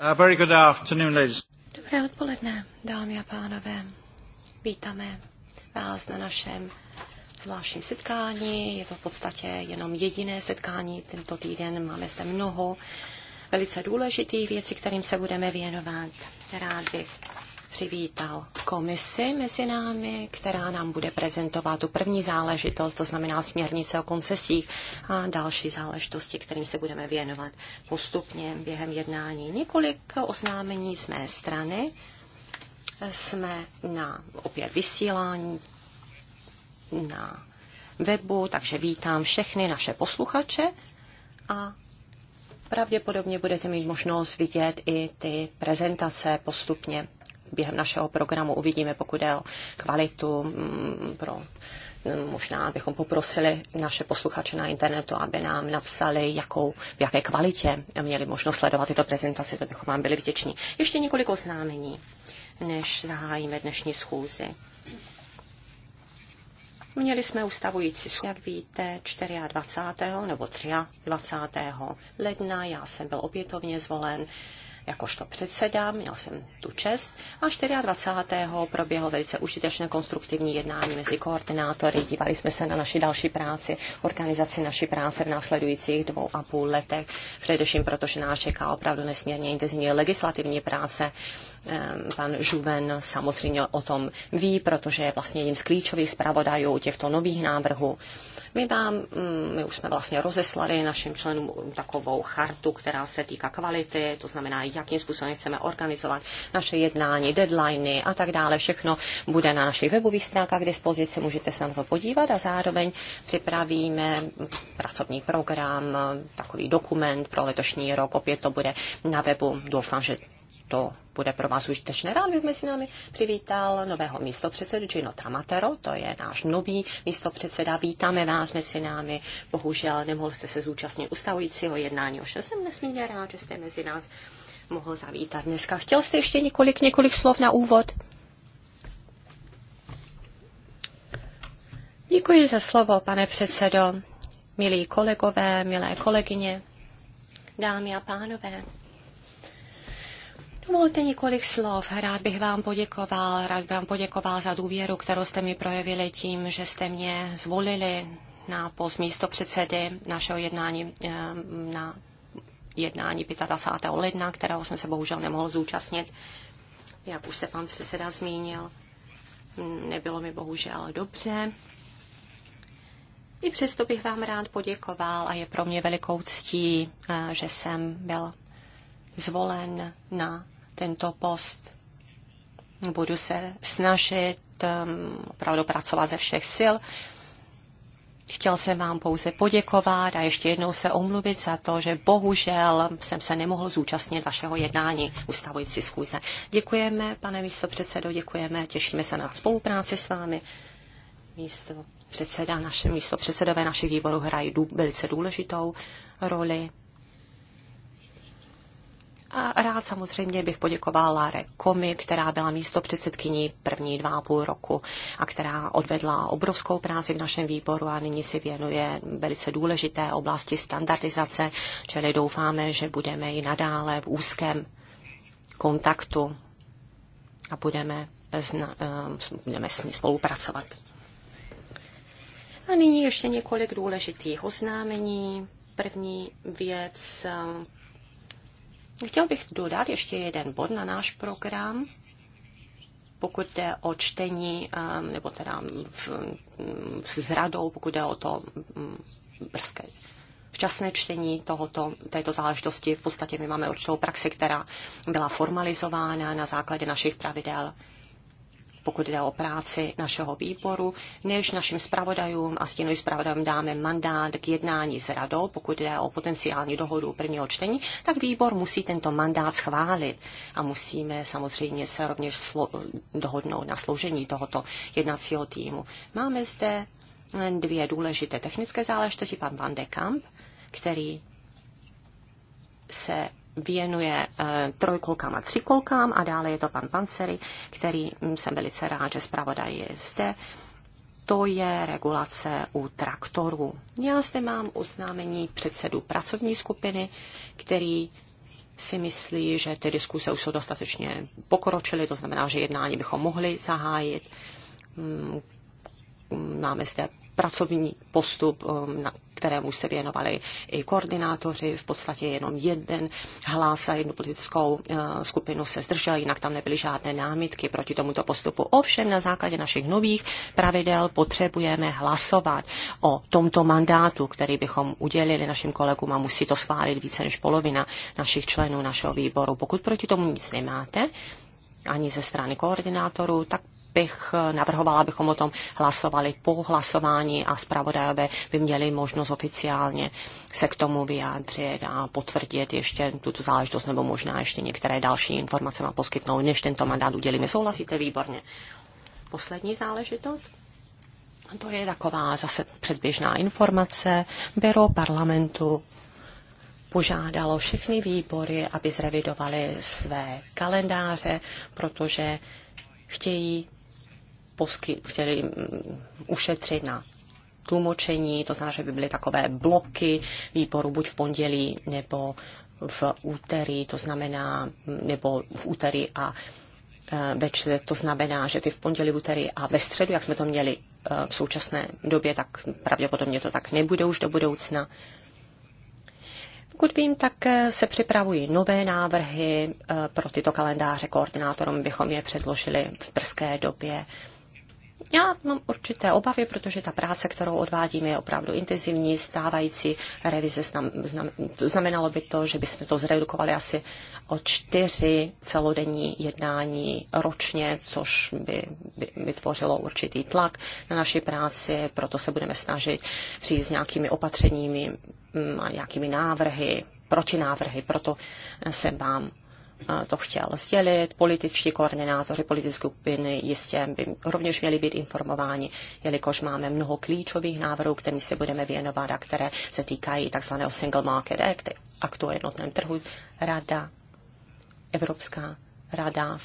Uh, Dobré odpoledne, dámy a pánové. Vítáme vás na našem zvláštním setkání. Je to v podstatě jenom jediné setkání tento týden. Máme zde mnoho velice důležitých věcí, kterým se budeme věnovat. Rád bych přivítal komisi mezi námi, která nám bude prezentovat tu první záležitost, to znamená směrnice o koncesích a další záležitosti, kterým se budeme věnovat postupně během jednání. Několik oznámení z mé strany. Jsme na opět vysílání na webu, takže vítám všechny naše posluchače a Pravděpodobně budete mít možnost vidět i ty prezentace postupně během našeho programu uvidíme, pokud je o kvalitu mm, pro mm, možná bychom poprosili naše posluchače na internetu, aby nám napsali, jakou, v jaké kvalitě měli možnost sledovat tyto prezentace, to bychom vám byli vděční. Ještě několik oznámení, než zahájíme dnešní schůzi. Měli jsme ustavující, jak víte, 24. nebo 23. ledna. Já jsem byl opětovně zvolen jakožto předseda, měl jsem tu čest a 24. proběhlo velice užitečné konstruktivní jednání mezi koordinátory. Dívali jsme se na naši další práci, organizaci naší práce v následujících dvou a půl letech, především protože nás čeká opravdu nesmírně intenzivní legislativní práce ehm, pan Žuven samozřejmě o tom ví, protože je vlastně jedním z klíčových zpravodajů těchto nových návrhů. My, vám, mm, my už jsme vlastně rozeslali našim členům takovou chartu, která se týká kvality, to znamená, jakým způsobem chceme organizovat naše jednání, deadliny a tak dále. Všechno bude na našich webových stránkách k dispozici, můžete se na to podívat a zároveň připravíme pracovní program, takový dokument pro letošní rok, opět to bude na webu. Doufám, že to bude pro vás užitečné. Rád bych mezi námi přivítal nového místopředsedu Gino Tamatero, to je náš nový místopředseda. Vítáme vás mezi námi. Bohužel nemohl jste se zúčastnit ustavujícího jednání, už jsem nesmírně rád, že jste mezi nás mohl zavítat dneska. Chtěl jste ještě několik, několik slov na úvod? Děkuji za slovo, pane předsedo. Milí kolegové, milé kolegyně, dámy a pánové. Dovolte několik slov. Rád bych vám poděkoval, rád bych vám poděkoval za důvěru, kterou jste mi projevili tím, že jste mě zvolili na post místo předsedy našeho jednání eh, na jednání 25. ledna, kterého jsem se bohužel nemohl zúčastnit. Jak už se pan předseda zmínil, nebylo mi bohužel dobře. I přesto bych vám rád poděkoval a je pro mě velikou ctí, eh, že jsem byl zvolen na tento post. Budu se snažit um, opravdu pracovat ze všech sil. Chtěl jsem vám pouze poděkovat a ještě jednou se omluvit za to, že bohužel jsem se nemohl zúčastnit vašeho jednání ustavující schůze. Děkujeme, pane místopředsedo, děkujeme, těšíme se na spolupráci s vámi. Místo předseda, naše místo předsedové našich výborů hrají velice důležitou roli a rád samozřejmě bych poděkoval Láre Komi, která byla místo předsedkyní první dva a půl roku a která odvedla obrovskou práci v našem výboru a nyní si věnuje velice důležité oblasti standardizace, čili doufáme, že budeme i nadále v úzkém kontaktu a budeme, uh, budeme s ní spolupracovat. A nyní ještě několik důležitých oznámení. První věc, eh, Chtěl bych dodat ještě jeden bod na náš program, pokud jde o čtení, eh, nebo teda v, s radou, pokud jde o to mm, brzké včasné čtení tohoto, této záležitosti. V podstatě my máme určitou praxi, která byla formalizována na základě našich pravidel pokud jde o práci našeho výboru, než našim zpravodajům a stínovým zpravodajům dáme mandát k jednání s radou, pokud jde o potenciální dohodu prvního čtení, tak výbor musí tento mandát schválit a musíme samozřejmě se rovněž dohodnout na složení tohoto jednacího týmu. Máme zde dvě důležité technické záležitosti, pan Van de Kamp, který se věnuje eh, trojkolkám a třikolkám a dále je to pan Pancery, který hm, jsem velice rád, že zpravodaj je zde. To je regulace u traktorů. Já zde mám oznámení předsedu pracovní skupiny, který si myslí, že ty diskuse už jsou dostatečně pokročily, to znamená, že jednání bychom mohli zahájit hm, Um, máme zde pracovní postup, um, na kterému se věnovali i koordinátoři, v podstatě jenom jeden hlas a jednu politickou uh, skupinu se zdržel, jinak tam nebyly žádné námitky proti tomuto postupu. Ovšem na základě našich nových pravidel potřebujeme hlasovat o tomto mandátu, který bychom udělili našim kolegům a musí to schválit více než polovina našich členů našeho výboru. Pokud proti tomu nic nemáte, ani ze strany koordinátorů, tak bych eh, navrhovala, abychom o tom hlasovali po hlasování a zpravodajové by měli možnost oficiálně se k tomu vyjádřit a potvrdit ještě tuto záležitost nebo možná ještě některé další informace vám poskytnout, než tento mandát udělíme. Souhlasíte? Výborně. Poslední záležitost. To je taková zase předběžná informace. Biro parlamentu požádalo všechny výbory, aby zrevidovali své kalendáře, protože chtějí posky, chtěli mm, ušetřit na tlumočení, to znamená, že by byly takové bloky výboru buď v pondělí nebo v úterý, to znamená, mm, nebo v úterý a e, ve čtvrtek, to znamená, že ty v pondělí, v úterý a ve středu, jak jsme to měli e, v současné době, tak pravděpodobně to tak nebude už do budoucna. Pokud vím, tak e, se připravují nové návrhy pro tyto kalendáře koordinátorům, bychom je předložili v brzké době já mám určité obavy, protože ta práce, kterou odvádíme, je opravdu intenzivní, stávající revize znam, znam, znamenalo by to, že bychom to zredukovali asi o čtyři celodenní jednání ročně, což by, by vytvořilo určitý tlak na naši práci, proto se budeme snažit přijít s nějakými opatřeními mm, a nějakými návrhy, protinávrhy, proto se vám to chtěl sdělit. Političtí koordinátoři politické skupiny jistě by rovněž měli být informováni, jelikož máme mnoho klíčových návrhů, kterým se budeme věnovat a které se týkají tzv. Single Market Act, aktu o jednotném trhu. Rada, Evropská rada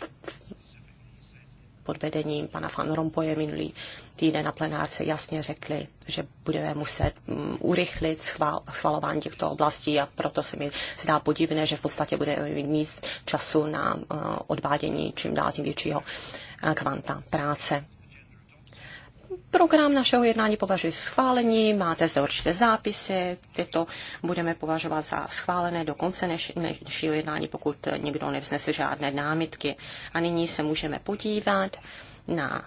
pod vedením pana Van Rompuye minulý týden na plenárce jasně řekli, že budeme muset mm, urychlit schval, schvalování těchto oblastí a proto se mi zdá podivné, že v podstatě budeme mít času na eh, odvádění čím dál tím většího eh, kvanta práce. Program našeho jednání považuji za schválení, máte zde určité zápisy, tyto budeme považovat za schválené do konce než, dnešního jednání, pokud někdo nevznese žádné námitky. A nyní se můžeme podívat na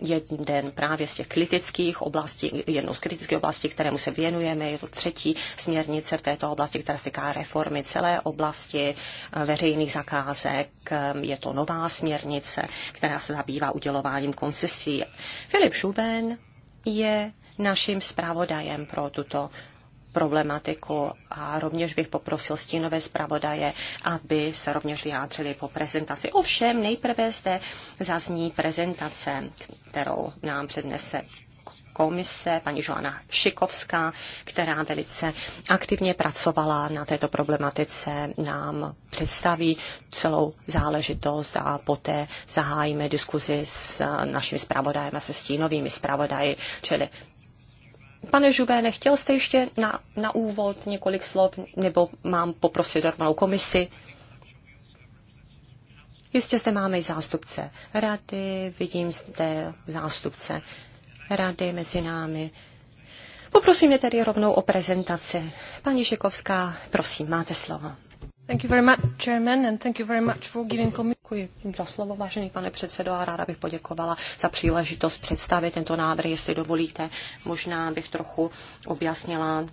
jeden právě z těch kritických oblastí, jednou z kritických oblastí, kterému se věnujeme, je to třetí směrnice v této oblasti, která se týká reformy celé oblasti eh, veřejných zakázek. Eh, je to nová směrnice, která se zabývá udělováním koncesí. Filip Šuben je naším zpravodajem pro tuto problematiku a rovněž bych poprosil stínové zpravodaje, aby se rovněž vyjádřili po prezentaci. Ovšem nejprve zde zazní prezentace, kterou nám přednese komise, paní Joana Šikovská, která velice aktivně pracovala na této problematice, nám představí celou záležitost a poté zahájíme diskuzi s našimi zpravodajem a se stínovými zpravodaji, čili Pane Žubé, nechtěl jste ještě na, na úvod několik slov, nebo mám poprosit normálnou komisi? Jistě zde máme i zástupce rady, vidím zde zástupce rady mezi námi. Poprosím je tedy rovnou o prezentaci. Paní Šikovská, prosím, máte slovo. Thank you very much, Chairman, and thank you very much for giving Děkuji za slovo, vážený pane předsedo, a ráda bych poděkovala za příležitost představit tento návrh, jestli dovolíte. Možná bych trochu objasnila mm,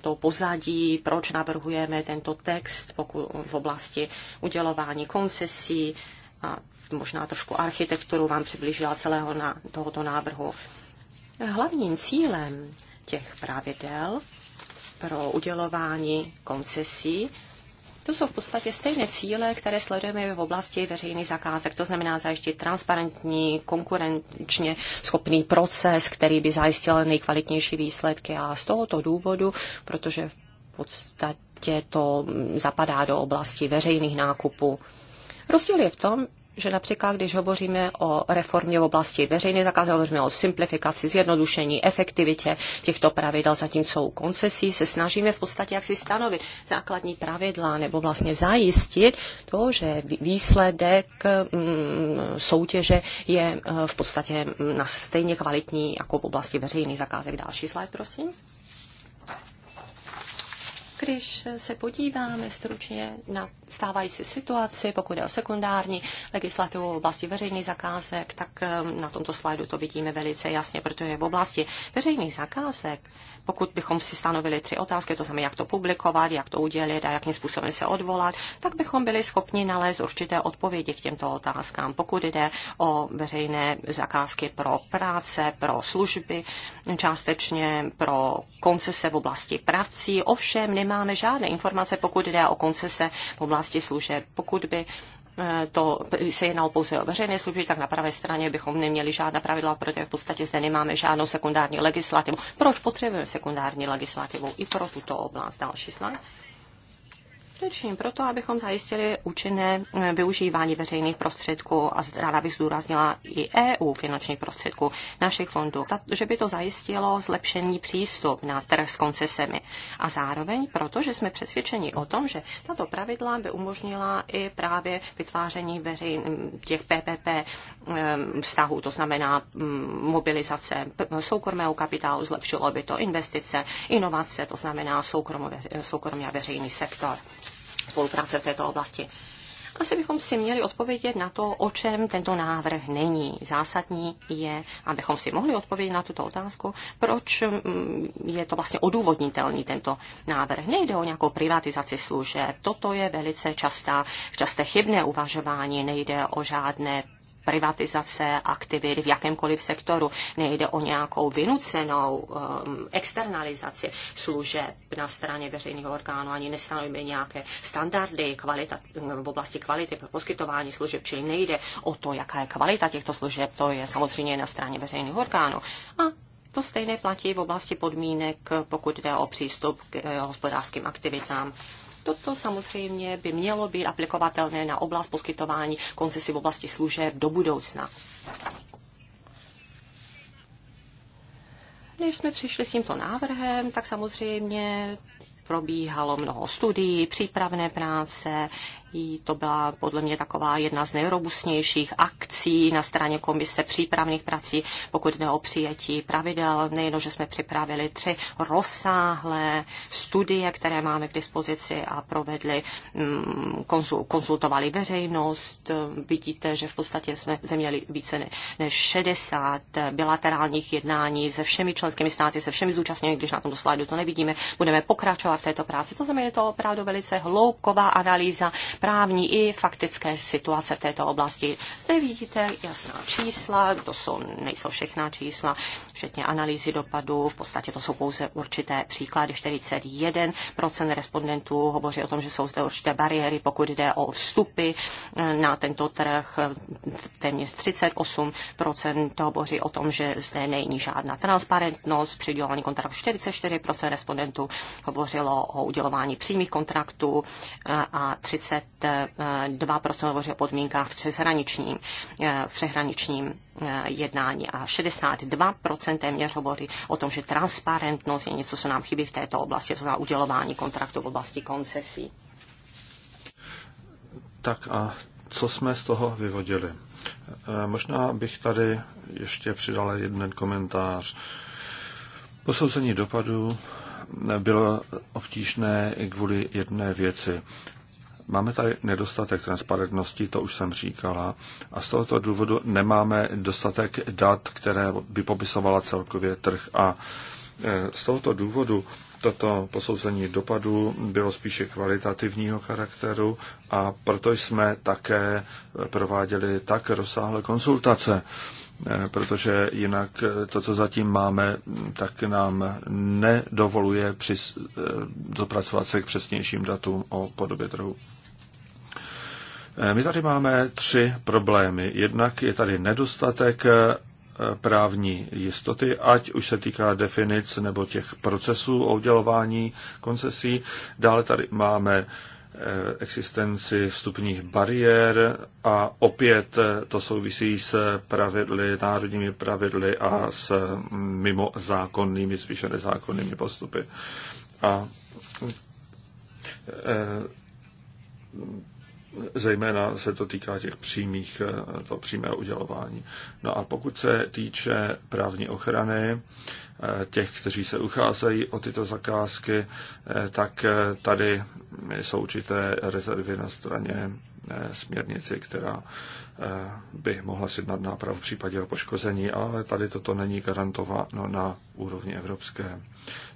to pozadí, proč navrhujeme tento text v oblasti udělování koncesí a možná trošku architekturu vám přiblížila celého na, tohoto návrhu. Hlavním cílem těch pravidel pro udělování koncesí to jsou v podstatě stejné cíle, které sledujeme v oblasti veřejných zakázek, to znamená zajistit transparentní, konkurenčně schopný proces, který by zajistil nejkvalitnější výsledky. A z tohoto důvodu, protože v podstatě to zapadá do oblasti veřejných nákupů, Rozdíl je v tom, že například, když hovoříme o reformě v oblasti veřejné zakázky, hovoříme o simplifikaci, zjednodušení, efektivitě těchto pravidel, zatímco u koncesí se snažíme v podstatě jak si stanovit základní pravidla nebo vlastně zajistit to, že výsledek mm, soutěže je eh, v podstatě mm, na stejně kvalitní jako v oblasti veřejných zakázek. Další slide, prosím. Když se podíváme stručně na stávající situaci, pokud je o sekundární legislativu v oblasti veřejných zakázek, tak ehm, na tomto slajdu to vidíme velice jasně, protože v oblasti veřejných zakázek pokud bychom si stanovili tři otázky, to znamená, jak to publikovat, jak to udělit a jakým způsobem se odvolat, tak bychom byli schopni nalézt určité odpovědi k těmto otázkám. Pokud jde o veřejné zakázky pro práce, pro služby, částečně pro koncese v oblasti prací, ovšem nemáme žádné informace, pokud jde o koncese v oblasti služeb. Pokud by to se jednalo pouze o veřejné služby, tak na pravé straně bychom neměli žádná pravidla, protože v podstatě zde nemáme žádnou sekundární legislativu. Proč potřebujeme sekundární legislativu i pro tuto oblast? Další slide. Především proto, abychom zajistili účinné eh, využívání veřejných prostředků a ráda bych zdůraznila i EU finančních prostředků našich fondů, že by to zajistilo zlepšení přístup na trh s koncesemi. A zároveň proto, že jsme přesvědčeni o tom, že tato pravidla by umožnila i právě vytváření veřejn, těch PPP ehm, vztahů, to znamená mm, mobilizace soukromého kapitálu, zlepšilo by to investice, inovace, to znamená soukromý a veřejný sektor spolupráce v této oblasti. Asi bychom si měli odpovědět na to, o čem tento návrh není. Zásadní je, abychom si mohli odpovědět na tuto otázku, proč mm, je to vlastně odůvodnitelný tento návrh. Nejde o nějakou privatizaci služeb. Toto je velice častá, časté chybné uvažování. Nejde o žádné privatizace aktivit v jakémkoliv sektoru. Nejde o nějakou vynucenou um, externalizaci služeb na straně veřejných orgánů, ani nestanovíme nějaké standardy kvalita, v oblasti kvality pro poskytování služeb, čili nejde o to, jaká je kvalita těchto služeb, to je samozřejmě na straně veřejných orgánů. A to stejné platí v oblasti podmínek, pokud jde o přístup k eh, hospodářským aktivitám Toto samozřejmě by mělo být aplikovatelné na oblast poskytování koncesí v oblasti služeb do budoucna. Když jsme přišli s tímto návrhem, tak samozřejmě probíhalo mnoho studií, přípravné práce, to byla podle mě taková jedna z nejrobustnějších akcí na straně komise přípravných prací, pokud jde o přijetí pravidel. Nejenom, že jsme připravili tři rozsáhlé studie, které máme k dispozici a provedli, mm, konzultovali veřejnost. Vidíte, že v podstatě jsme zeměli více než 60 bilaterálních jednání se všemi členskými státy, se všemi zúčastněnými, když na tomto slajdu to nevidíme. Budeme pokračovat v této práci. To znamená, je to opravdu velice hloubková analýza právní i faktické situace v této oblasti. Zde vidíte jasná čísla, to jsou, nejsou všechna čísla, všetně analýzy dopadů, v podstatě to jsou pouze určité příklady. 41% respondentů hovoří o tom, že jsou zde určité bariéry, pokud jde o vstupy eh, na tento trh, téměř 38% hovoří o tom, že zde není žádná transparentnost, při udělování kontraktu 44% respondentů hovořilo o udělování přímých kontraktů eh, a 30 dva hovoří o podmínkách v přeshraničním, eh, v přeshraničním eh, jednání a 62% téměř hovoří o tom, že transparentnost je něco, co nám chybí v této oblasti, to znamená udělování kontraktu v oblasti koncesí. Tak a co jsme z toho vyvodili? Eh, možná bych tady ještě přidal jeden komentář. Posouzení dopadu bylo obtížné kvůli jedné věci. Máme tady nedostatek transparentnosti, to už jsem říkala, a z tohoto důvodu nemáme dostatek dat, které by popisovala celkově trh. A e, z tohoto důvodu toto posouzení dopadu bylo spíše kvalitativního charakteru a proto jsme také e, prováděli tak rozsáhlé konsultace, e, protože jinak to, co zatím máme, tak nám nedovoluje přis, dopracovat se k přesnějším datům o podobě trhu. Eh, my tady máme tři problémy. Jednak je tady nedostatek eh, právní jistoty, ať už se týká definic nebo těch procesů o udělování koncesí. Dále tady máme eh, existenci vstupních bariér a opět to souvisí s pravidly, národními pravidly a s mm, mimo zákonnými, nezákonnými postupy. A e, zejména se to týká těch přímých, eh, to přímého udělování. No a pokud se týče právní ochrany eh, těch, kteří se ucházejí o tyto zakázky, eh, tak tady jsou určité rezervy na straně směrnici, která by mohla sjednat nápravu v případě o poškození, ale tady toto není garantováno na úrovni evropské.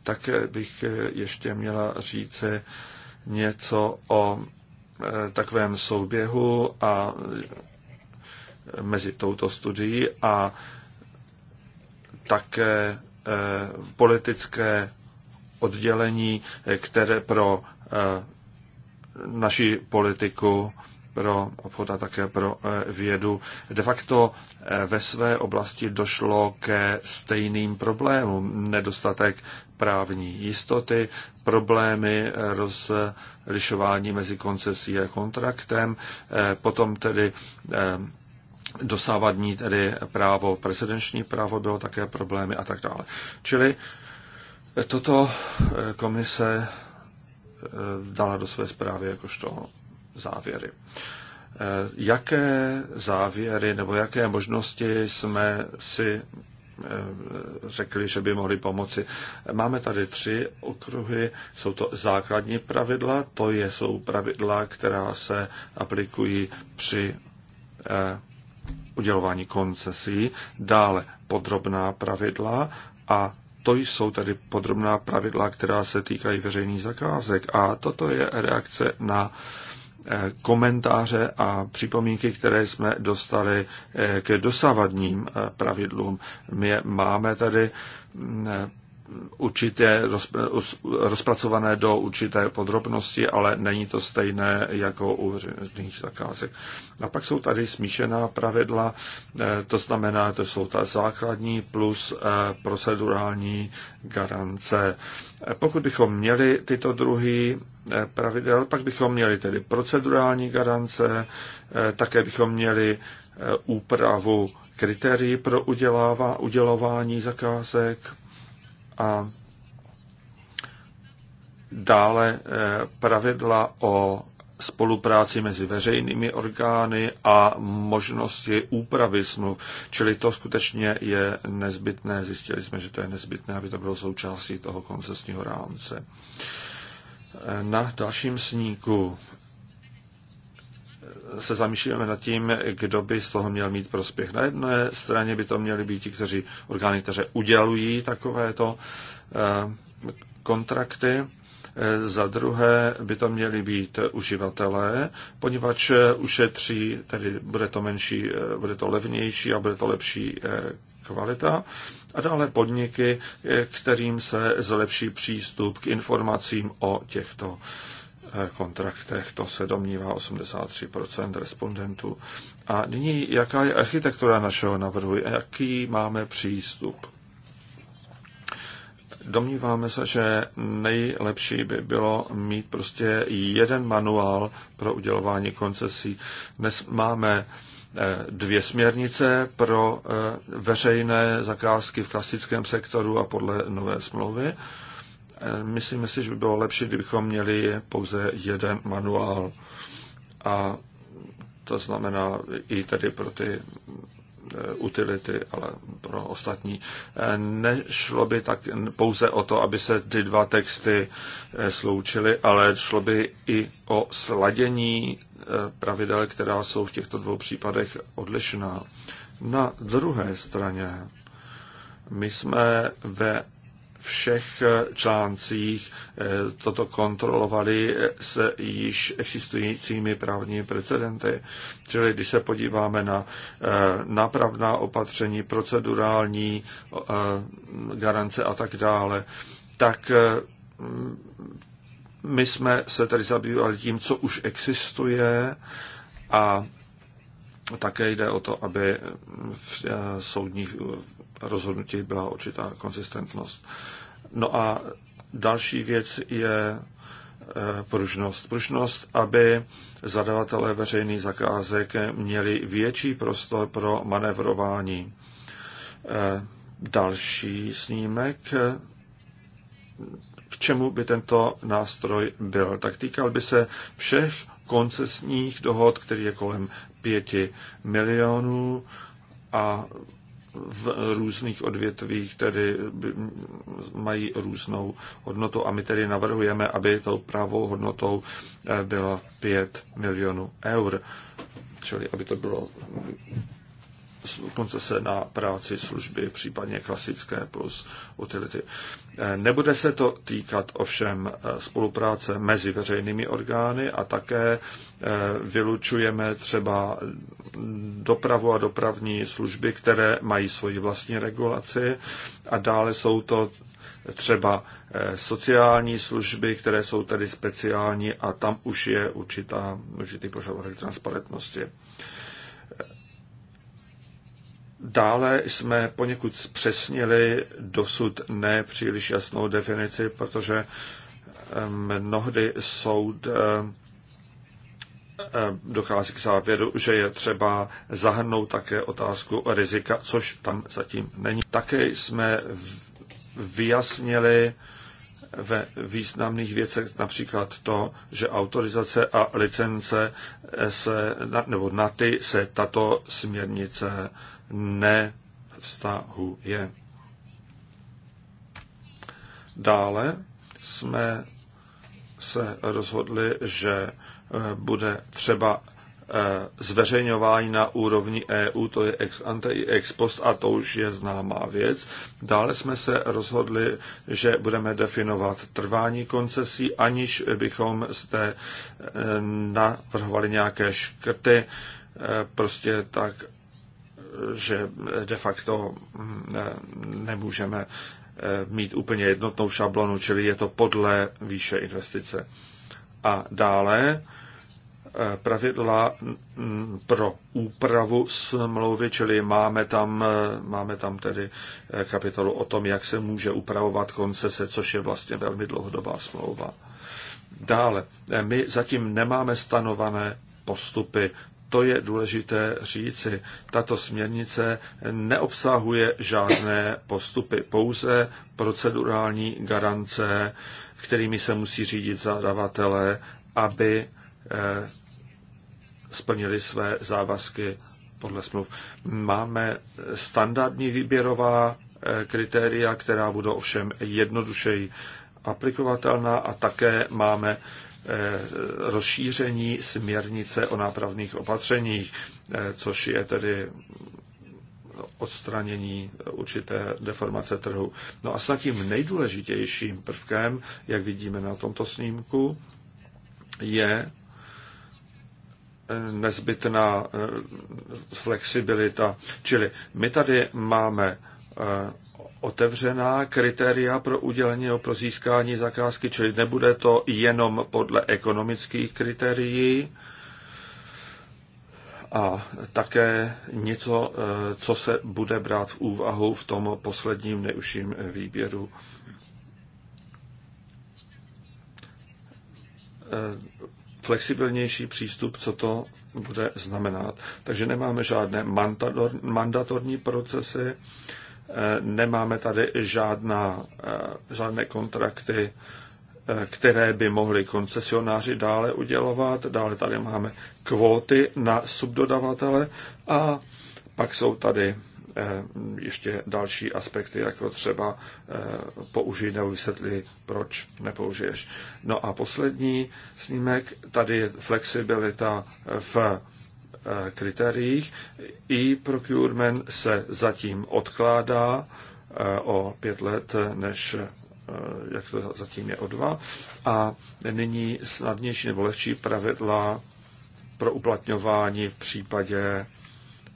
Tak bych ještě měla říci něco o Eh, takovém souběhu a mezi touto studií a také eh, politické oddělení, eh, které pro naši politiku, pro obchod a také pro vědu. De facto ve své oblasti došlo ke stejným problémům. Nedostatek právní jistoty, problémy eh, rozlišování mezi koncesí a kontraktem, eh, potom tedy eh, dosávadní tedy právo, prezidenční právo bylo také problémy a tak dále. Čili toto komise dala do své zprávy jakožto závěry. Jaké závěry nebo jaké možnosti jsme si řekli, že by mohli pomoci. Máme tady tři okruhy. Jsou to základní pravidla, to je, jsou pravidla, která se aplikují při eh, udělování koncesí. Dále podrobná pravidla a to jsou tady podrobná pravidla, která se týkají veřejných zakázek. A toto je reakce na uh, Eh, komentáře a připomínky, které jsme dostali eh, k dosavadním eh, pravidlům. My máme tady mm, určitě rozpracované do určité podrobnosti, ale není to stejné jako u veřejných zakázek. A pak jsou tady smíšená pravidla, eh, to znamená, to jsou ta základní plus eh, procedurální garance. Eh, pokud bychom měli tyto druhy pravidel, pak bychom měli tedy procedurální garance, také bychom měli úpravu kritérií pro udělává, udělování zakázek, a dále eh, pravidla o spolupráci mezi veřejnými orgány a možnosti úpravy smluv. Čili to skutečně je nezbytné. Zjistili jsme, že to je nezbytné, aby to bylo součástí toho koncesního rámce. Eh, na dalším sníku se zamýšlíme nad tím, kdo by z toho měl mít prospěch. Na jedné straně by to měli být ti, kteří orgány, které udělují takovéto eh, kontrakty, eh, za druhé by to měli být uživatelé, poněvadž eh, ušetří, tedy bude to menší, bude to levnější a bude to lepší kvalita. A dále podniky, kterým se zlepší přístup k informacím o těchto kontraktech, to se domnívá 83% respondentů. A nyní, jaká je architektura našeho návrhu, jaký máme přístup? Domníváme se, že nejlepší by bylo mít prostě jeden manuál pro udělování koncesí. Dnes máme eh, dvě směrnice pro eh, veřejné zakázky v klasickém sektoru a podle nové smlouvy Myslím si, že by bylo lepší, kdybychom měli pouze jeden manuál. A to znamená i tedy pro ty e, utility, ale pro ostatní. E, nešlo by tak pouze o to, aby se ty dva texty e, sloučily, ale šlo by i o sladění pravidel, která jsou v těchto dvou případech odlišná. Na druhé straně my jsme ve všech eh, článcích eh, toto kontrolovali eh, s již existujícími právními precedenty. Čili když se podíváme na napravná opatření, procedurální garance a tak dále, tak my jsme se tady zabývali tím, co už existuje a také jde o to, aby v soudních rozhodnutí byla určitá konsistentnost. No a další věc je eh, pružnost. Pružnost, aby zadavatelé veřejných zakázek měli větší prostor pro manevrování. Eh, další snímek, eh, k čemu by tento nástroj byl, tak týkal by se všech koncesních dohod, který je kolem 5 milionů a v různých odvětvích tedy mají různou hodnotu a my tedy navrhujeme, aby tou právou hodnotou eh, bylo 5 milionů eur, čili aby to bylo koncese na práci, služby, případně klasické plus utility. E, nebude se to týkat ovšem e, spolupráce mezi veřejnými orgány a také e, vylučujeme třeba dopravu a dopravní služby, které mají svoji vlastní regulaci a dále jsou to třeba sociální služby, které jsou tedy speciální a tam už je určitá, určitý požadavek transparentnosti. Dále jsme poněkud zpřesnili dosud nepříliš jasnou definici, protože eh, mnohdy soud eh, eh, dochází k závěru, že je třeba zahrnout také otázku rizika, což tam zatím není. Také jsme vyjasnili ve významných věcech například to, že autorizace a licence se, nebo na ty se tato směrnice nevztahuje. Dále jsme se rozhodli, že eh, bude třeba eh, zveřejňování na úrovni EU, to je ex ante i ex post a to už je známá věc. Dále jsme se rozhodli, že budeme definovat trvání koncesí, aniž bychom zde eh, navrhovali nějaké škrty, prostě tak, že de facto mm, nemůžeme eh, mít úplně jednotnou šablonu, čili je to podle výše investice. A dále eh, pravidla mm, pro úpravu smlouvy, čili máme tam, eh, máme tam tedy kapitolu o tom, jak se může upravovat koncese, což je vlastně velmi dlouhodobá smlouva. Dále, my zatím nemáme stanovené postupy to je důležité říci. Tato směrnice neobsahuje žádné postupy, pouze procedurální garance, kterými se musí řídit zadavatele, aby eh, splnili své závazky podle smluv. Máme standardní výběrová eh, kritéria, která budou ovšem jednodušeji aplikovatelná a také máme Eh, rozšíření směrnice o nápravných opatřeních, eh, což je tedy odstranění určité deformace trhu. No a snad tím nejdůležitějším prvkem, jak vidíme na tomto snímku, je eh, nezbytná flexibilita. Čili my tady máme otevřená kritéria pro udělení nebo pro získání zakázky, čili nebude to jenom podle ekonomických kritérií, a také něco, eh, co se bude brát v úvahu v tom posledním neuším výběru. Eh, flexibilnější přístup, co to bude znamenat. Takže nemáme žádné mandatorní procesy, nemáme tady žádná, eh, žádné kontrakty, eh, které by mohli koncesionáři dále udělovat. Dále tady máme kvóty na subdodavatele a pak jsou tady eh, ještě další aspekty, jako třeba použít nebo vysvětlit, proč nepoužiješ. No a poslední snímek, tady je flexibilita v Eh, kritériích. i procurement se zatím odkládá eh, o pět let, než eh, jak to zatím je o dva. A nyní snadnější nebo lehčí pravidla pro uplatňování v případě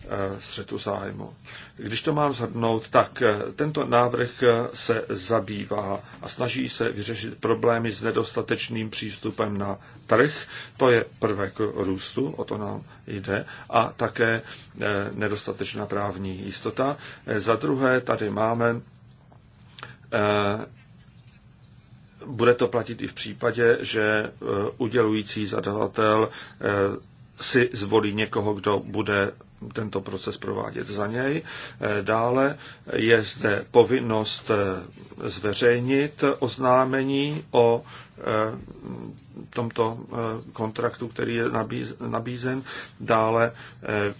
Eh, střetu zájmu. Když to mám zhrnout, tak eh, tento návrh eh, se zabývá a snaží se vyřešit problémy s nedostatečným přístupem na trh. To je prvek růstu, o to nám jde, a také nedostatečná právní jistota. Za druhé, tady máme bude to platit i v případě, že udělující zadavatel si zvolí někoho, kdo bude tento proces provádět za něj. Eh, dále je zde povinnost eh, zveřejnit oznámení o eh, tomto kontraktu, který je nabízen. Dále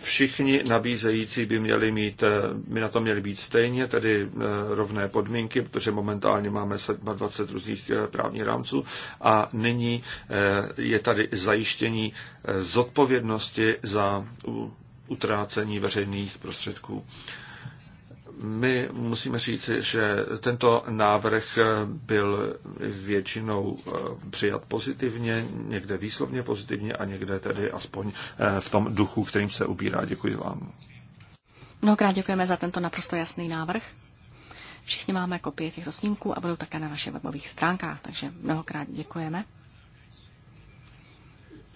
všichni nabízející by měli mít, by na to měli být stejně, tedy rovné podmínky, protože momentálně máme 27 různých právních rámců a nyní je tady zajištění zodpovědnosti za utrácení veřejných prostředků. My musíme říci, že tento návrh byl většinou eh, přijat pozitivně, někde výslovně pozitivně a někde tedy aspoň eh, v tom duchu, kterým se ubírá. Děkuji vám. Mnohokrát děkujeme za tento naprosto jasný návrh. Všichni máme kopie těchto snímků a budou také na našich webových stránkách, takže mnohokrát děkujeme.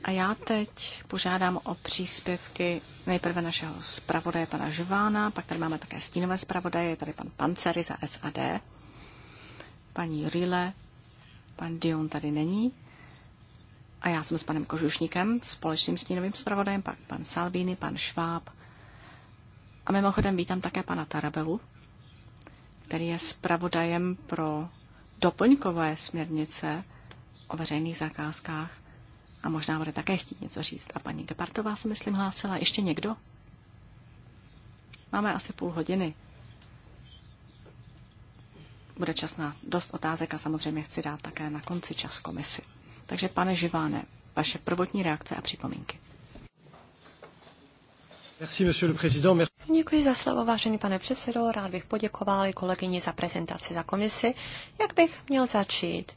A já teď požádám o příspěvky nejprve našeho zpravodaje pana Žována, pak tady máme také stínové zpravodaje, tady pan Pancery za SAD, paní Rile, pan Dion tady není, a já jsem s panem Kožušníkem, společným stínovým zpravodajem, pak pan Salvini, pan Šváb. A mimochodem vítám také pana Tarabelu, který je zpravodajem pro doplňkové směrnice o veřejných zakázkách a možná bude také chtít něco říct. A paní Gepartová se, myslím, hlásila. Ještě někdo? Máme asi půl hodiny. Bude čas na dost otázek a samozřejmě chci dát také na konci čas komisi. Takže, pane Živáne, vaše prvotní reakce a připomínky. Děkuji za slovo, vážený pane předsedo. Rád bych poděkoval i kolegyni za prezentaci za komisi. Jak bych měl začít?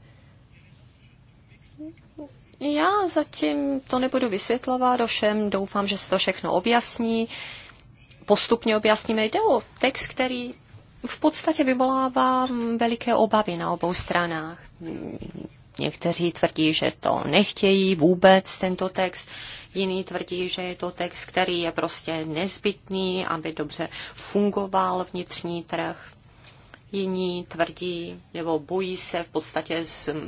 Já zatím to nebudu vysvětlovat, ovšem doufám, že se to všechno objasní. Postupně objasníme. Jde o text, který v podstatě vyvolává veliké obavy na obou stranách. Někteří tvrdí, že to nechtějí vůbec, tento text. Jiný tvrdí, že je to text, který je prostě nezbytný, aby dobře fungoval vnitřní trh. Jiní tvrdí nebo bojí se v podstatě,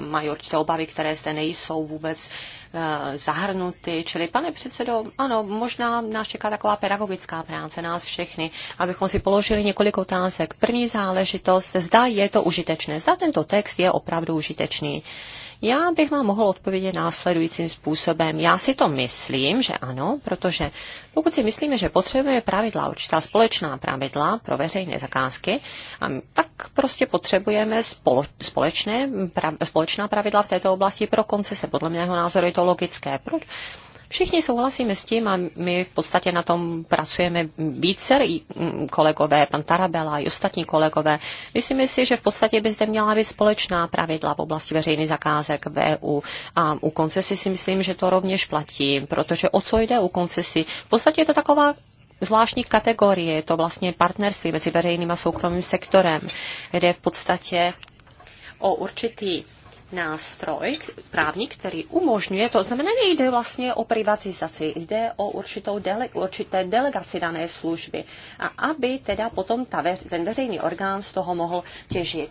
mají určité obavy, které zde nejsou vůbec eh, zahrnuty. Čili, pane předsedo, ano, možná nás čeká taková pedagogická práce, nás všechny, abychom si položili několik otázek. První záležitost, zda je to užitečné, zda tento text je opravdu užitečný. Já bych vám mohl odpovědět následujícím způsobem. Já si to myslím, že ano, protože pokud si myslíme, že potřebujeme pravidla, určitá společná pravidla pro veřejné zakázky, tak prostě potřebujeme společné, společná pravidla v této oblasti pro koncese. Podle mého názoru je to logické. Proč? Všichni souhlasíme s tím a my v podstatě na tom pracujeme více mm, kolegové, pan Tarabela i ostatní kolegové. Myslíme si, že v podstatě by zde měla být společná pravidla v oblasti veřejných zakázek v EU a u koncesí si myslím, že to rovněž platí, protože o co jde u koncesí? V podstatě je to taková zvláštní kategorie, je to vlastně partnerství mezi veřejným a soukromým sektorem, kde v podstatě o určitý nástroj právní, který umožňuje, to znamená, nejde vlastně o privatizaci, jde o určitou dele, určité delegaci dané služby a aby teda potom ta, ten veřejný orgán z toho mohl těžit.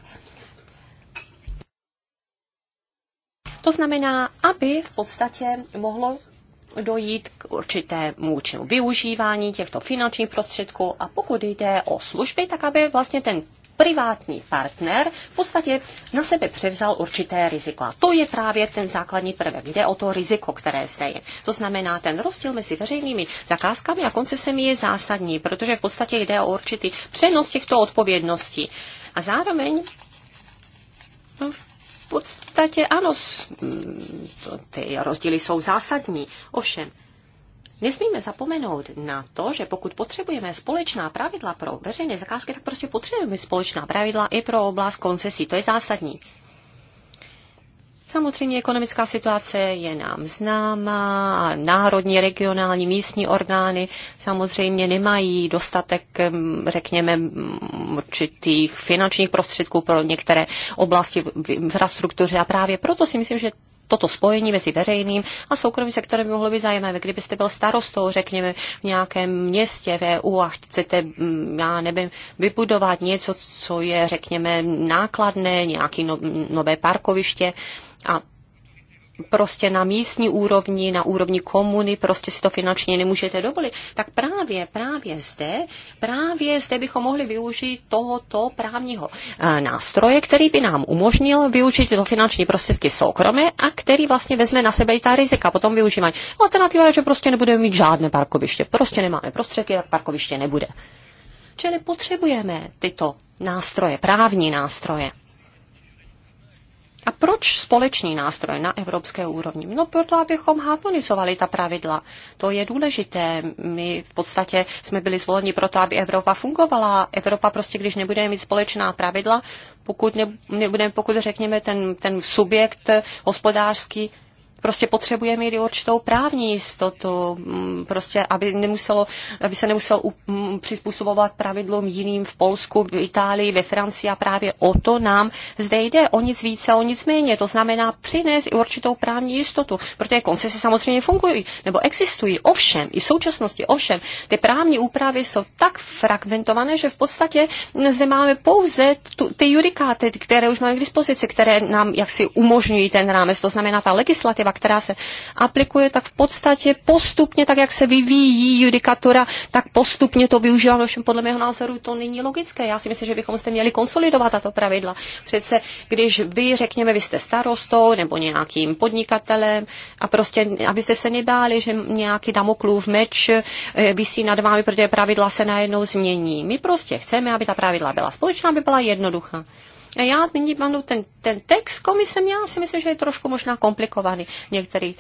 To znamená, aby v podstatě mohlo dojít k určitému účinu využívání těchto finančních prostředků a pokud jde o služby, tak aby vlastně ten privátní partner v podstatě na sebe převzal určité riziko. A to je právě ten základní prvek. Jde o to riziko, které zde je. To znamená, ten rozdíl mezi veřejnými zakázkami a koncesemi je zásadní, protože v podstatě jde o určitý přenos těchto odpovědností. A zároveň no, v podstatě ano, ty rozdíly jsou zásadní. Ovšem, Nesmíme zapomenout na to, že pokud potřebujeme společná pravidla pro veřejné zakázky, tak prostě potřebujeme společná pravidla i pro oblast koncesí. To je zásadní. Samozřejmě ekonomická situace je nám známá, národní, regionální, místní orgány samozřejmě nemají dostatek, mm, řekněme, mm, určitých finančních prostředků pro některé oblasti v infrastruktuře a právě proto si myslím, že toto spojení mezi veřejným a soukromým sektorem by mohlo být zajímavé. Kdybyste byl starostou, řekněme, v nějakém městě v EU a chcete, mm, já nevím, vybudovat něco, co je, řekněme, nákladné, nějaké no, nové parkoviště, a prostě na místní úrovni, na úrovni komuny, prostě si to finančně nemůžete dovolit, tak právě, právě zde, právě zde bychom mohli využít tohoto právního eh, nástroje, který by nám umožnil využít tyto finanční prostředky soukromé a který vlastně vezme na sebe i ta rizika, potom využívání. Alternativa je, že prostě nebudeme mít žádné parkoviště, prostě nemáme prostředky, tak parkoviště nebude. Čili potřebujeme tyto nástroje, právní nástroje. A proč společný nástroj na evropské úrovni? No proto, abychom harmonizovali ta pravidla. To je důležité. My v podstatě jsme byli zvoleni proto, aby Evropa fungovala. Evropa prostě, když nebudeme mít společná pravidla, pokud, ne, nebudeme, pokud řekněme, ten, ten subjekt hospodářský Prostě potřebuje mít určitou právní jistotu, mm, prostě aby, nemuselo, aby se nemusel mm, přizpůsobovat pravidlům jiným v Polsku, v Itálii, ve Francii a právě o to nám zde jde o nic více, o nic méně. To znamená přinést i určitou právní jistotu, protože koncese samozřejmě fungují nebo existují. Ovšem, i v současnosti, ovšem, ty právní úpravy jsou tak fragmentované, že v podstatě zde máme pouze tu, ty judikáty, které už máme k dispozici, které nám jaksi umožňují ten rámec. To znamená, ta legislativa, která se aplikuje, tak v podstatě postupně, tak jak se vyvíjí judikatura, tak postupně to využíváme. Všem podle mého názoru to není logické. Já si myslím, že bychom se měli konsolidovat tato pravidla. Přece, když vy, řekněme, vy jste starostou nebo nějakým podnikatelem a prostě, abyste se nebáli, že nějaký damoklův meč eh, vysí nad vámi, protože pravidla se najednou změní. My prostě chceme, aby ta pravidla byla společná, aby byla jednoduchá. Já nyní mám ten, ten text komise, já si myslím, že je trošku možná komplikovaný v některých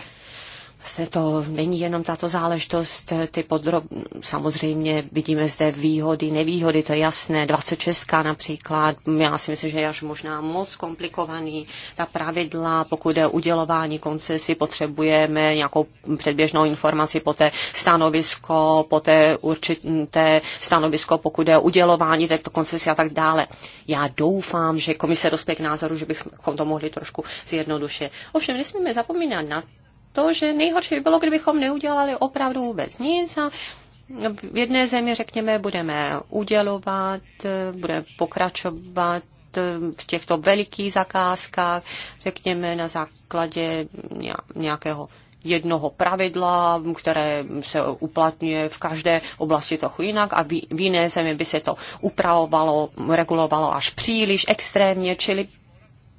Vlastně to není jenom tato záležitost, ty podrob... samozřejmě vidíme zde výhody, nevýhody, to je jasné, 26 například, já si myslím, že je až možná moc komplikovaný, ta pravidla, pokud je udělování koncesy, potřebujeme nějakou předběžnou informaci, poté stanovisko, poté určité stanovisko, pokud je udělování této koncesy a tak dále. Já doufám, že komise dospěje k názoru, že bychom to mohli trošku zjednodušit. Ovšem, nesmíme zapomínat na to, že nejhorší by bylo, kdybychom neudělali opravdu vůbec nic a v jedné zemi, řekněme, budeme udělovat, budeme pokračovat v těchto velikých zakázkách, řekněme, na základě nějakého jednoho pravidla, které se uplatňuje v každé oblasti trochu jinak a v jiné zemi by se to upravovalo, regulovalo až příliš extrémně, čili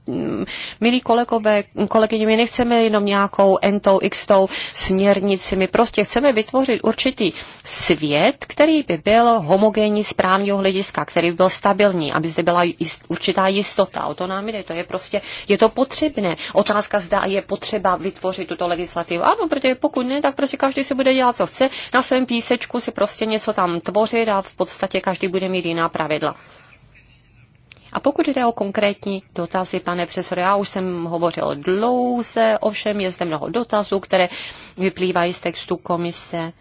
Mm, milí kolegové, kolegyně, my nechceme jenom nějakou entou, xtou směrnici, my prostě chceme vytvořit určitý svět, který by byl homogénní z právního hlediska, který by byl stabilní, aby zde byla jist, určitá jistota. O to nám jde, to je prostě, je to potřebné. Otázka zda je potřeba vytvořit tuto legislativu. Ano, protože pokud ne, tak prostě každý si bude dělat, co chce, na svém písečku si prostě něco tam tvořit a v podstatě každý bude mít jiná pravidla. A pokud jde o konkrétní dotazy, pane přesor, já už jsem hovořil dlouze, ovšem je zde mnoho dotazů, které vyplývají z textu komise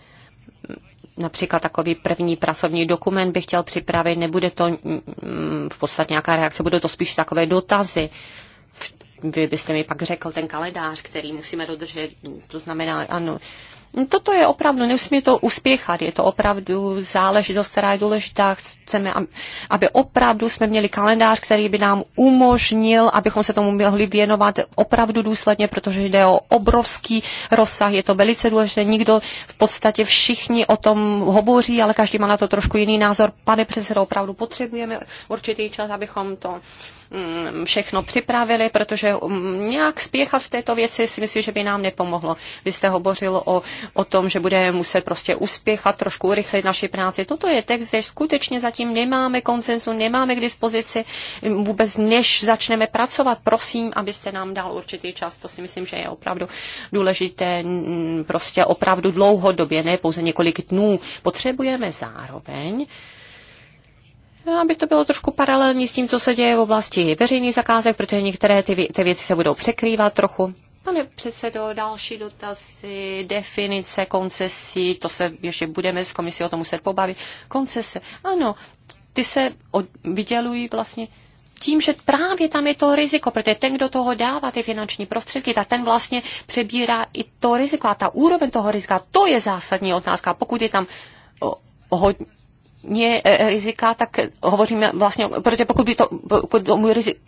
například takový první pracovní dokument bych chtěl připravit, nebude to mm, mm, v podstatě nějaká reakce, budou to spíš takové dotazy. Vy byste mi pak řekl ten kalendář, který musíme dodržet, to znamená, ano, Toto je opravdu, nemusíme to uspěchat, je to opravdu záležitost, která je důležitá. Chceme, aby opravdu jsme měli kalendář, který by nám umožnil, abychom se tomu mohli věnovat opravdu důsledně, protože jde o obrovský rozsah, je to velice důležité. Nikdo, v podstatě všichni o tom hovoří, ale každý má na to trošku jiný názor. Pane předsedo, opravdu potřebujeme určitý čas, abychom to Mm, všechno připravili, protože mm, nějak spěchat v této věci si myslím, že by nám nepomohlo. Vy jste hovořil o, o tom, že budeme muset prostě uspěchat, trošku urychlit naši práci. Toto je text, kde skutečně zatím nemáme konsenzu, nemáme k dispozici vůbec, než začneme pracovat. Prosím, abyste nám dal určitý čas. To si myslím, že je opravdu důležité, prostě opravdu dlouhodobě, ne pouze několik dnů. Potřebujeme zároveň aby to bylo trošku paralelní s tím, co se děje v oblasti veřejných zakázek, protože některé ty, ty věci se budou překrývat trochu. Pane předsedo, další dotazy, definice koncesí, to se ještě budeme s komisí o tom muset pobavit. Koncese, ano, ty se vydělují vlastně tím, že právě tam je to riziko, protože ten, kdo toho dává ty finanční prostředky, tak ten vlastně přebírá i to riziko a ta úroveň toho rizika, to je zásadní otázka. Pokud je tam hodně mě eh, eh, rizika, tak hovoříme vlastně, protože pokud by to, pokud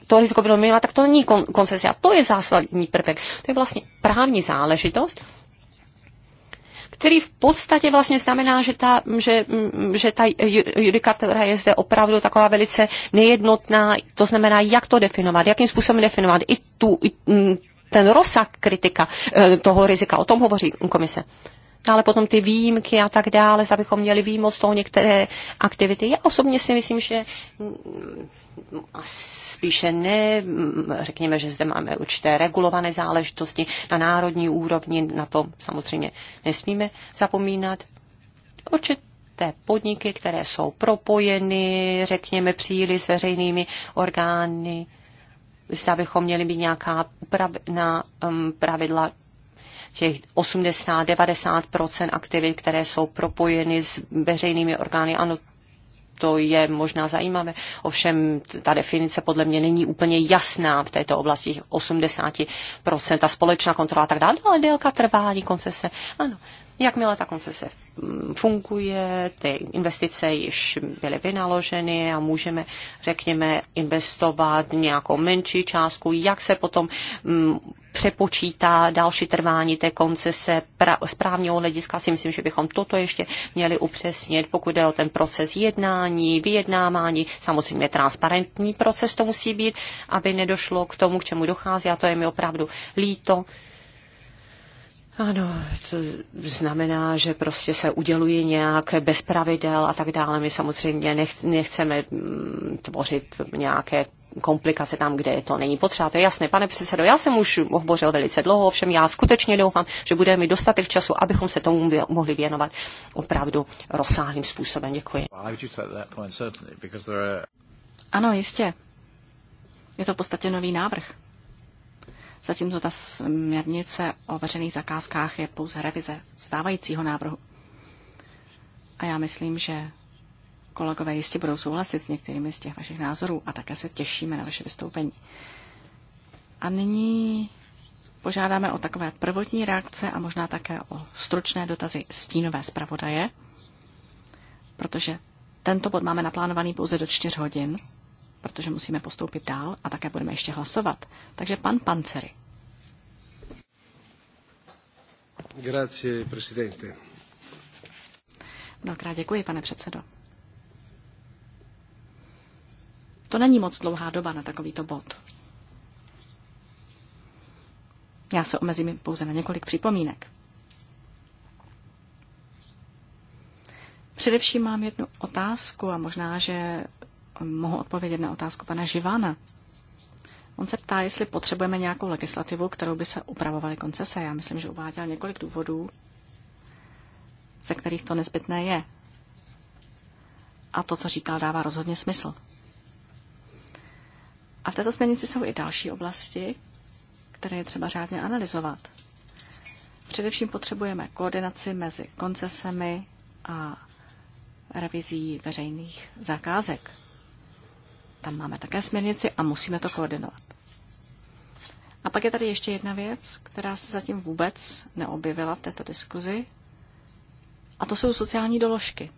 to riziko bylo minimální, tak to není kon, koncese. to je zásadní prvek. To je vlastně právní záležitost, který v podstatě vlastně znamená, že ta, že, mm, že ta judikatura je zde opravdu taková velice nejednotná. To znamená, jak to definovat, jakým způsobem definovat i tu, i mm, ten rozsah kritika eh, toho rizika. O tom hovoří komise. Ale potom ty výjimky a tak dále, abychom měli výjimost toho některé aktivity. Já osobně si myslím, že mm, spíše ne, mm, řekněme, že zde máme určité regulované záležitosti na národní úrovni, na to samozřejmě nesmíme zapomínat. Určité podniky, které jsou propojeny, řekněme, příliš s veřejnými orgány, zda bychom měli být nějaká mm, pravidla těch 80-90 aktivit, které jsou propojeny s veřejnými orgány. Ano, to je možná zajímavé. Ovšem ta definice podle mě není úplně jasná v této oblasti 80%, ta společná kontrola a tak dále, ale délka trvání koncese. Ano, Jakmile ta koncese mm, funguje, ty investice již byly vynaloženy a můžeme, řekněme, investovat nějakou menší částku, jak se potom mm, přepočítá další trvání té koncese správního hlediska. Si myslím, že bychom toto ještě měli upřesnit, pokud jde o ten proces jednání, vyjednávání. Samozřejmě transparentní proces to musí být, aby nedošlo k tomu, k čemu dochází a to je mi opravdu líto, ano, to znamená, že prostě se uděluje nějak bez pravidel a tak dále. My samozřejmě nech, nechceme mm, tvořit nějaké komplikace tam, kde to není potřeba. To je jasné. Pane předsedo, já jsem už hovořil velice dlouho, ovšem já skutečně doufám, že budeme mít dostatek času, abychom se tomu mohli věnovat opravdu rozsáhlým způsobem. Děkuji. Ano, jistě. Je to v podstatě nový návrh zatímco ta směrnice o veřejných zakázkách je pouze revize stávajícího návrhu. A já myslím, že kolegové jistě budou souhlasit s některými z těch vašich názorů a také se těšíme na vaše vystoupení. A nyní požádáme o takové prvotní reakce a možná také o stručné dotazy stínové zpravodaje, protože tento bod máme naplánovaný pouze do čtyř hodin protože musíme postoupit dál a také budeme ještě hlasovat. Takže pan Pancery. Grazie, presidente. Mnohokrát děkuji, pane předsedo. To není moc dlouhá doba na takovýto bod. Já se omezím pouze na několik připomínek. Především mám jednu otázku a možná, že mohu odpovědět na otázku pana Živana. On se ptá, jestli potřebujeme nějakou legislativu, kterou by se upravovaly koncese. Já myslím, že uváděl několik důvodů, ze kterých to nezbytné je. A to, co říkal, dává rozhodně smysl. A v této směrnici jsou i další oblasti, které je třeba řádně analyzovat. Především potřebujeme koordinaci mezi koncesemi a revizí veřejných zakázek. Tam máme také směrnici a musíme to koordinovat. A pak je tady ještě jedna věc, která se zatím vůbec neobjevila v této diskuzi, a to jsou sociální doložky.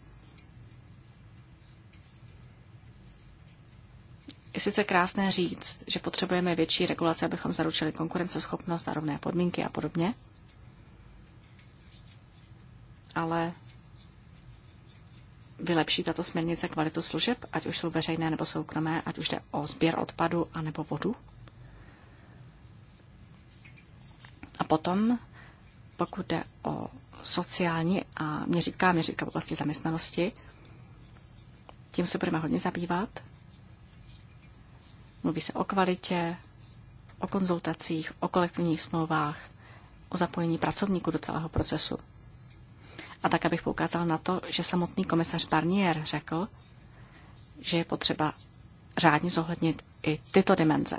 Je sice krásné říct, že potřebujeme větší regulace, abychom zaručili konkurenceschopnost a rovné podmínky a podobně, ale vylepší tato směrnice kvalitu služeb, ať už jsou veřejné nebo soukromé, ať už jde o sběr odpadu a nebo vodu? A potom, pokud jde o sociální a měřítka a měřítka v oblasti zaměstnanosti, tím se budeme hodně zabývat. Mluví se o kvalitě, o konzultacích, o kolektivních smlouvách, o zapojení pracovníků do celého procesu. A tak, abych poukázal na to, že samotný komisař Barnier řekl, že je potřeba řádně zohlednit i tyto dimenze.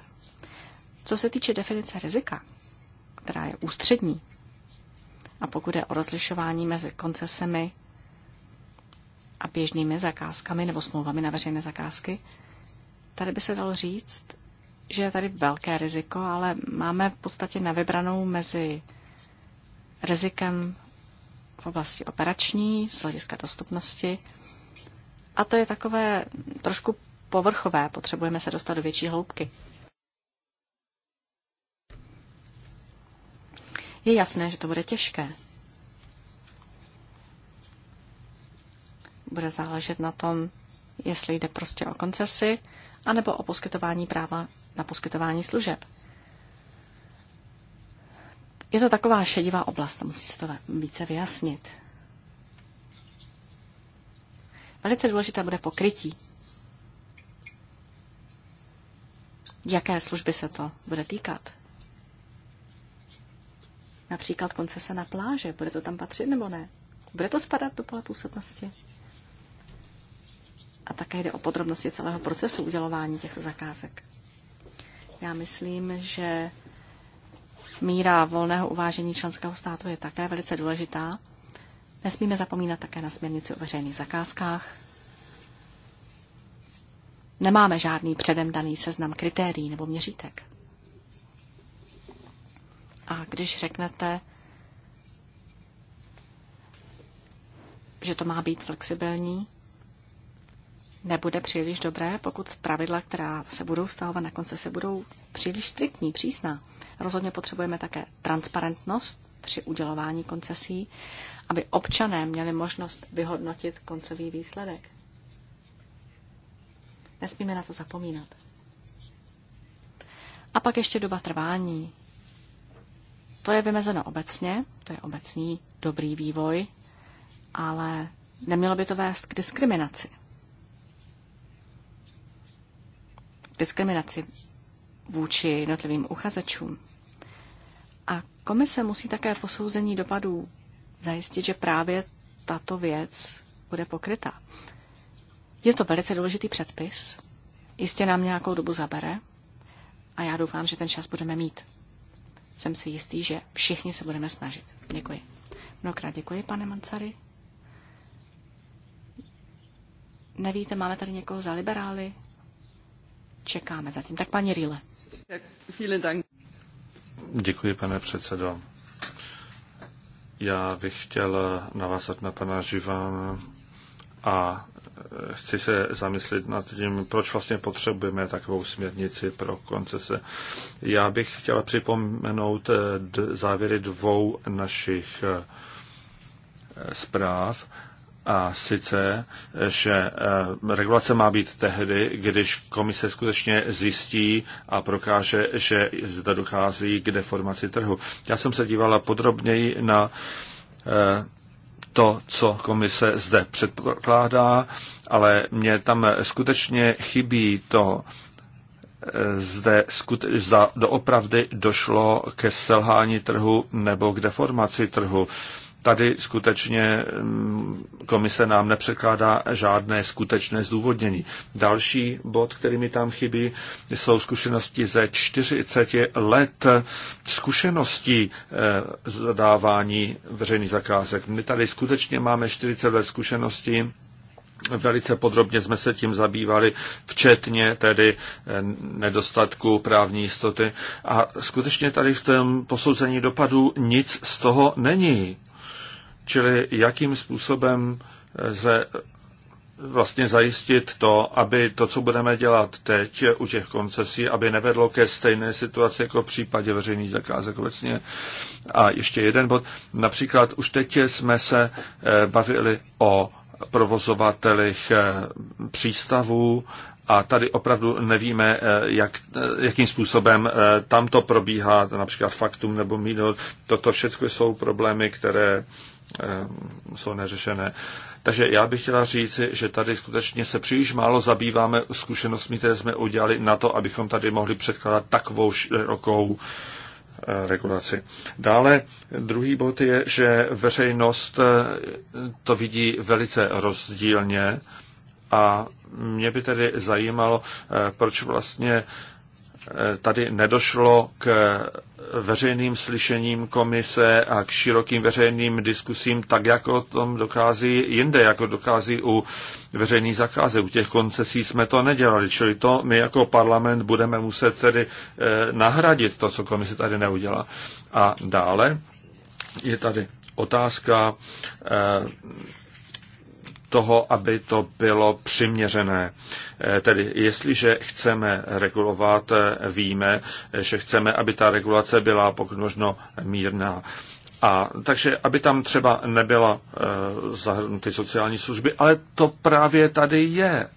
Co se týče definice rizika, která je ústřední, a pokud je o rozlišování mezi koncesemi a běžnými zakázkami nebo smlouvami na veřejné zakázky, tady by se dalo říct, že je tady velké riziko, ale máme v podstatě na vybranou mezi rizikem v oblasti operační, z hlediska dostupnosti. A to je takové trošku povrchové, potřebujeme se dostat do větší hloubky. Je jasné, že to bude těžké. Bude záležet na tom, jestli jde prostě o koncesi, anebo o poskytování práva na poskytování služeb. Je to taková šedivá oblast, musí se to více vyjasnit. Velice důležité bude pokrytí. Jaké služby se to bude týkat? Například koncese na pláže, bude to tam patřit nebo ne? Bude to spadat do pole působnosti? A také jde o podrobnosti celého procesu udělování těchto zakázek. Já myslím, že míra volného uvážení členského státu je také velice důležitá. Nesmíme zapomínat také na směrnici o veřejných zakázkách. Nemáme žádný předem daný seznam kritérií nebo měřítek. A když řeknete, že to má být flexibilní, nebude příliš dobré, pokud pravidla, která se budou stahovat na konce, se budou příliš striktní, přísná. Rozhodně potřebujeme také transparentnost při udělování koncesí, aby občané měli možnost vyhodnotit koncový výsledek. Nesmíme na to zapomínat. A pak ještě doba trvání. To je vymezeno obecně, to je obecný dobrý vývoj, ale nemělo by to vést k diskriminaci. K diskriminaci vůči jednotlivým uchazečům. A komise musí také posouzení dopadů zajistit, že právě tato věc bude pokryta. Je to velice důležitý předpis, jistě nám nějakou dobu zabere a já doufám, že ten čas budeme mít. Jsem si jistý, že všichni se budeme snažit. Děkuji. Mnohokrát děkuji, pane Mancari. Nevíte, máme tady někoho za liberály? Čekáme zatím. Tak paní Rýle. Děkuji, pane předsedo. Já bych chtěl navázat na pana Živan a e, chci se zamyslet nad tím, proč vlastně potřebujeme takovou směrnici pro koncese. Já bych chtěl připomenout e, závěry dvou našich e, zpráv. A sice, že eh, regulace má být tehdy, když komise skutečně zjistí a prokáže, že zde dochází k deformaci trhu. Já jsem se dívala podrobněji na eh, to, co komise zde předpokládá, ale mě tam skutečně chybí to, eh, zde skute- zda doopravdy došlo ke selhání trhu nebo k deformaci trhu. Tady skutečně mm, komise nám nepřekládá žádné skutečné zdůvodnění. Další bod, který mi tam chybí, jsou zkušenosti ze 40 let zkušeností eh, zadávání veřejných zakázek. My tady skutečně máme 40 let zkušeností Velice podrobně jsme se tím zabývali, včetně tedy eh, nedostatku právní jistoty. A skutečně tady v tom posouzení dopadu nic z toho není. Čili jakým způsobem eh, se eh, vlastně zajistit to, aby to, co budeme dělat teď eh, u těch koncesí, aby nevedlo ke stejné situaci jako v případě veřejných zakázek obecně. A ještě jeden bod. Například už teď jsme se bavili o provozovatelích přístavů a tady opravdu nevíme, jak, jakým způsobem tam to probíhá, například Faktum nebo Mino. Toto všechno jsou problémy, které Eh, jsou neřešené. Takže já bych chtěla říct, že tady skutečně se příliš málo zabýváme zkušenostmi, které jsme udělali na to, abychom tady mohli předkládat takovou širokou eh, regulaci. Dále druhý bod je, že veřejnost eh, to vidí velice rozdílně a mě by tedy zajímalo, proč vlastně tady nedošlo k veřejným slyšením komise a k širokým veřejným diskusím, tak jako tom dokází jinde, jako dokází u veřejných zakázek. U těch koncesí jsme to nedělali, čili to my jako parlament budeme muset tedy eh, nahradit to, co komise tady neudělá. A dále je tady otázka eh, toho, aby to bylo přiměřené. Eh, tedy jestliže chceme regulovat, eh, víme, že chceme, aby ta regulace byla pokud možno mírná. A takže, aby tam třeba nebyla e, zahrnuty sociální služby, ale to právě tady je.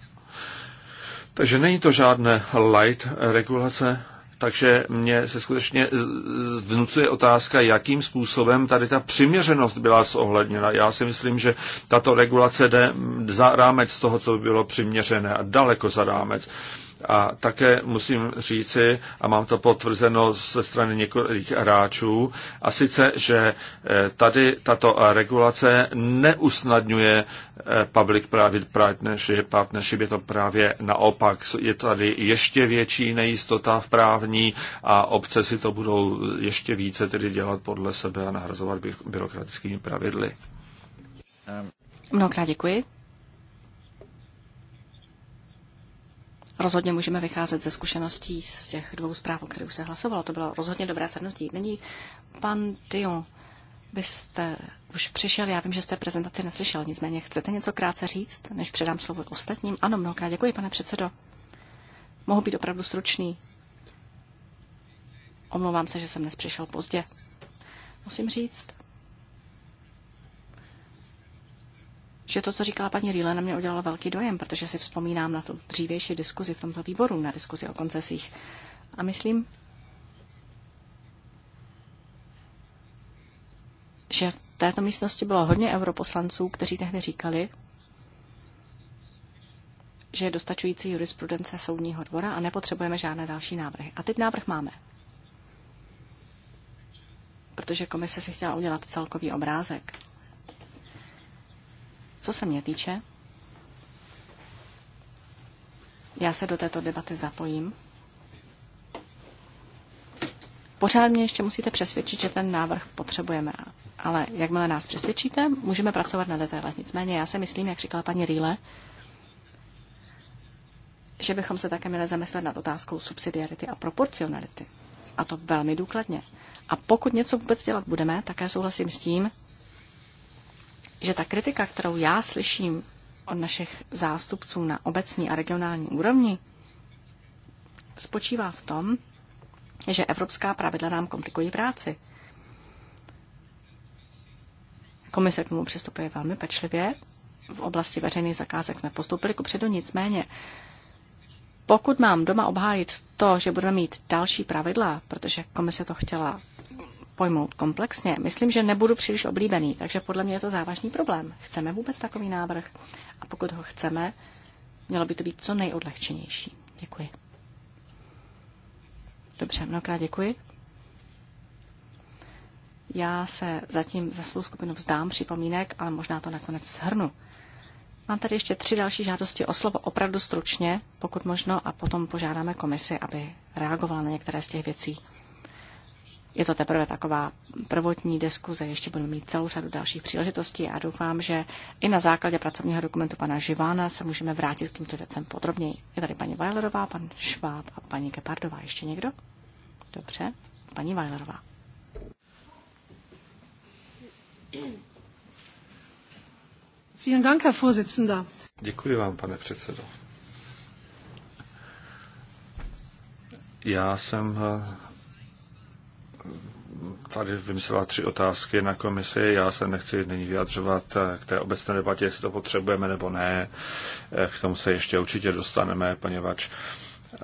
Takže není to žádné light regulace, takže mě se skutečně vnucuje otázka, jakým způsobem tady ta přiměřenost byla zohledněna. Já si myslím, že tato regulace jde za rámec toho, co by bylo přiměřené a daleko za rámec. A také musím říci, a mám to potvrzeno ze strany několik hráčů, a sice, že eh, tady tato regulace neusnadňuje eh, public private partnership, partnership je to právě naopak. Je tady ještě větší nejistota v právní a obce si to budou ještě více tedy dělat podle sebe a nahrazovat byrokratickými pravidly. Mnohokrát děkuji. Rozhodně můžeme vycházet ze zkušeností z těch dvou zpráv, o kterých se hlasovalo. To bylo rozhodně dobré sednutí. Není pan Dion, vy jste už přišel, já vím, že jste prezentaci neslyšel, nicméně chcete něco krátce říct, než předám slovo ostatním? Ano, mnohokrát děkuji, pane předsedo. Mohu být opravdu stručný. Omlouvám se, že jsem dnes přišel pozdě. Musím říct, že to, co říkala paní Rýle, na mě udělalo velký dojem, protože si vzpomínám na tu dřívější diskuzi v tomto výboru, na diskuzi o koncesích. A myslím, že v této místnosti bylo hodně europoslanců, kteří tehdy říkali, že je dostačující jurisprudence soudního dvora a nepotřebujeme žádné další návrhy. A teď návrh máme. Protože komise si chtěla udělat celkový obrázek. Co se mě týče, já se do této debaty zapojím. Pořád mě ještě musíte přesvědčit, že ten návrh potřebujeme. Ale jakmile nás přesvědčíte, můžeme pracovat na detailech. Nicméně já se myslím, jak říkala paní Rýle, že bychom se také měli zamyslet nad otázkou subsidiarity a proporcionality. A to velmi důkladně. A pokud něco vůbec dělat budeme, také souhlasím s tím, že ta kritika, kterou já slyším od našich zástupců na obecní a regionální úrovni, spočívá v tom, že evropská pravidla nám komplikují práci. Komise k tomu přistupuje velmi pečlivě. V oblasti veřejných zakázek jsme postoupili kupředu, nicméně pokud mám doma obhájit to, že budeme mít další pravidla, protože komise to chtěla pojmout komplexně, myslím, že nebudu příliš oblíbený, takže podle mě je to závažný problém. Chceme vůbec takový návrh? A pokud ho chceme, mělo by to být co nejodlehčenější. Děkuji. Dobře, mnohokrát děkuji. Já se zatím za svou skupinu vzdám připomínek, ale možná to nakonec shrnu. Mám tady ještě tři další žádosti o slovo, opravdu stručně, pokud možno, a potom požádáme komisi, aby reagovala na některé z těch věcí. Je to teprve taková prvotní diskuze, ještě budeme mít celou řadu dalších příležitostí a doufám, že i na základě pracovního dokumentu pana Živána se můžeme vrátit k těmto věcem podrobněji. Je tady paní Vajlerová, pan Šváb a paní Kepardová. Ještě někdo? Dobře, paní Vajlerová. Vielen Dank, Herr Vorsitzender. Děkuji vám, pane předsedo. Já jsem eh, tady vymyslela tři otázky na komisi. Já se nechci nyní vyjadřovat eh, k té obecné debatě, jestli to potřebujeme nebo ne. Eh, k tomu se ještě určitě dostaneme, poněvadž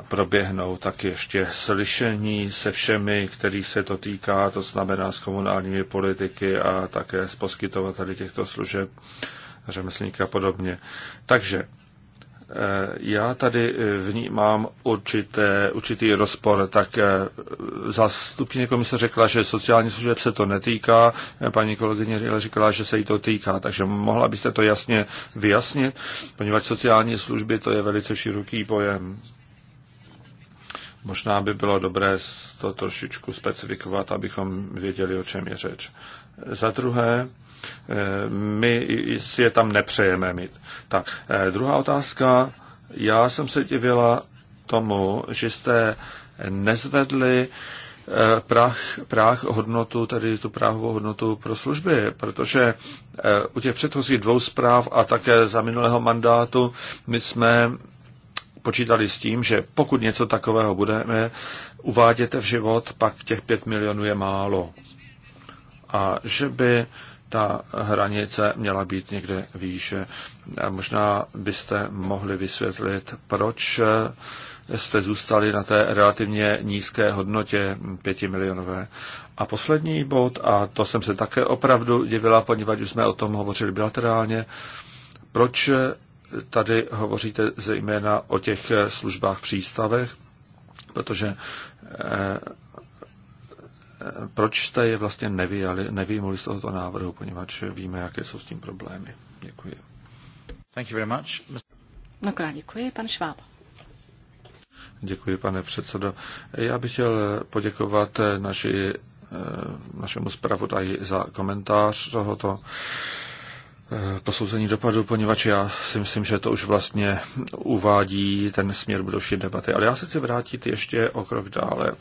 proběhnou tak ještě slyšení se všemi, který se to týká, to znamená s komunálními politiky a také s poskytovateli těchto služeb, řemeslníky a podobně. Takže Eh, já tady eh, vnímám určité, určitý rozpor. Tak eh, zastupkyně komise řekla, že sociální služeb se to netýká, paní kolegyně říkala, že se jí to týká, takže mohla byste to jasně vyjasnit, poněvadž sociální služby to je velice široký pojem. Možná by bylo dobré to trošičku specifikovat, abychom věděli, o čem je řeč. Za druhé, my si je tam nepřejeme mít. Tak, eh, druhá otázka. Já jsem se divila tomu, že jste nezvedli eh, prach, prach hodnotu, tedy tu práhovou hodnotu pro služby, protože eh, u těch předchozích dvou zpráv a také za minulého mandátu my jsme počítali s tím, že pokud něco takového budeme uvádět v život, pak těch pět milionů je málo. A že by ta hranice měla být někde výše. A možná byste mohli vysvětlit, proč jste zůstali na té relativně nízké hodnotě 5 milionové. A poslední bod, a to jsem se také opravdu divila, poněvadž jsme o tom hovořili bilaterálně, proč tady hovoříte zejména o těch službách přístavech, protože eh, proč jste je vlastně nevyjali, nevyjmuli z tohoto návrhu, poněvadž víme, jaké jsou s tím problémy. Děkuji. Thank you very much. No krát děkuji, pan Šváb. Děkuji, pane předsedo. Já bych chtěl poděkovat naši, eh, našemu zpravodaji za komentář tohoto eh, posouzení dopadu, poněvadž já si myslím, že to už vlastně uvádí ten směr budoucí debaty. Ale já se chci vrátit ještě o krok dále.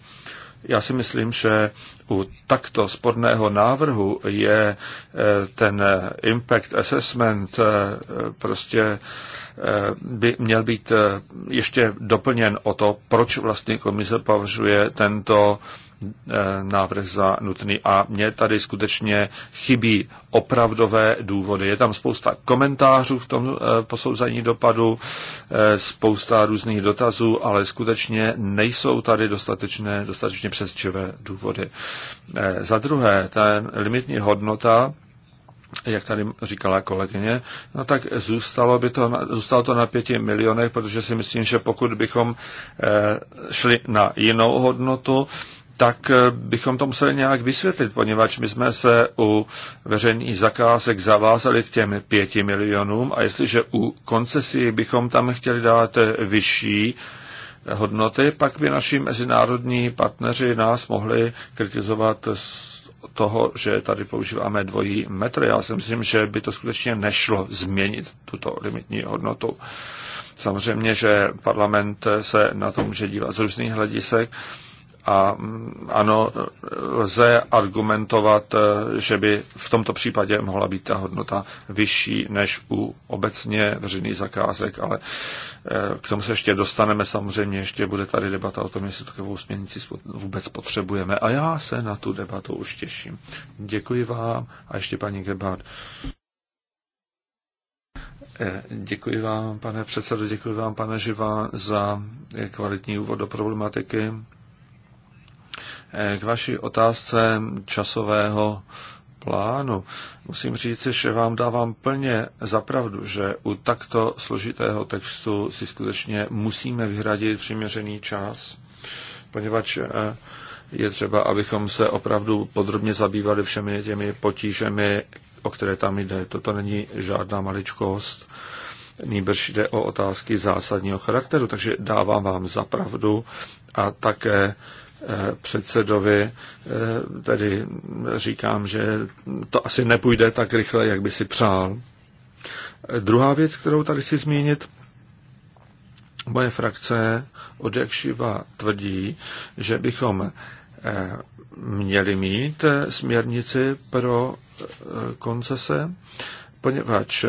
Já si myslím, že u takto sporného návrhu je eh, ten eh, impact assessment eh, prostě by měl být ještě doplněn o to, proč vlastně komise považuje tento Eh, návrh za nutný a mě tady skutečně chybí opravdové důvody. Je tam spousta komentářů v tom eh, posouzení dopadu, eh, spousta různých dotazů, ale skutečně nejsou tady dostatečné, dostatečně přesčivé důvody. Za druhé, ta limitní hodnota jak tady říkala kolegyně, no tak zůstalo, by to, zůstalo to na pěti milionech, protože si myslím, že pokud bychom šli na jinou hodnotu, tak eh, bychom to museli nějak vysvětlit, poněvadž my jsme se u veřejných zakázek zavázali k těm pěti milionům a jestliže u koncesí bychom tam chtěli dát vyšší hodnoty, pak by naši mezinárodní partneři nás mohli kritizovat z toho, že tady používáme dvojí metr. Já si myslím, že by to skutečně nešlo změnit tuto limitní hodnotu. Samozřejmě, že parlament se na to může dívat z různých hledisek, a mm, ano, lze argumentovat, eh, že by v tomto případě mohla být ta hodnota vyšší než u obecně veřejných zakázek, ale eh, k tomu se ještě dostaneme. Samozřejmě ještě bude tady debata o tom, jestli takovou směrnici vůbec potřebujeme. A já se na tu debatu už těším. Děkuji vám a ještě paní Gebhardt. Eh, děkuji vám, pane předsedo, děkuji vám, pane Živa, za kvalitní úvod do problematiky. K vaší otázce časového plánu. Musím říct, že vám dávám plně zapravdu, že u takto složitého textu si skutečně musíme vyhradit přiměřený čas, poněvadž eh, je třeba, abychom se opravdu podrobně zabývali všemi těmi potížemi, o které tam jde. Toto není žádná maličkost. Nýbrž jde o otázky zásadního charakteru, takže dávám vám zapravdu a také předsedovi, eh, tedy říkám, že to asi nepůjde tak rychle, jak by si přál. Druhá věc, kterou tady chci zmínit, moje frakce od Jakšiva tvrdí, že bychom eh, měli mít eh, směrnici pro koncese, poněvadž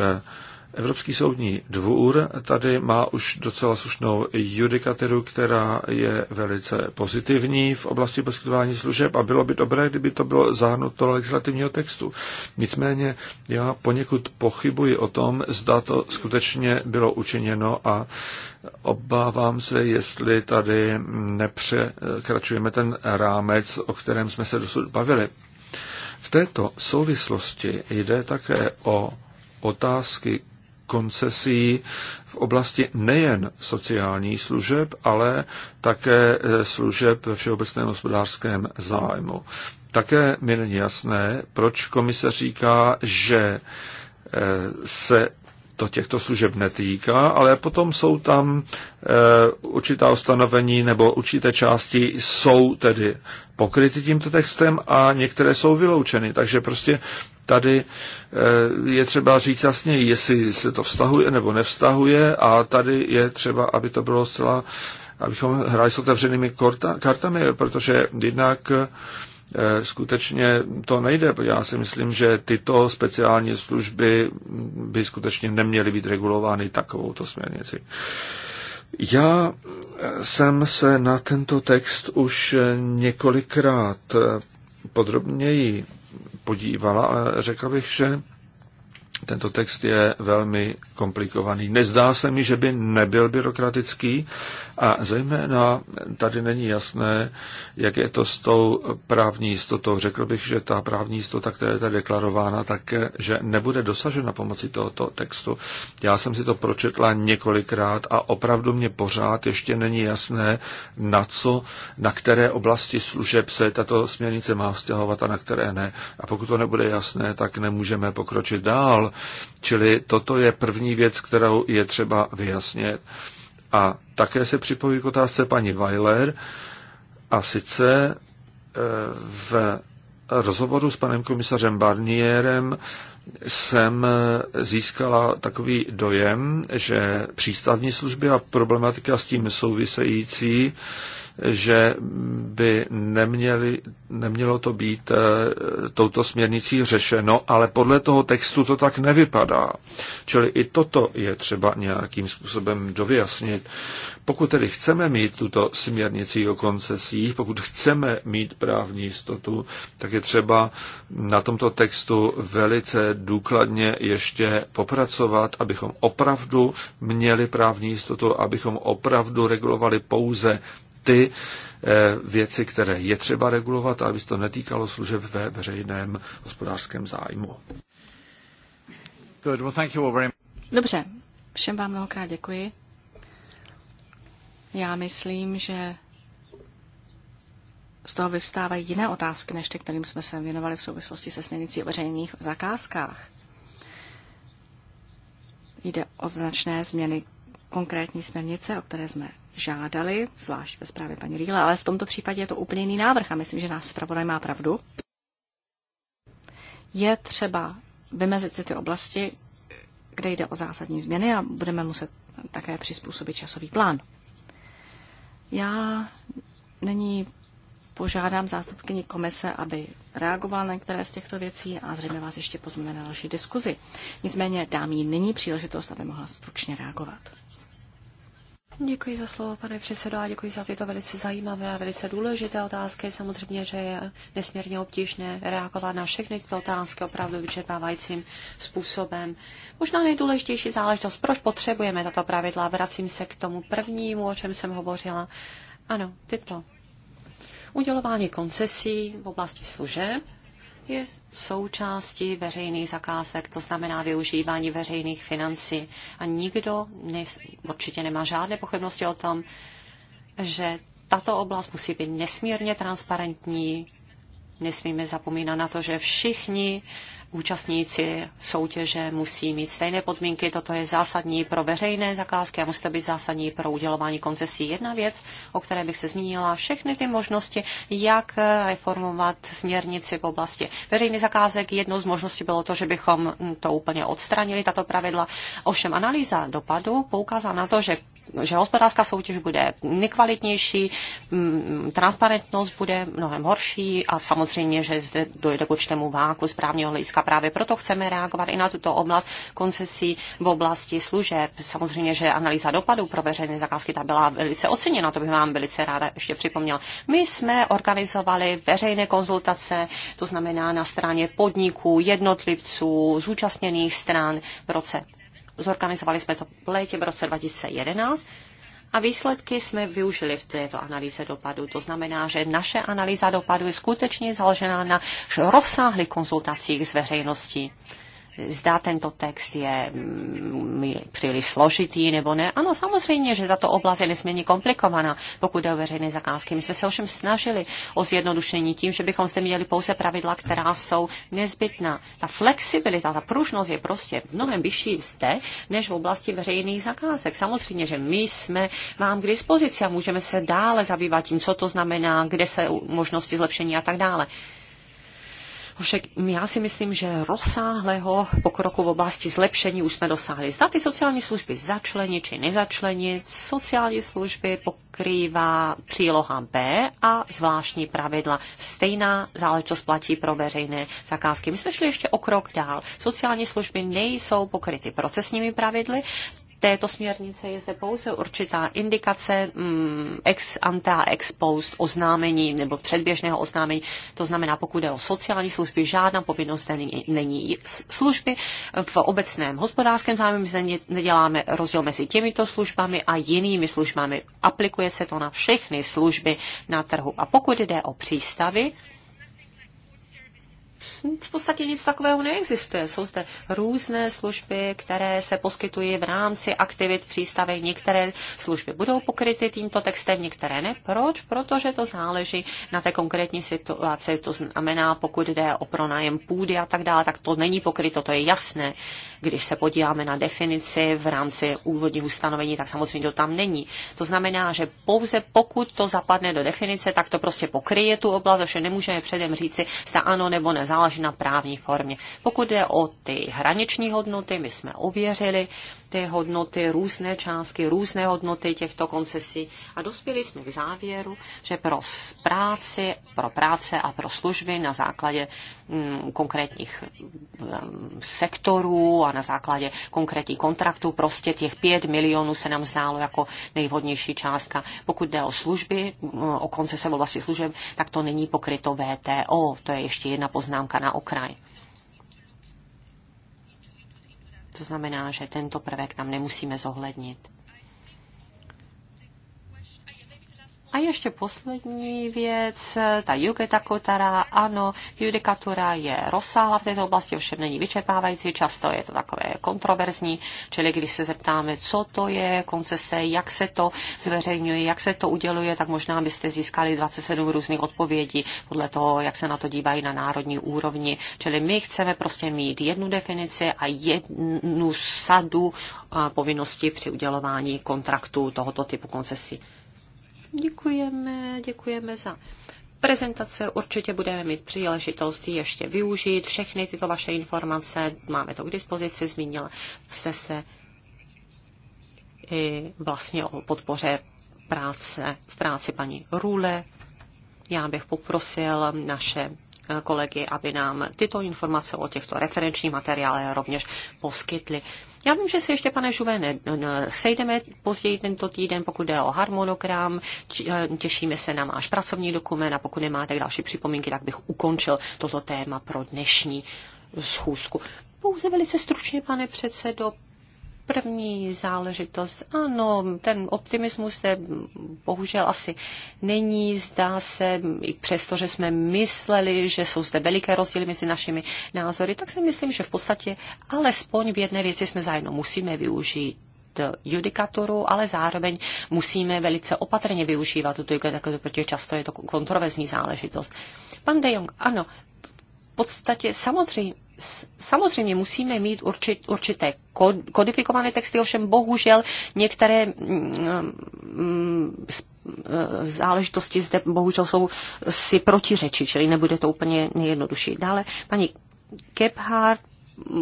Evropský soudní dvůr tady má už docela slušnou judikaturu, která je velice pozitivní v oblasti poskytování služeb a bylo by dobré, kdyby to bylo zahrnuto do legislativního textu. Nicméně já poněkud pochybuji o tom, zda to skutečně bylo učiněno a obávám se, jestli tady nepřekračujeme ten rámec, o kterém jsme se dosud bavili. V této souvislosti jde také o otázky koncesí v oblasti nejen sociálních služeb, ale také eh, služeb ve všeobecném hospodářském zájmu. Také mi není jasné, proč komise říká, že eh, se to těchto služeb netýká, ale potom jsou tam eh, určitá ustanovení nebo určité části jsou tedy pokryty tímto textem a některé jsou vyloučeny. Takže prostě tady eh, je třeba říct jasně, jestli se to vztahuje nebo nevztahuje a tady je třeba, aby to bylo zcela, abychom hráli s otevřenými kartami, protože jednak eh, skutečně to nejde. Já si myslím, že tyto speciální služby by skutečně neměly být regulovány takovouto směrnici. Já jsem se na tento text už několikrát podrobněji podívala, ale řekl bych, že tento text je velmi komplikovaný. Nezdá se mi, že by nebyl byrokratický a zejména tady není jasné, jak je to s tou právní jistotou. Řekl bych, že ta právní jistota, která je tady deklarována, tak že nebude dosažena pomocí tohoto textu. Já jsem si to pročetla několikrát a opravdu mě pořád ještě není jasné, na co, na které oblasti služeb se tato směrnice má vztahovat a na které ne. A pokud to nebude jasné, tak nemůžeme pokročit dál. Čili toto je první první věc, kterou je třeba vyjasnit. A také se připojí k otázce paní Weiler, a sice e, v rozhovoru s panem komisařem Barnierem jsem získala takový dojem, že přístavní služby a problematika s tím související že by neměli, nemělo to být eh, touto směrnicí řešeno, ale podle toho textu to tak nevypadá. Čili i toto je třeba nějakým způsobem dovyjasnit. Pokud tedy chceme mít tuto směrnici o koncesích, pokud chceme mít právní jistotu, tak je třeba na tomto textu velice důkladně ještě popracovat, abychom opravdu měli právní jistotu, abychom opravdu regulovali pouze ty eh, věci, které je třeba regulovat, aby se to netýkalo služeb ve veřejném hospodářském zájmu. Dobře, všem vám mnohokrát děkuji. Já myslím, že z toho vyvstávají jiné otázky, než ty, kterým jsme se věnovali v souvislosti se směrnicí o veřejných zakázkách. Jde o značné změny konkrétní směrnice, o které jsme žádali, zvlášť ve zprávě paní Rýle, ale v tomto případě je to úplně jiný návrh a myslím, že náš zpravodaj má pravdu. Je třeba vymezit si ty oblasti, kde jde o zásadní změny a budeme muset také přizpůsobit časový plán. Já nyní požádám zástupkyni komise, aby reagoval na některé z těchto věcí a zřejmě vás ještě pozveme na další diskuzi. Nicméně dám jí nyní příležitost, aby mohla stručně reagovat. Děkuji za slovo, pane předsedo, a děkuji za tyto velice zajímavé a velice důležité otázky. Samozřejmě, že je nesmírně obtížné reagovat na všechny tyto otázky opravdu vyčerpávajícím způsobem. Možná nejdůležitější záležitost, proč potřebujeme tato pravidla. Vracím se k tomu prvnímu, o čem jsem hovořila. Ano, tyto. Udělování koncesí v oblasti služeb je součástí veřejných zakázek, to znamená využívání veřejných financí. A nikdo ne, určitě nemá žádné pochybnosti o tom, že tato oblast musí být nesmírně transparentní. Nesmíme zapomínat na to, že všichni účastníci soutěže musí mít stejné podmínky. Toto je zásadní pro veřejné zakázky a musí to být zásadní pro udělování koncesí. Jedna věc, o které bych se zmínila, všechny ty možnosti, jak reformovat směrnici v oblasti veřejných zakázek. Jednou z možností bylo to, že bychom to úplně odstranili, tato pravidla. Ovšem analýza dopadu poukázala na to, že že hospodářská soutěž bude nekvalitnější, mm, transparentnost bude mnohem horší a samozřejmě, že zde dojde k určitému váku správního hlediska. Právě proto chceme reagovat i na tuto oblast koncesí v oblasti služeb. Samozřejmě, že analýza dopadů pro veřejné zakázky ta byla velice oceněna, to bych vám velice ráda ještě připomněla. My jsme organizovali veřejné konzultace, to znamená na straně podniků, jednotlivců, zúčastněných stran v roce Zorganizovali jsme to v létě v roce 2011 a výsledky jsme využili v této analýze dopadu. To znamená, že naše analýza dopadu je skutečně založená na rozsáhlých konzultacích s veřejností zda tento text mm, je příliš složitý nebo ne. Ano, samozřejmě, že tato oblast je nesmírně komplikovaná, pokud jde o veřejné zakázky. My jsme se ovšem snažili o zjednodušení tím, že bychom zde měli pouze pravidla, která jsou nezbytná. Ta flexibilita, ta pružnost je prostě mnohem vyšší zde, než v oblasti veřejných zakázek. Samozřejmě, že my jsme vám k dispozici a můžeme se dále zabývat tím, co to znamená, kde se možnosti zlepšení a tak dále. Však já si myslím, že rozsáhlého pokroku v oblasti zlepšení už jsme dosáhli. Zda ty sociální služby začlenit či nezačlenit, sociální služby pokrývá příloha B a zvláštní pravidla. Stejná záležitost platí pro veřejné zakázky. My jsme šli ještě o krok dál. Sociální služby nejsou pokryty procesními pravidly, této směrnice je zde pouze určitá indikace mm, ex ante a ex post oznámení nebo předběžného oznámení. To znamená, pokud je o sociální služby, žádná povinnost není, není služby. V obecném hospodářském zájmu my neděláme rozdíl mezi těmito službami a jinými službami. Aplikuje se to na všechny služby na trhu. A pokud jde o přístavy, v podstatě nic takového neexistuje. Jsou zde různé služby, které se poskytují v rámci aktivit přístavy. Některé služby budou pokryty tímto textem, některé ne. Proč? Protože to záleží na té konkrétní situaci. To znamená, pokud jde o pronájem půdy a tak dále, tak to není pokryto, to je jasné. Když se podíváme na definici v rámci úvodních ustanovení, tak samozřejmě to tam není. To znamená, že pouze pokud to zapadne do definice, tak to prostě pokryje tu oblast, že nemůžeme předem říci, zda ano nebo ne záleží na právní formě. Pokud jde o ty hraniční hodnoty, my jsme ověřili té hodnoty, různé částky, různé hodnoty těchto koncesí a dospěli jsme k závěru, že pro práci, pro práce a pro služby na základě mm, konkrétních mm, sektorů a na základě konkrétních kontraktů prostě těch 5 milionů se nám zdálo jako nejvhodnější částka. Pokud jde o služby, mm, o koncese v oblasti služeb, tak to není pokryto VTO. To je ještě jedna poznámka na okraj. To znamená, že tento prvek tam nemusíme zohlednit. A ještě poslední věc, ta judikatura, ano, judikatura je rozsáhla v této oblasti, ovšem není vyčerpávající, často je to takové kontroverzní, čili když se zeptáme, co to je koncese, jak se to zveřejňuje, jak se to uděluje, tak možná byste získali 27 různých odpovědí podle toho, jak se na to dívají na národní úrovni. Čili my chceme prostě mít jednu definici a jednu sadu povinností při udělování kontraktu tohoto typu koncesí. Děkujeme, děkujeme za prezentace určitě budeme mít příležitost ještě využít všechny tyto vaše informace. Máme to k dispozici, zmínil jste se i vlastně o podpoře práce, v práci paní Růle. Já bych poprosil naše kolegy, aby nám tyto informace o těchto referenčních materiálech rovněž poskytli. Já vím, že se ještě, pane Žuve, ne, no, no, sejdeme později tento týden, pokud jde o harmonogram. Eh, těšíme se na váš pracovní dokument a pokud nemáte další připomínky, tak bych ukončil toto téma pro dnešní schůzku. Pouze velice stručně, pane předsedo, první záležitost. Ano, ten optimismus se bohužel asi není, zdá se, i přesto, že jsme mysleli, že jsou zde veliké rozdíly mezi našimi názory, tak si myslím, že v podstatě alespoň v jedné věci jsme zajedno. Musíme využít judikaturu, ale zároveň musíme velice opatrně využívat tuto judikaturu, protože často je to kontroverzní záležitost. Pan De Jong, ano, v podstatě samozřejmě samozřejmě musíme mít určit, určité kodifikované texty, ovšem bohužel některé mm, mm, e, záležitosti zde bohužel jsou si protiřeči, čili nebude to úplně nejjednodušší. Dále paní Gebhardt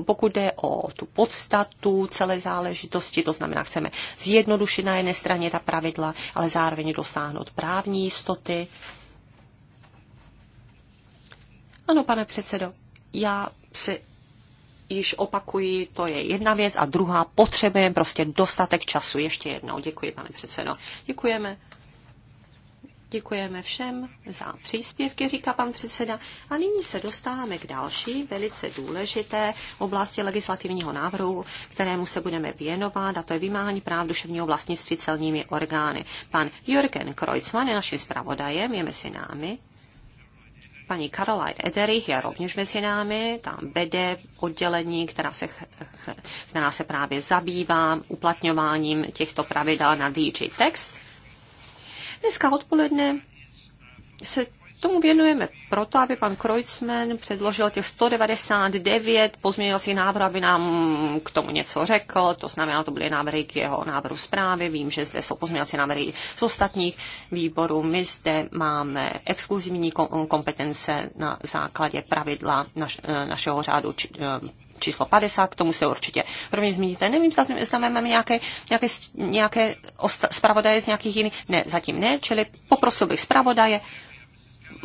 pokud jde o tu podstatu celé záležitosti, to znamená, chceme zjednodušit na jedné straně ta pravidla, ale zároveň dosáhnout právní jistoty. Ano, pane předsedo, já si již opakuji, to je jedna věc a druhá, potřebujeme prostě dostatek času. Ještě jednou děkuji, pane předsedo. Děkujeme. Děkujeme všem za příspěvky, říká pan předseda. A nyní se dostáváme k další velice důležité oblasti legislativního návrhu, kterému se budeme věnovat, a to je vymáhání práv duševního vlastnictví celními orgány. Pan Jürgen Kreuzmann je naším zpravodajem, je mezi námi. Paní Caroline Ederich je rovněž mezi námi, tam vede oddělení, která se, která se právě zabývá uplatňováním těchto pravidel na DG Text. Dneska odpoledne se Tomu věnujeme proto, aby pan Kreuzmann předložil těch 199 pozměňovacích návrhů, aby nám k tomu něco řekl. To znamená, to byly návrhy k jeho návrhu zprávy. Vím, že zde jsou pozměňovací návrhy z ostatních výborů. My zde máme exkluzivní kompetence na základě pravidla naš, eh, našeho řádu či, eh, číslo 50, k tomu se určitě rovněž zmíníte. Nevím, zda máme nějaké, nějaké, nějaké zpravodaje z nějakých jiných. Ne, zatím ne, čili poprosil bych zpravodaje,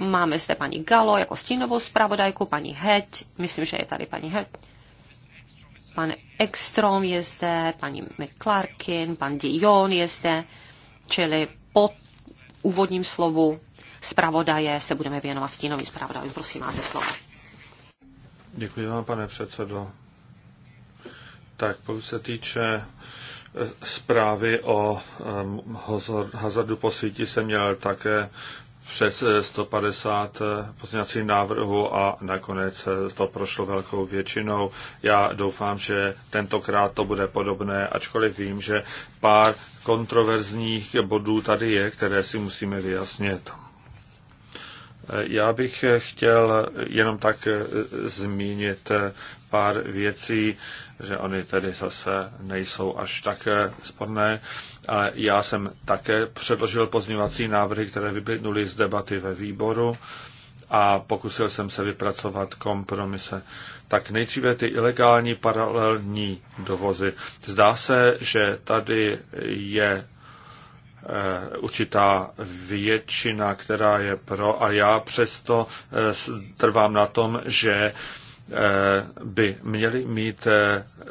Máme zde paní Galo jako stínovou zpravodajku, paní Heď, myslím, že je tady paní Heď. Pan Ekstrom je zde, paní McClarkin, pan Dion je zde, čili po úvodním slovu zpravodaje se budeme věnovat stínovým zpravodajům. Prosím, máte slovo. Děkuji vám, pane předsedo. Tak pokud se týče eh, zprávy o ehm, hazardu po síti jsem měl také přes 150 eh, eh, pozměňovacích návrhů a nakonec eh, to prošlo velkou většinou. Já doufám, že tentokrát to bude podobné, ačkoliv vím, že pár kontroverzních bodů tady je, které si musíme vyjasnit. Já bych chtěl jenom tak zmínit pár věcí, že oni tedy zase nejsou až tak eh, sporné, ale já jsem také předložil pozměňovací návrhy, které vyplynuly z debaty ve výboru a pokusil jsem se vypracovat kompromise. Tak nejdříve ty ilegální paralelní dovozy. Zdá se, že tady je eh, určitá většina, která je pro a já přesto eh, trvám na tom, že Eh, by měli mít eh, eh,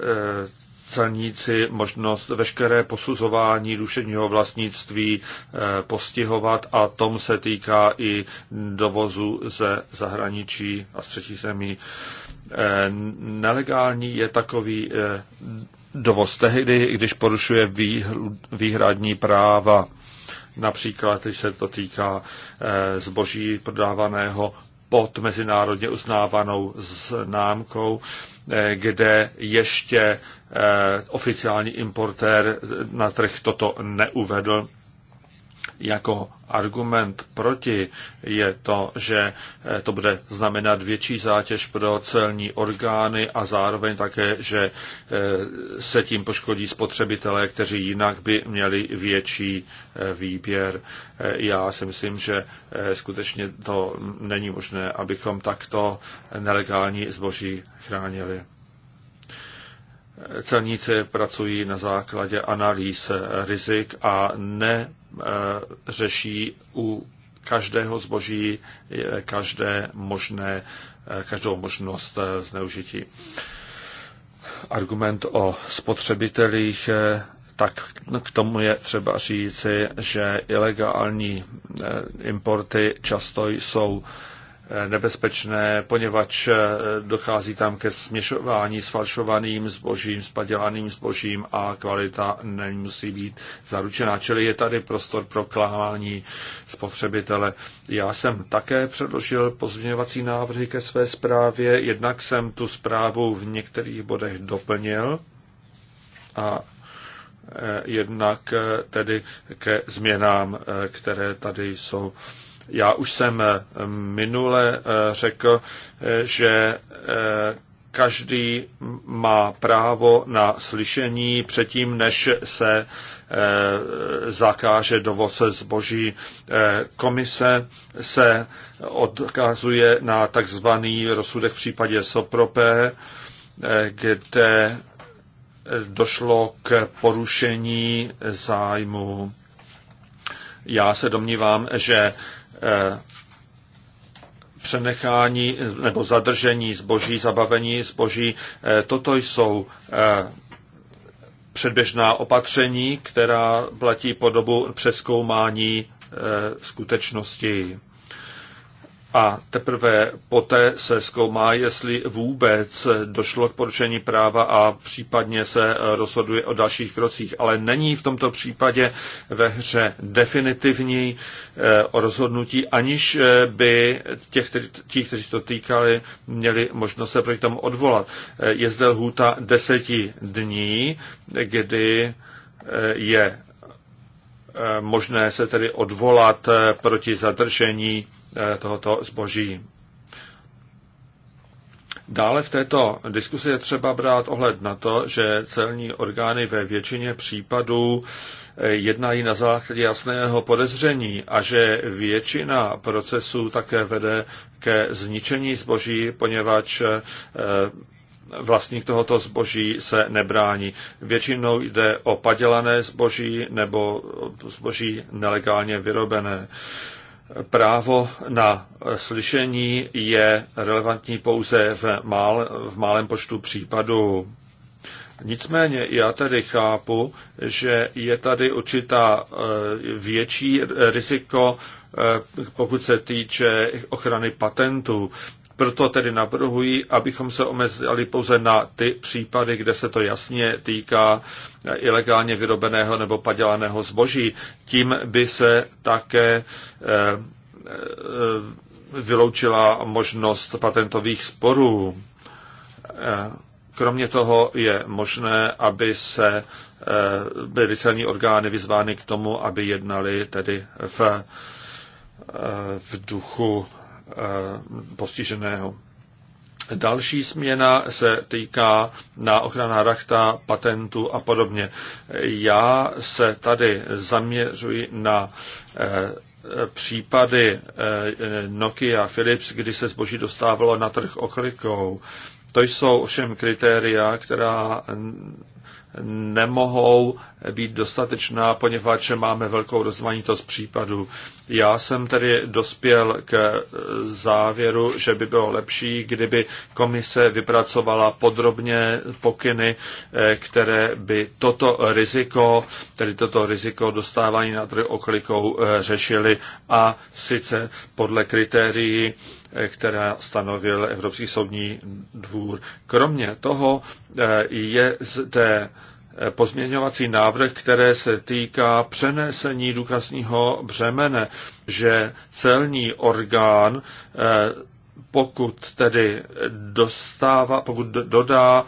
celníci možnost veškeré posuzování duševního vlastnictví postihovat a tom se týká i dovozu ze zahraničí a třetí zemí. Nelegální je takový dovoz tehdy, když porušuje výhradní práva. Například, když se to týká zboží prodávaného pod mezinárodně uznávanou známkou, eh, kde ještě eh, oficiální importér na trh toto neuvedl jako argument proti je to, že eh, to bude znamenat větší zátěž pro celní orgány a zároveň také, že eh, se tím poškodí spotřebitelé, kteří jinak by měli větší eh, výběr. Já si myslím, že skutečně to není možné, abychom takto nelegální zboží chránili. Celníci pracují na základě analýz rizik a neřeší e, u každého zboží každé možné, e, každou možnost e, zneužití. Argument o spotřebitelích tak k tomu je třeba říci, že ilegální importy často jsou nebezpečné, poněvadž eh, dochází tam ke směšování s falšovaným zbožím, s padělaným zbožím a kvalita nemusí být zaručená. Čili je tady prostor pro klamání spotřebitele. Já jsem také předložil pozměňovací návrhy ke své zprávě, jednak jsem tu zprávu v některých bodech doplnil a eh, jednak eh, tedy ke změnám, které tady jsou já už jsem eh, minule eh, řekl, eh, že každý má právo na slyšení předtím, než se zakáže dovoz zboží. Komise se odkazuje na takzvaný rozsudek v případě Sopropé, kde došlo k porušení zájmu. Já se domnívám, že Eh, přenechání nebo zadržení zboží, zabavení zboží. Eh, toto jsou eh, předběžná opatření, která platí po dobu přeskoumání skutečnosti a teprve poté se zkoumá, jestli vůbec došlo k porušení práva a případně se rozhoduje o dalších krocích. Ale není v tomto případě ve hře definitivní eh, rozhodnutí, aniž eh, by těch, ti, kteří to týkali, měli možnost se proti tomu odvolat. Eh, je zde lhůta deseti dní, kdy je možné se tedy odvolat proti zadržení Eh, tohoto zboží. Dále v této diskusi je třeba brát ohled na to, že celní orgány ve většině případů eh, jednají na základě jasného podezření a že většina procesů také vede ke zničení zboží, poněvadž eh, vlastník tohoto zboží se nebrání. Většinou jde o padělané zboží nebo zboží nelegálně vyrobené právo na slyšení je relevantní pouze v, mál, v málém počtu případů. Nicméně já tady chápu, že je tady určitá eh, větší riziko, eh, pokud se týče ochrany patentů. Proto tedy navrhuji, abychom se omezili pouze na ty případy, kde se to jasně týká ilegálně vyrobeného nebo padělaného zboží. Tím by se také eh, eh, vyloučila možnost patentových sporů. Eh, kromě toho je možné, aby se byly celní orgány vyzvány k tomu, aby jednali tedy v, v duchu Eh, postiženého. Další směna se týká na ochrana rachta, patentu a podobně. Já se tady zaměřuji na eh, případy eh, Nokia Philips, kdy se zboží dostávalo na trh oklikou. To jsou ovšem kritéria, která nemohou být dostatečná, poněvadž máme velkou rozmanitost případů. Já jsem tedy dospěl k závěru, že by bylo lepší, kdyby komise vypracovala podrobně pokyny, eh, které by toto riziko, tedy toto riziko dostávání na trh oklikou eh, řešily a sice podle kritérií, která stanovil Evropský soudní dvůr. Kromě toho eh, je zde eh, pozměňovací návrh, které se týká přenesení důkazního břemene, že celní orgán, eh, pokud tedy dostává, pokud dodá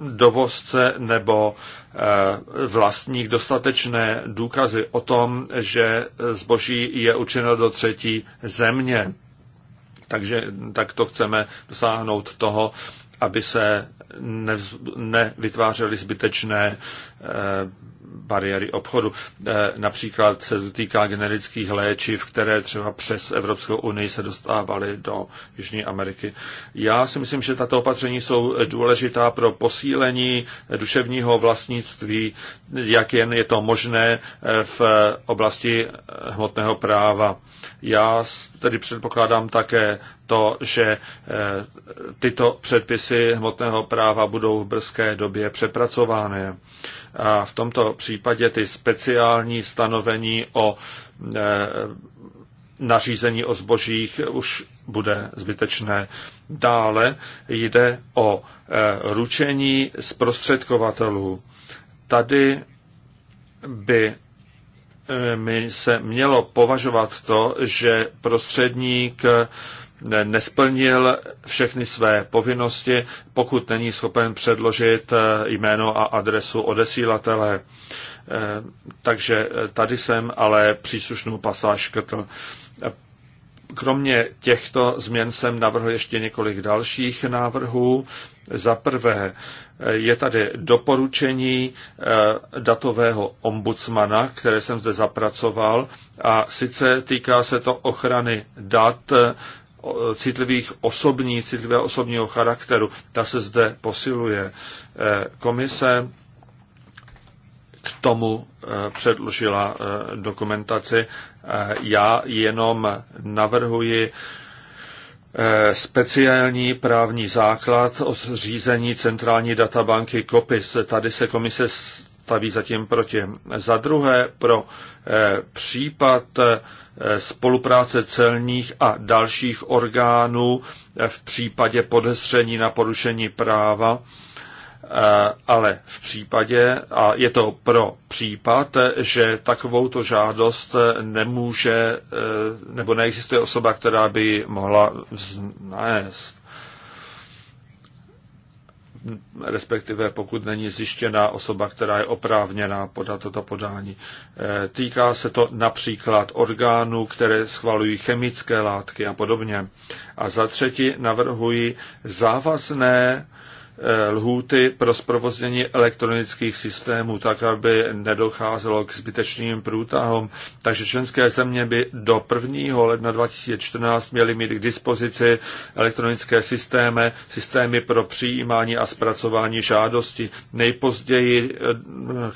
dovozce nebo eh, vlastník dostatečné důkazy o tom, že zboží je učeno do třetí země. Takže tak to chceme dosáhnout toho, aby se nevytvářely zbytečné eh, bariéry obchodu. Eh, například se týká generických léčiv, které třeba přes Evropskou unii se dostávaly do Jižní Ameriky. Já si myslím, že tato opatření jsou důležitá pro posílení duševního vlastnictví, jak jen je to možné eh, v oblasti hmotného práva. Já tedy předpokládám také to, že eh, tyto předpisy hmotného práva budou v brzké době přepracovány. A v tomto případě ty speciální stanovení o e, nařízení o zbožích už bude zbytečné. Dále jde o e, ručení zprostředkovatelů. Tady by e, mi se mělo považovat to, že prostředník nesplnil všechny své povinnosti, pokud není schopen předložit eh, jméno a adresu odesílatele. Eh, takže eh, tady jsem ale příslušnou pasáž škrtl. Kromě těchto změn jsem navrhl ještě několik dalších návrhů. Za prvé je tady doporučení datového ombudsmana, které jsem zde zapracoval, a sice týká se to ochrany dat citlivých osobní, citlivého osobního charakteru. Ta se zde posiluje. E, komise k tomu e, předložila e, dokumentaci. Já jenom navrhuji speciální právní základ o zřízení centrální databanky COPIS. Tady se komise staví zatím proti. Za druhé, pro eh, případ eh, spolupráce celních a dalších orgánů eh, v případě podezření na porušení práva, ale v případě, a je to pro případ, že takovouto žádost nemůže, nebo neexistuje osoba, která by mohla vznést respektive pokud není zjištěná osoba, která je oprávněná podat toto podání. Eh, týká se to například orgánů, které schvalují chemické látky a podobně. A za třetí navrhuji závazné Eh, lhůty pro zprovoznění elektronických systémů, tak aby nedocházelo k zbytečným průtahům. Takže členské země by do 1. ledna 2014 měly mít k dispozici elektronické systémy, systémy pro přijímání a zpracování žádosti. Nejpozději eh,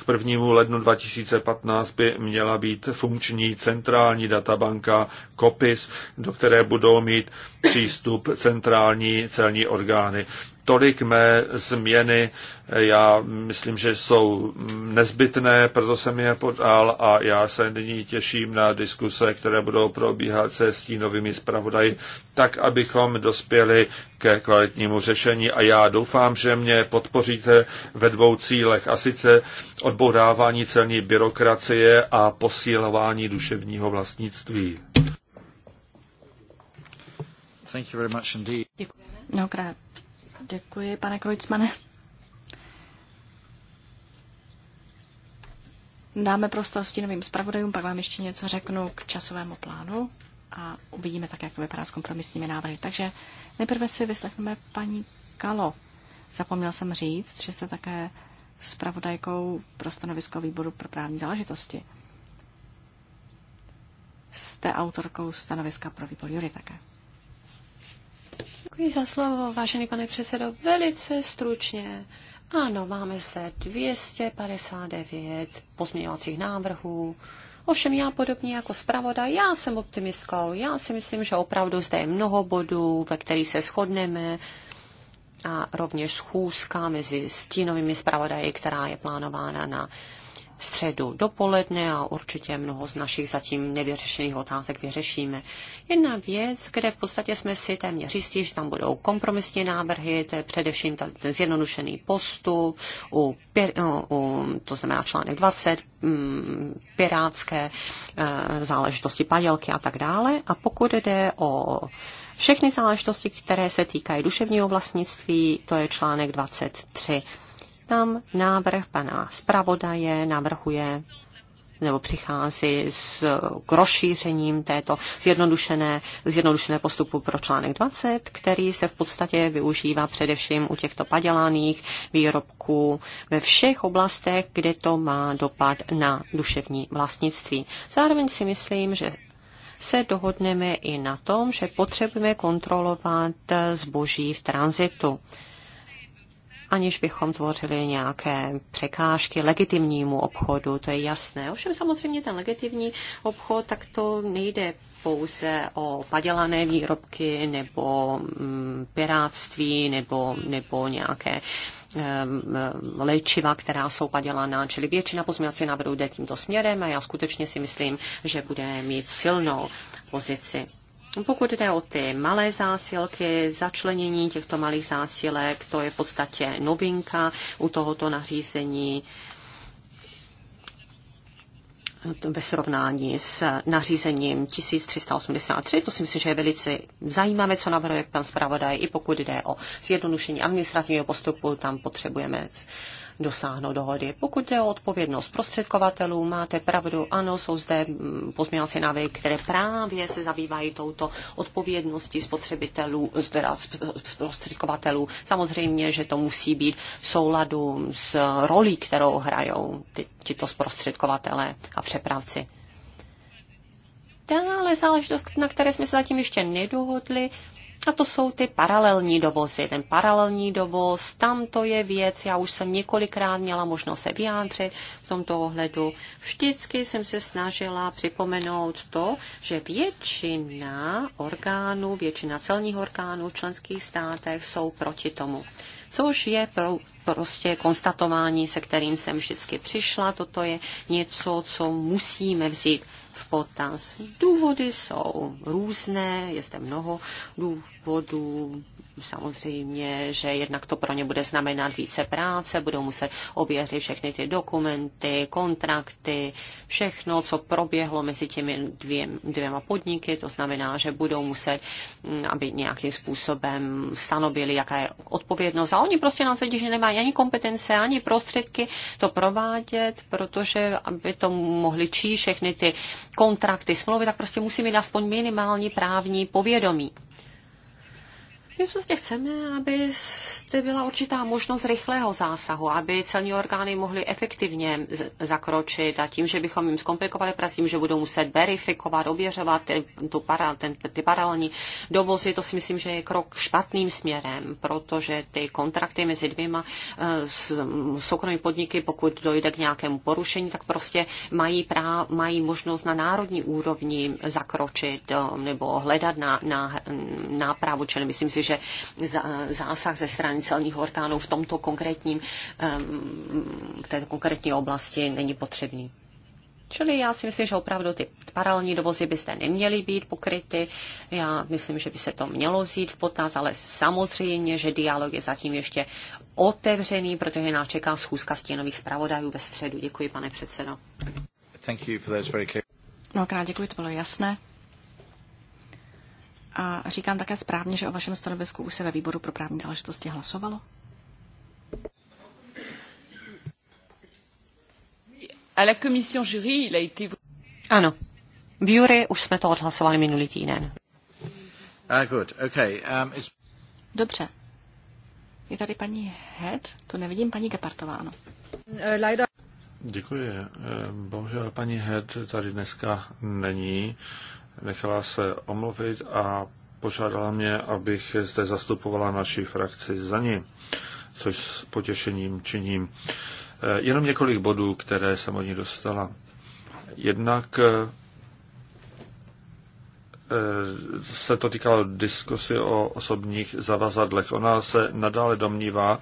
k 1. lednu 2015 by měla být funkční centrální databanka COPIS, do které budou mít přístup centrální celní orgány. Tolik mé změny, já myslím, že jsou nezbytné, proto jsem je podal a já se nyní těším na diskuse, které budou probíhat se stínovými zpravodaji, tak abychom dospěli ke kvalitnímu řešení a já doufám, že mě podpoříte ve dvou cílech a sice odbourávání celní byrokracie a posílování duševního vlastnictví. Thank you very much indeed. Děkujeme. Mnohokrát. Děkuji, pane Krojcmane. Dáme prostor stínovým zpravodajům, pak vám ještě něco řeknu k časovému plánu a uvidíme tak, jak to vypadá s kompromisními návrhy. Takže nejprve si vyslechneme paní Kalo. Zapomněl jsem říct, že jste také zpravodajkou pro stanovisko výboru pro právní záležitosti. Jste autorkou stanoviska pro výbor Jury také. Děkuji za slovo, vážený pane předsedo. Velice stručně. Ano, máme zde 259 pozměňovacích návrhů. Ovšem já podobně jako zpravodaj, já jsem optimistkou. Já si myslím, že opravdu zde je mnoho bodů, ve kterých se shodneme a rovněž schůzka mezi stínovými zpravodaji, která je plánována na středu dopoledne a určitě mnoho z našich zatím nevyřešených otázek vyřešíme. Jedna věc, kde v podstatě jsme si téměř jistí, že tam budou kompromisní návrhy, to je především ta, ten zjednodušený postup, u, no, u, to znamená článek 20, mm, pirátské eh, záležitosti padělky a tak dále. A pokud jde o všechny záležitosti, které se týkají duševního vlastnictví, to je článek 23. Tam návrh pana zpravodaje navrhuje nebo přichází s, k rozšířením této zjednodušené, zjednodušené postupu pro článek 20, který se v podstatě využívá především u těchto padělaných výrobků ve všech oblastech, kde to má dopad na duševní vlastnictví. Zároveň si myslím, že se dohodneme i na tom, že potřebujeme kontrolovat zboží v tranzitu aniž bychom tvořili nějaké překážky legitimnímu obchodu, to je jasné. Ovšem samozřejmě ten legitimní obchod, tak to nejde pouze o padělané výrobky nebo mm, piráctví nebo, nebo nějaké mm, léčiva, která jsou padělaná, čili většina pozměňovacích návrhů jde tímto směrem a já skutečně si myslím, že bude mít silnou pozici. Pokud jde o ty malé zásilky, začlenění těchto malých zásilek, to je v podstatě novinka u tohoto nařízení ve srovnání s nařízením 1383. To si myslím, že je velice zajímavé, co navrhuje pan zpravodaj, i pokud jde o zjednodušení administrativního postupu, tam potřebujeme dosáhnout dohody. Pokud je o odpovědnost prostředkovatelů, máte pravdu, ano, jsou zde mm, pozměňovací návrhy, které právě se zabývají touto odpovědností spotřebitelů, teda prostředkovatelů. Samozřejmě, že to musí být v souladu s rolí, kterou hrajou ty, tito zprostředkovatelé a přepravci dále záležitost, na které jsme se zatím ještě nedohodli, a to jsou ty paralelní dovozy. Ten paralelní dovoz, tam to je věc, já už jsem několikrát měla možnost se vyjádřit v tomto ohledu. Vždycky jsem se snažila připomenout to, že většina orgánů, většina celních orgánů v členských státech jsou proti tomu. Což je pro, prostě konstatování, se kterým jsem vždycky přišla. Toto je něco, co musíme vzít v potaz. Důvody jsou různé, je zde mnoho důvodů, Samozřejmě, že jednak to pro ně bude znamenat více práce, budou muset ověřit všechny ty dokumenty, kontrakty, všechno, co proběhlo mezi těmi dvě, dvěma podniky. To znamená, že budou muset, mm, aby nějakým způsobem stanovili, jaká je odpovědnost. A oni prostě na tvrdí, že nemají ani kompetence, ani prostředky to provádět, protože aby to mohli číst všechny ty kontrakty, smlouvy, tak prostě musí mít aspoň minimální právní povědomí. My prostě chceme, aby zde byla určitá možnost rychlého zásahu, aby celní orgány mohly efektivně zakročit a tím, že bychom jim zkomplikovali práci, tím, že budou muset verifikovat, ověřovat ty, tu para, ten, ty paralelní dovozy, to si myslím, že je krok špatným směrem, protože ty kontrakty mezi dvěma eh, s, soukromými podniky, pokud dojde k nějakému porušení, tak prostě mají, prá, mají možnost na národní úrovni zakročit eh, nebo hledat na, na, právu, čili myslím si, že že zásah ze strany celních orgánů v tomto konkrétním, v této konkrétní oblasti není potřebný. Čili já si myslím, že opravdu ty paralelní dovozy byste neměly být pokryty. Já myslím, že by se to mělo vzít v potaz, ale samozřejmě, že dialog je zatím ještě otevřený, protože nás čeká schůzka stěnových zpravodajů ve středu. Děkuji, pane předsedo. Thank you for those very clear... Mnohokrát děkuji, to bylo jasné. A říkám také správně, že o vašem stanovisku už se ve výboru pro právní záležitosti hlasovalo? A la commission jury, il a été... Ano. V jury už jsme to odhlasovali minulý týden. Uh, good. Okay. Um, is... Dobře. Je tady paní Head? Tu nevidím paní Gepartová, ano. Uh, Děkuji. Bohužel paní Head tady dneska není nechala se omluvit a požádala mě, abych zde zastupovala naši frakci za ní, což s potěšením činím. Eh, jenom několik bodů, které jsem od ní dostala. Jednak eh, se to týkalo diskusy o osobních zavazadlech. Ona se nadále domnívá,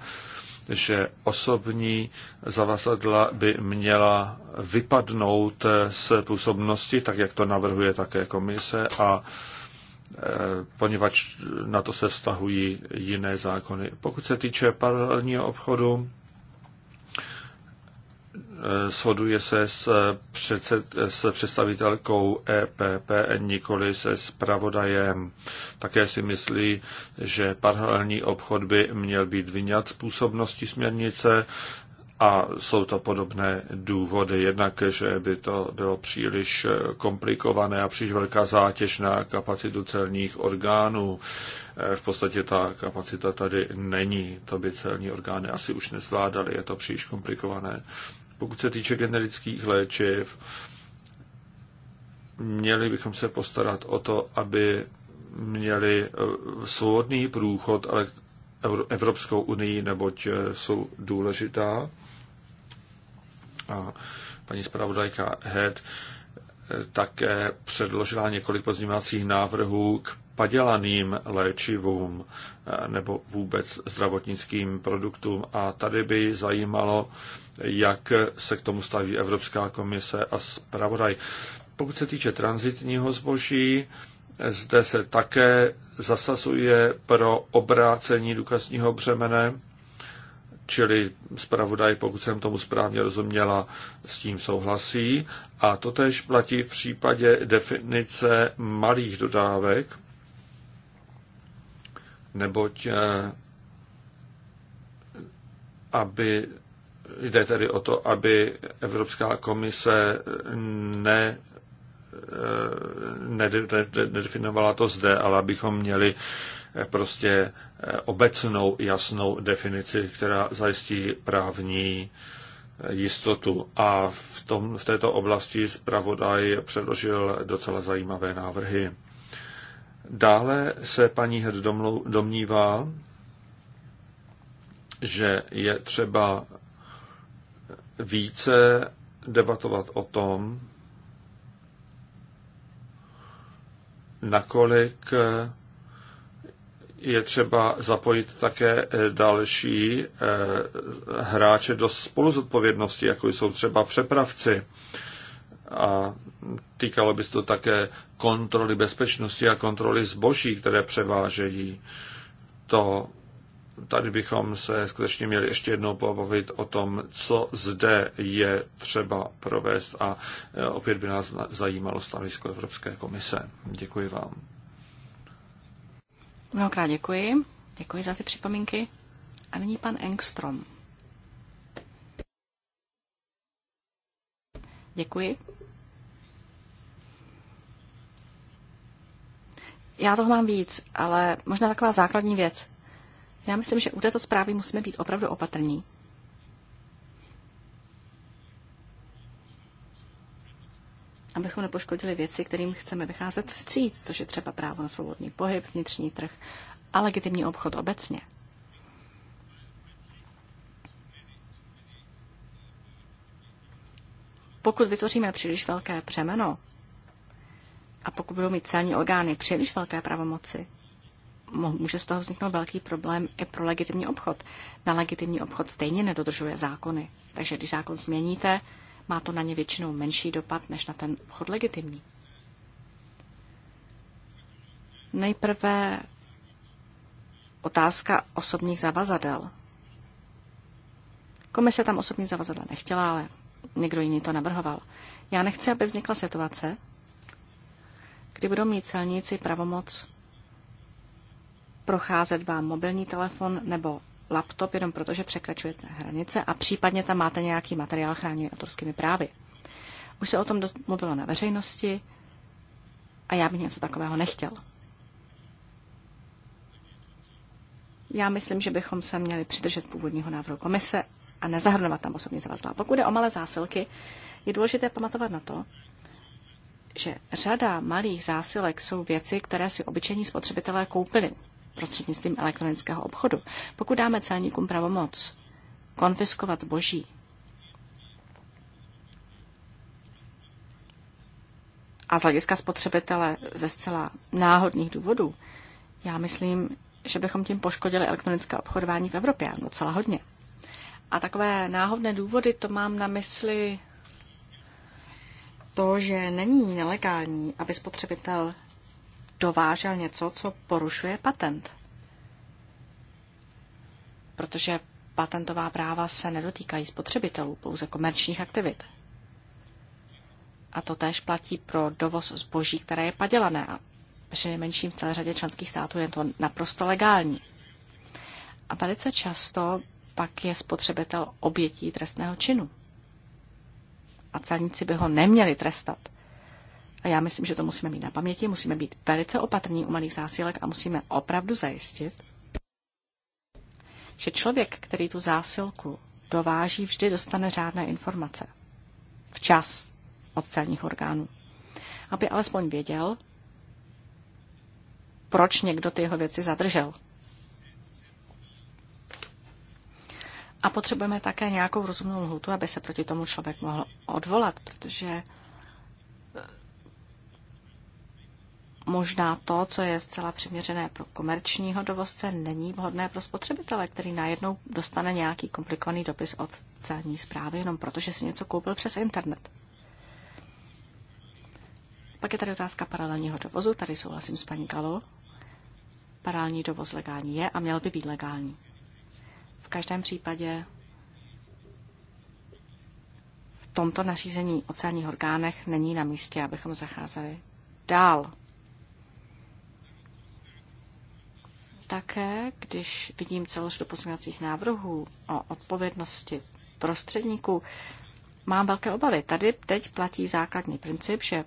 že osobní zavazadla by měla vypadnout z působnosti, tak jak to navrhuje také komise a e, poněvadž na to se vztahují jiné zákony. Pokud se týče paralelního obchodu, Eh, shoduje se s, eh, předsed, eh, s představitelkou EPP, nikoli se pravodajem. Také si myslí, že paralelní obchod by měl být vyňat z působnosti směrnice a jsou to podobné důvody. Jednak, že by to bylo příliš komplikované a příliš velká zátěž na kapacitu celních orgánů. V podstatě ta kapacita tady není, to by celní orgány asi už nezvládaly, je to příliš komplikované pokud se týče generických léčiv, měli bychom se postarat o to, aby měli eh, svobodný průchod ale Evropskou unii, neboť eh, jsou důležitá. A paní zpravodajka Head eh, také předložila několik pozměňovacích návrhů k padělaným léčivům nebo vůbec zdravotnickým produktům. A tady by zajímalo, jak se k tomu staví Evropská komise a zpravodaj. Pokud se týče transitního zboží, zde se také zasazuje pro obrácení důkazního břemene, čili zpravodaj, pokud jsem tomu správně rozuměla, s tím souhlasí. A to tež platí v případě definice malých dodávek, neboť eh, aby Jde tedy o to, aby Evropská komise ne, eh, ne, nedefinovala to zde, ale abychom měli eh, prostě eh, obecnou jasnou definici, která zajistí právní jistotu. A v, tom, v této oblasti zpravodaj předložil docela zajímavé návrhy. Dále se paní Hed domnívá, že je třeba více debatovat o tom, nakolik je třeba zapojit také eh, další eh, hráče do spoluzodpovědnosti, jako jsou třeba přepravci. A týkalo by se to také kontroly bezpečnosti a kontroly zboží, které převážejí. To tady bychom se skutečně měli ještě jednou pobavit o tom, co zde je třeba provést a e, opět by nás zajímalo stanovisko Evropské komise. Děkuji vám. Mnohokrát děkuji. Děkuji za ty připomínky. A nyní pan Engstrom. Děkuji. Já toho mám víc, ale možná taková základní věc. Já myslím, že u této zprávy musíme být opravdu opatrní. Abychom nepoškodili věci, kterým chceme vycházet vstříc, což je třeba právo na svobodný pohyb, vnitřní trh a legitimní obchod obecně. Pokud vytvoříme příliš velké přemeno a pokud budou mít celní orgány příliš velké pravomoci, může z toho vzniknout velký problém i pro legitimní obchod. Na legitimní obchod stejně nedodržuje zákony. Takže když zákon změníte, má to na ně většinou menší dopad než na ten obchod legitimní. Nejprve otázka osobních zavazadel. Komise tam osobní zavazadla nechtěla, ale někdo jiný to navrhoval. Já nechci, aby vznikla situace, kdy budou mít celníci pravomoc procházet vám mobilní telefon nebo laptop jenom protože překračujete hranice a případně tam máte nějaký materiál chráněný autorskými právy. Už se o tom dost mluvilo na veřejnosti a já bych něco takového nechtěl. Já myslím, že bychom se měli přidržet původního návrhu komise a nezahrnovat tam osobní zavazadla. Pokud jde o malé zásilky, je důležité pamatovat na to, že řada malých zásilek jsou věci, které si obyčejní spotřebitelé koupili prostřednictvím elektronického obchodu. Pokud dáme celníkům pravomoc konfiskovat zboží a z hlediska spotřebitele ze zcela náhodných důvodů, já myslím, že bychom tím poškodili elektronické obchodování v Evropě docela no hodně. A takové náhodné důvody, to mám na mysli to, že není nelegální, aby spotřebitel dovážel něco, co porušuje patent. Protože patentová práva se nedotýkají spotřebitelů, pouze komerčních aktivit. A to též platí pro dovoz zboží, které je padělané. A přinejmenším v celé řadě členských států je to naprosto legální. A velice často pak je spotřebitel obětí trestného činu. A celníci by ho neměli trestat. A já myslím, že to musíme mít na paměti, musíme být velice opatrní u malých zásilek a musíme opravdu zajistit, že člověk, který tu zásilku dováží, vždy dostane řádné informace. Včas od celních orgánů. Aby alespoň věděl, proč někdo ty jeho věci zadržel. A potřebujeme také nějakou rozumnou lhutu, aby se proti tomu člověk mohl odvolat, protože možná to, co je zcela přiměřené pro komerčního dovozce, není vhodné pro spotřebitele, který najednou dostane nějaký komplikovaný dopis od celní zprávy, jenom protože si něco koupil přes internet. Pak je tady otázka paralelního dovozu. Tady souhlasím s paní Galo. Paralelní dovoz legální je a měl by být legální. V každém případě v tomto nařízení o celních orgánech není na místě, abychom zacházeli dál také, když vidím celou řadu pozměňovacích návrhů o odpovědnosti prostředníků, mám velké obavy. Tady teď platí základní princip, že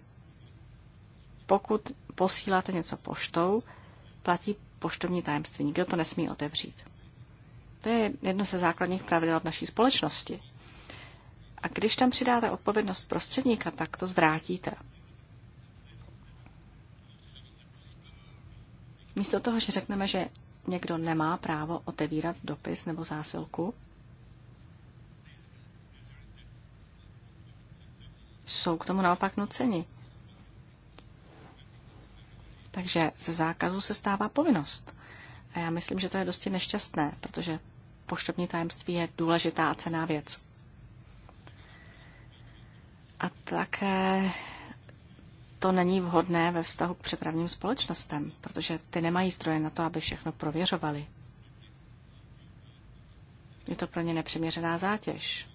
pokud posíláte něco poštou, platí poštovní tajemství. Nikdo to nesmí otevřít. To je jedno ze základních pravidel v naší společnosti. A když tam přidáte odpovědnost prostředníka, tak to zvrátíte. Místo toho, že řekneme, že někdo nemá právo otevírat dopis nebo zásilku, jsou k tomu naopak nuceni. Takže ze zákazu se stává povinnost. A já myslím, že to je dosti nešťastné, protože poštovní tajemství je důležitá a cená věc. A také to není vhodné ve vztahu k přepravním společnostem, protože ty nemají zdroje na to, aby všechno prověřovali. Je to pro ně nepřiměřená zátěž.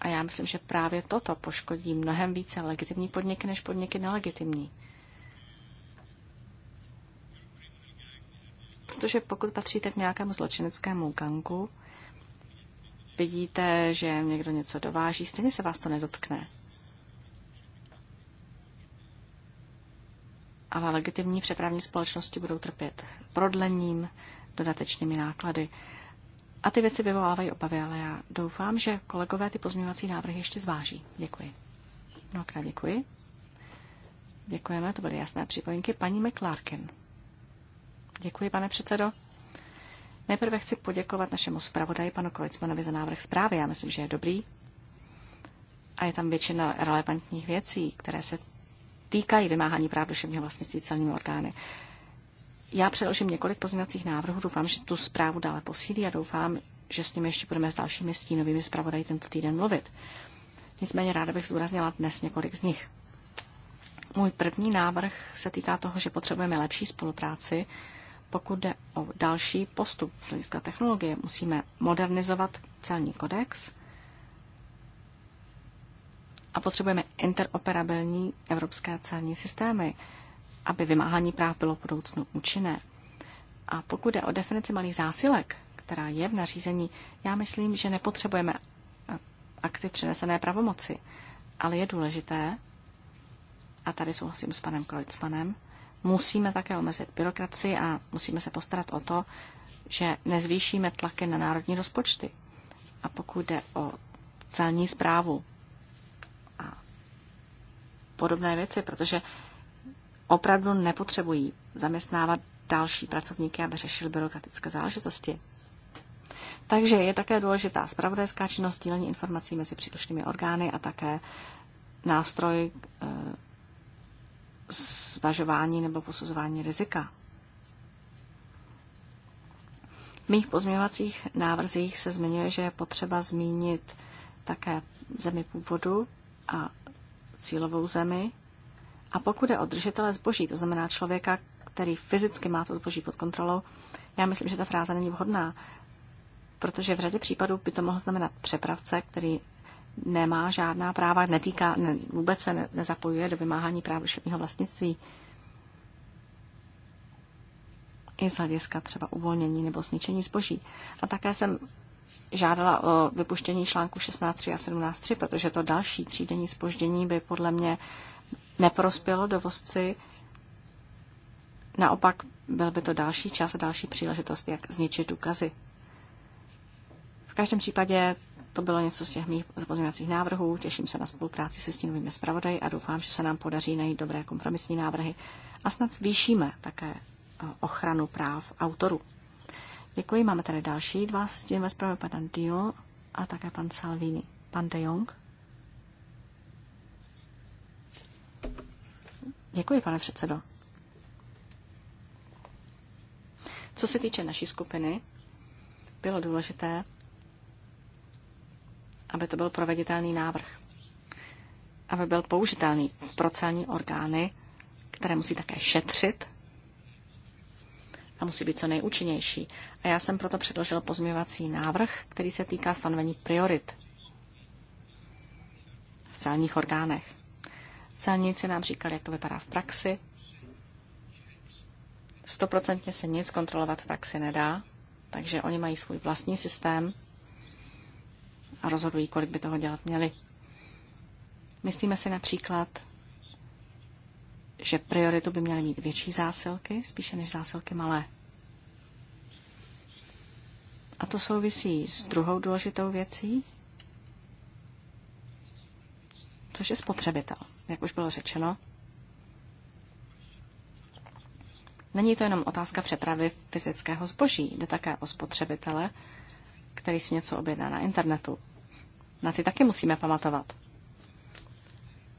A já myslím, že právě toto poškodí mnohem více legitimní podniky než podniky nelegitimní. Protože pokud patříte k nějakému zločineckému gangu, vidíte, že někdo něco dováží, stejně se vás to nedotkne. ale legitimní přepravní společnosti budou trpět prodlením, dodatečnými náklady. A ty věci vyvolávají obavy, ale já doufám, že kolegové ty pozměňovací návrhy ještě zváží. Děkuji. Mnohokrát děkuji. Děkujeme, to byly jasné připomínky. Paní McLarkin. Děkuji, pane předsedo. Nejprve chci poděkovat našemu zpravodaji, panu Kolicmanovi, za návrh zprávy. Já myslím, že je dobrý. A je tam většina relevantních věcí, které se týkají vymáhání práv duševního vlastnictví celními orgány. Já předložím několik pozměňovacích návrhů, doufám, že tu zprávu dále posílí a doufám, že s nimi ještě budeme s dalšími stínovými zpravodaji tento týden mluvit. Nicméně ráda bych zdůraznila dnes několik z nich. Můj první návrh se týká toho, že potřebujeme lepší spolupráci, pokud jde o další postup z hlediska technologie. Musíme modernizovat celní kodex, a potřebujeme interoperabilní evropské celní systémy, aby vymáhání práv bylo v budoucnu účinné. A pokud je o definici malých zásilek, která je v nařízení, já myslím, že nepotřebujeme eh, akty přenesené pravomoci, ale je důležité, a tady souhlasím s panem Krojcmanem, musíme také omezit byrokracii a musíme se postarat o to, že nezvýšíme tlaky na národní rozpočty. A pokud jde o celní zprávu, podobné věci, protože opravdu nepotřebují zaměstnávat další pracovníky, aby řešili byrokratické záležitosti. Takže je také důležitá spravodajská činnost, dílení informací mezi příslušnými orgány a také nástroj eh, zvažování nebo posuzování rizika. V mých pozměňovacích návrzích se zmiňuje, že je potřeba zmínit také zemi původu a cílovou zemi. A pokud je o držitele zboží, to znamená člověka, který fyzicky má to zboží pod kontrolou, já myslím, že ta fráze není vhodná, protože v řadě případů by to mohlo znamenat přepravce, který nemá žádná práva, netýká, ne, vůbec se ne, nezapojuje do vymáhání práv duševního vlastnictví. I z hlediska třeba uvolnění nebo zničení zboží. A také jsem žádala o vypuštění článku 16.3 a 17.3, protože to další třídenní spoždění by podle mě neprospělo dovozci. Naopak byl by to další čas a další příležitost, jak zničit důkazy. V každém případě to bylo něco z těch mých pozměňovacích návrhů. Těším se na spolupráci se stínovými zpravodaji a doufám, že se nám podaří najít dobré kompromisní návrhy a snad zvýšíme také eh, ochranu práv autorů. Děkuji. Máme tady další dva ve zprávě, pan Dio a také pan Salvini. Pan De Jong. Děkuji, pane předsedo. Co se týče naší skupiny, bylo důležité, aby to byl proveditelný návrh. Aby byl použitelný pro celní orgány, které musí také šetřit a musí být co nejúčinnější. A já jsem proto předložil pozměvací návrh, který se týká stanovení priorit v celních orgánech. Celníci nám říkali, jak to vypadá v praxi. Stoprocentně se nic kontrolovat v praxi nedá, takže oni mají svůj vlastní systém a rozhodují, kolik by toho dělat měli. Myslíme si například, že prioritu by měly mít větší zásilky, spíše než zásilky malé. A to souvisí s druhou důležitou věcí, což je spotřebitel. Jak už bylo řečeno, není to jenom otázka přepravy fyzického zboží, jde také o spotřebitele, který si něco objedná na internetu. Na ty taky musíme pamatovat.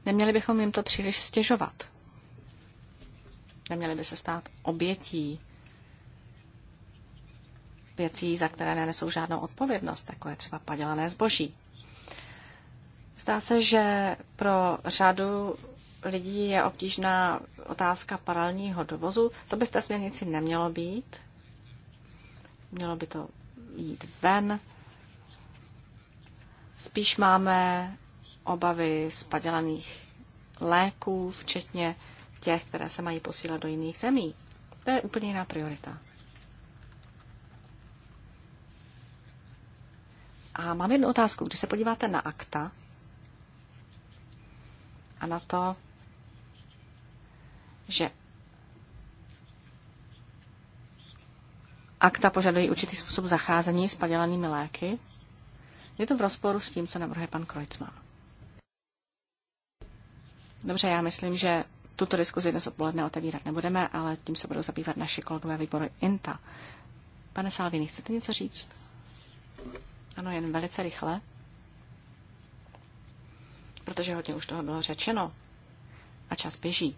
Neměli bychom jim to příliš stěžovat, Neměli by se stát obětí věcí, za které nenesou žádnou odpovědnost, jako je třeba padělané zboží. Zdá se, že pro řadu lidí je obtížná otázka paralelního dovozu. To by v té směrnici nemělo být. Mělo by to jít ven. Spíš máme obavy z padělaných léků, včetně těch, které se mají posílat do jiných zemí. To je úplně jiná priorita. A mám jednu otázku. Když se podíváte na akta a na to, že akta požadují určitý způsob zacházení s padělanými léky, je to v rozporu s tím, co navrhuje pan Kreutzmann. Dobře, já myslím, že tuto diskuzi dnes odpoledne otevírat nebudeme, ale tím se budou zabývat naši kolegové výbory INTA. Pane Salvini, chcete něco říct? Ano, jen velice rychle, protože hodně už toho bylo řečeno a čas běží.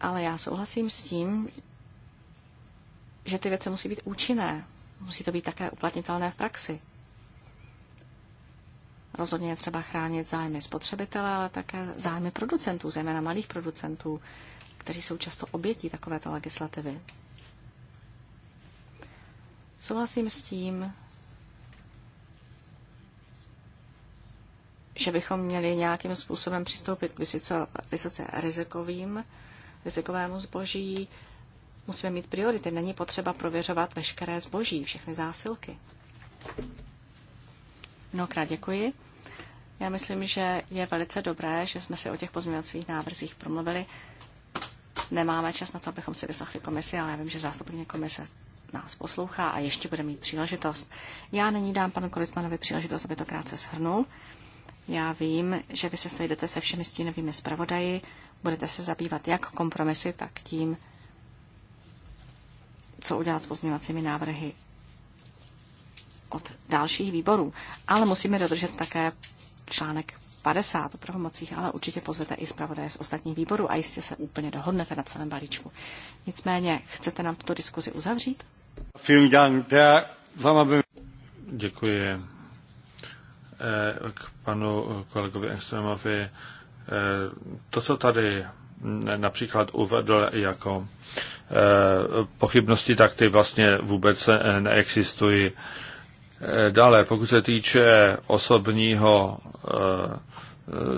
Ale já souhlasím s tím, že ty věci musí být účinné, musí to být také uplatnitelné v praxi. Rozhodně je třeba chránit zájmy spotřebitele, ale také zájmy producentů, zejména malých producentů, kteří jsou často obětí takovéto legislativy. Souhlasím s tím, že bychom měli nějakým způsobem přistoupit k vysoce, vysoce rizikovým, rizikovému zboží. Musíme mít priority. Není potřeba prověřovat veškeré zboží, všechny zásilky. Mnohokrát děkuji. Já myslím, že je velice dobré, že jsme si o těch pozměňovacích návrzích promluvili. Nemáme čas na to, abychom si vyslechli komisi, ale já vím, že zástupně komise nás poslouchá a ještě bude mít příležitost. Já nyní dám panu Kolicmanovi příležitost, aby to krátce shrnul. Já vím, že vy se sejdete se všemi stínovými zpravodaji, budete se zabývat jak kompromisy, tak tím, co udělat s pozměňovacími návrhy od dalších výborů. Ale musíme dodržet také článek 50 o pravomocích, ale určitě pozvete i zpravodaje z ostatních výborů a jistě se úplně dohodnete na celém balíčku. Nicméně, chcete nám tuto diskuzi uzavřít? Děkuji. Eh, k panu kolegovi Engstremovi. Eh, to, co tady například uvedl jako eh, pochybnosti, tak ty vlastně vůbec neexistují Eh, dále, pokud se týče osobního eh,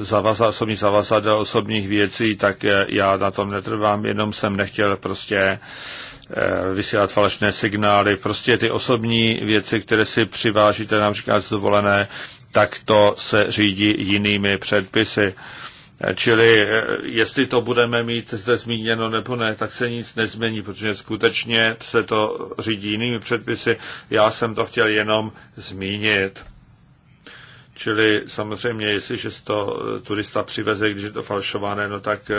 zavaza, osobní zavazadel, osobních věcí, tak eh, já na tom netrvám, jenom jsem nechtěl prostě vysílat falešné signály. Prostě ty osobní věci, které si přivážíte například z dovolené, tak to se řídí jinými předpisy. Čili eh, jestli to budeme mít zde zmíněno nebo ne, tak se nic nezmění, protože skutečně se to řídí jinými předpisy. Já jsem to chtěl jenom zmínit. Čili samozřejmě, jestliže to eh, turista přiveze, když je to falšované, no tak eh,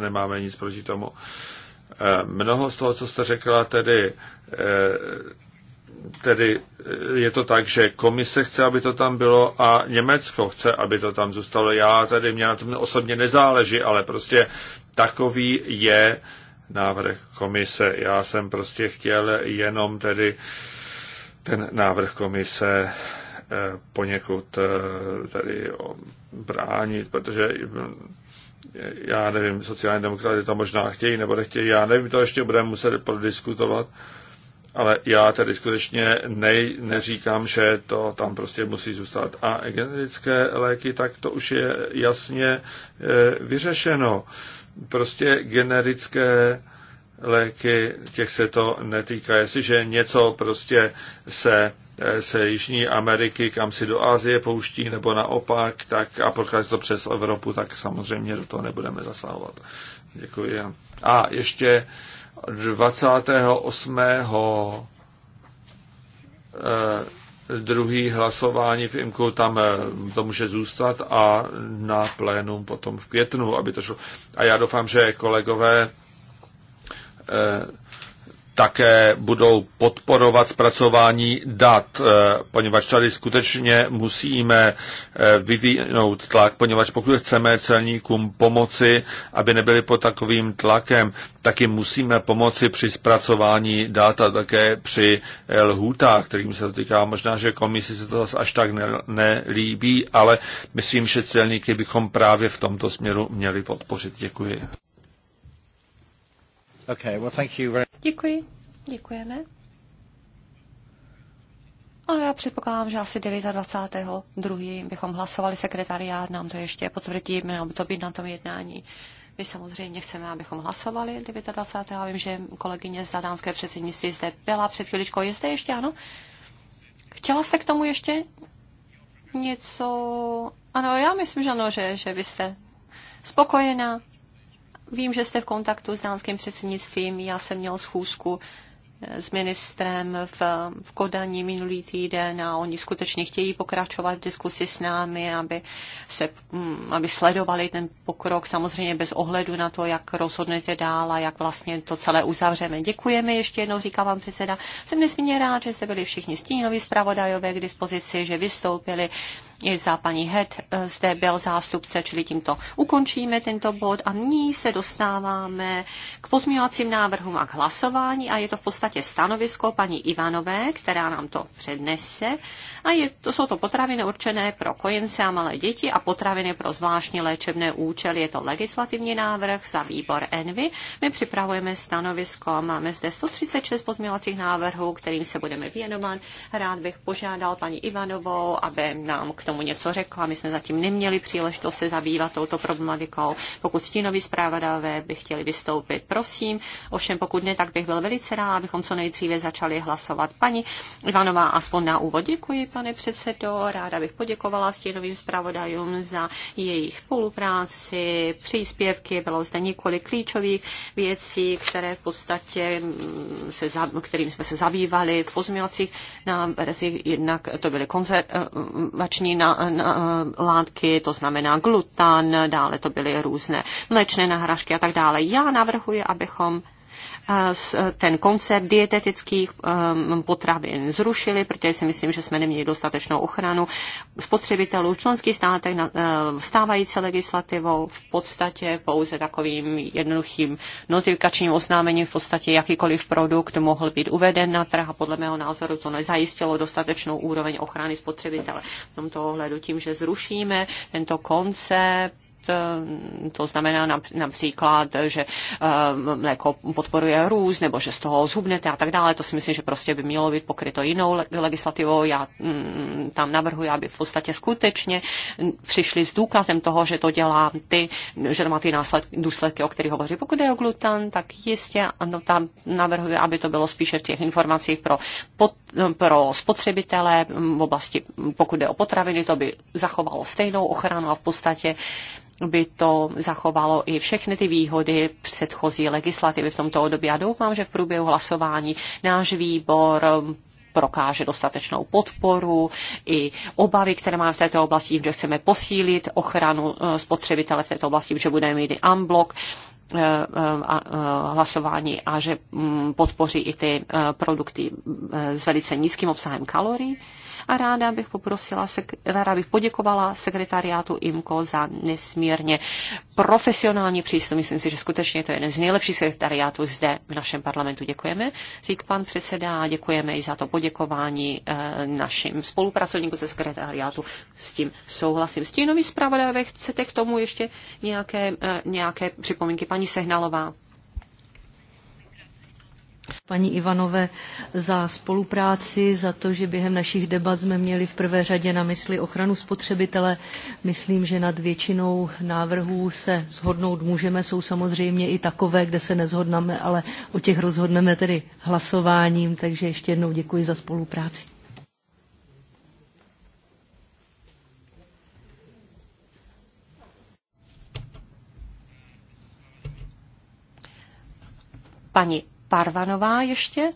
nemáme nic proti tomu. Mnoho z toho, co jste řekla, tedy tedy eh, je to tak, že komise chce, aby to tam bylo a Německo chce, aby to tam zůstalo. Já tady mě na tom osobně nezáleží, ale prostě takový je návrh komise. Já jsem prostě chtěl jenom tedy ten návrh komise eh, poněkud eh, tady bránit, protože já nevím, sociální demokraty to možná chtějí nebo nechtějí, já nevím, to ještě budeme muset prodiskutovat ale já tady skutečně ne, neříkám, že to tam prostě musí zůstat. A generické léky, tak to už je jasně e, vyřešeno. Prostě generické léky, těch se to netýká. Jestliže něco prostě se e, se Jižní Ameriky, kam si do Asie pouští, nebo naopak, tak a prochází to přes Evropu, tak samozřejmě do toho nebudeme zasahovat. Děkuji. A ještě 28. Eh, druhý hlasování v IMKU, tam eh, to může zůstat a na plénum potom v květnu, aby to šlo. A já doufám, že kolegové eh, také budou podporovat zpracování dat, eh, poněvadž tady skutečně musíme eh, vyvinout tlak, poněvadž pokud chceme celníkům pomoci, aby nebyli pod takovým tlakem, taky musíme pomoci při zpracování dat a také při eh, lhůtách, kterým se to týká. Možná, že komisi se to zase až tak nelíbí, ale myslím, že celníky bychom právě v tomto směru měli podpořit. Děkuji. Okay, well, thank you very Děkuji. Děkujeme. Ano, já předpokládám, že asi 29.2. bychom hlasovali sekretariát, nám to ještě potvrdí, mělo by to být na tom jednání. My samozřejmě chceme, abychom hlasovali 29. Já vím, že kolegyně z Zadánské předsednictví zde byla před chvíličkou. Je zde ještě, ano? Chtěla jste k tomu ještě něco? Ano, já myslím, že ano, že, že vy jste spokojená Vím, že jste v kontaktu s dánským předsednictvím. Já jsem měl schůzku eh, s ministrem v, v Kodaní minulý týden a oni skutečně chtějí pokračovat v diskusi s námi, aby, se, mm, aby sledovali ten pokrok, samozřejmě bez ohledu na to, jak rozhodnete dál a jak vlastně to celé uzavřeme. Děkujeme ještě jednou, říká vám předseda. Jsem nesmírně rád, že jste byli všichni stínoví zpravodajové k dispozici, že vystoupili za paní Het eh, zde byl zástupce, čili tímto ukončíme tento bod a nyní se dostáváme k pozměňovacím návrhům a k hlasování a je to v podstatě stanovisko paní Ivanové, která nám to přednese a je, to jsou to potraviny určené pro kojence a malé děti a potraviny pro zvláštní léčebné účely. Je to legislativní návrh za výbor Envy. My připravujeme stanovisko a máme zde 136 pozměňovacích návrhů, kterým se budeme věnovat. Rád bych požádal paní Ivanovou, aby nám k tomu tomu něco řekla. My jsme zatím neměli příležitost se zabývat touto problematikou. Pokud stínoví zprávadavé by chtěli vystoupit, prosím. Ovšem, pokud ne, tak bych byl velice rád, abychom co nejdříve začali hlasovat. Paní Ivanová, aspoň na úvod děkuji, pane předsedo. Ráda bych poděkovala stínovým zpravodajům za jejich spolupráci, příspěvky. Bylo zde několik klíčových věcí, které v podstatě mm, se, kterým jsme se zabývali v pozměňovacích návrzích. Jednak to byly konzervační na, na, látky, to znamená glutan, dále to byly různé mléčné nahražky a tak dále. Já navrhuji, abychom Eh, ten koncert dietetických ehm, potravin zrušili, protože si myslím, že jsme neměli dostatečnou ochranu spotřebitelů v členských státech vstávající eh, legislativou v podstatě pouze takovým jednoduchým notifikačním oznámením v podstatě jakýkoliv produkt mohl být uveden na trh a podle mého názoru to nezajistilo dostatečnou úroveň ochrany spotřebitele. V tomto ohledu tím, že zrušíme tento koncept Eh, to znamená například, že eh, mléko podporuje růst, nebo že z toho zhubnete a tak dále, to si myslím, že prostě by mělo být pokryto jinou legislativou. Já mm, tam navrhuji, aby v podstatě skutečně přišli s důkazem toho, že to dělá ty, že to má ty následky, důsledky, o kterých hovoří. Pokud je o glutan, tak jistě, ano, tam navrhuji, aby to bylo spíše v těch informacích pro pod pro spotřebitele v oblasti, pokud jde o potraviny, to by zachovalo stejnou ochranu a v podstatě by to zachovalo i všechny ty výhody předchozí legislativy v tomto období. A doufám, že v průběhu hlasování náš výbor prokáže dostatečnou podporu i obavy, které máme v této oblasti, že chceme posílit ochranu eh, spotřebitele v této oblasti, že budeme mít i unblock Eh, eh, hlasování a že mm, podpoří i ty eh, produkty s velice nízkým obsahem kalorií a ráda bych poprosila, ráda bych poděkovala sekretariátu IMCO za nesmírně profesionální přístup. Myslím si, že skutečně to je jeden z nejlepších sekretariátů zde v našem parlamentu. Děkujeme, řík pan předseda, děkujeme i za to poděkování eh, našim spolupracovníkům ze sekretariátu. S tím souhlasím. Stínový zpravodajové, chcete k tomu ještě nějaké, eh, nějaké připomínky? Paní Sehnalová. Paní Ivanové za spolupráci, za to, že během našich debat jsme měli v prvé řadě na mysli ochranu spotřebitele. Myslím, že nad většinou návrhů se shodnout můžeme. Jsou samozřejmě i takové, kde se nezhodneme, ale o těch rozhodneme tedy hlasováním. Takže ještě jednou děkuji za spolupráci. Paní Parvanová ještě.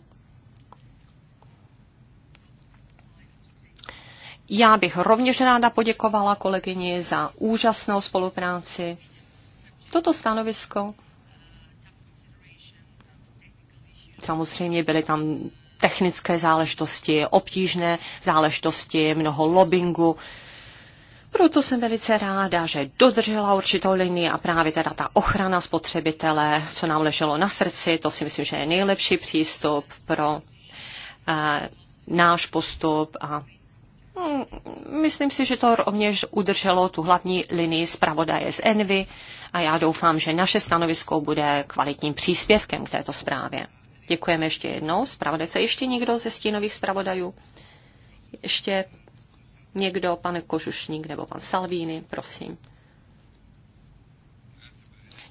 Já bych rovněž ráda poděkovala kolegyni za úžasnou spolupráci. Toto stanovisko. Samozřejmě byly tam technické záležitosti, obtížné záležitosti, mnoho lobbingu. Uh, proto jsem velice ráda, že dodržela určitou linii a právě teda ta ochrana spotřebitele, co nám leželo na srdci, to si myslím, že je nejlepší přístup pro eh, náš postup a hm, myslím si, že to rovněž udrželo tu hlavní linii zpravodaje z Envy a já doufám, že naše stanovisko bude kvalitním příspěvkem k této zprávě. Děkujeme ještě jednou. Zpravodajce ještě někdo ze stínových zpravodajů? Ještě Někdo, pane Kožušník nebo pan Salvíny, prosím.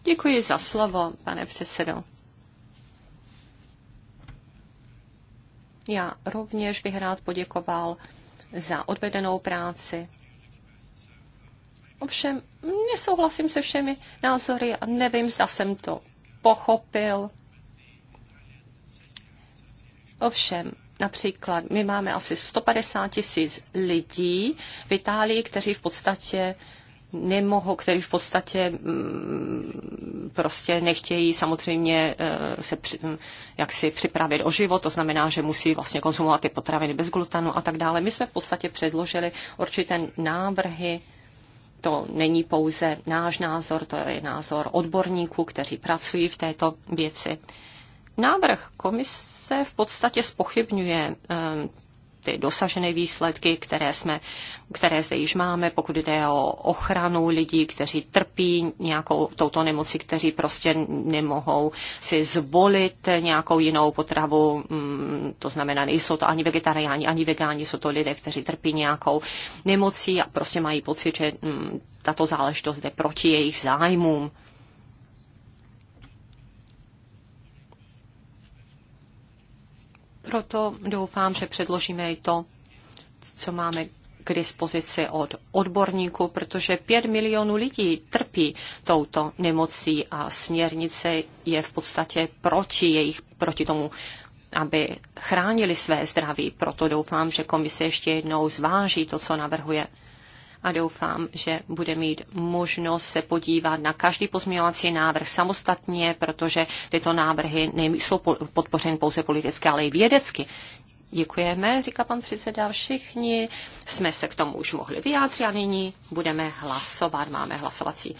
Děkuji za slovo, pane předsedo. Já rovněž bych rád poděkoval za odvedenou práci. Ovšem, nesouhlasím se všemi názory a nevím, zda jsem to pochopil. Ovšem, Například my máme asi 150 tisíc lidí v Itálii, kteří v podstatě nemohou, který v podstatě mm, prostě nechtějí samozřejmě eh, se při, mm, jak si připravit o život, to znamená, že musí vlastně konzumovat ty potraviny bez glutanu a tak dále. My jsme v podstatě předložili určité návrhy, to není pouze náš názor, to je názor odborníků, kteří pracují v této věci. Návrh komise v podstatě spochybňuje eh, ty dosažené výsledky, které, jsme, které zde již máme, pokud jde o ochranu lidí, kteří trpí nějakou touto nemoci, kteří prostě nemohou si zvolit nějakou jinou potravu, mm, to znamená, nejsou to ani vegetariáni, ani vegáni, jsou to lidé, kteří trpí nějakou nemocí a prostě mají pocit, že mm, tato záležitost jde proti jejich zájmům. Proto doufám, že předložíme i to, co máme k dispozici od odborníků, protože 5 milionů lidí trpí touto nemocí a směrnice je v podstatě proti jejich, proti tomu, aby chránili své zdraví. Proto doufám, že komise ještě jednou zváží to, co navrhuje a doufám, že bude mít možnost se podívat na každý pozměňovací návrh samostatně, protože tyto návrhy nejsou podpořeny pouze politicky, ale i vědecky. Děkujeme, říká pan předseda. Všichni jsme se k tomu už mohli vyjádřit a nyní budeme hlasovat. Máme hlasovací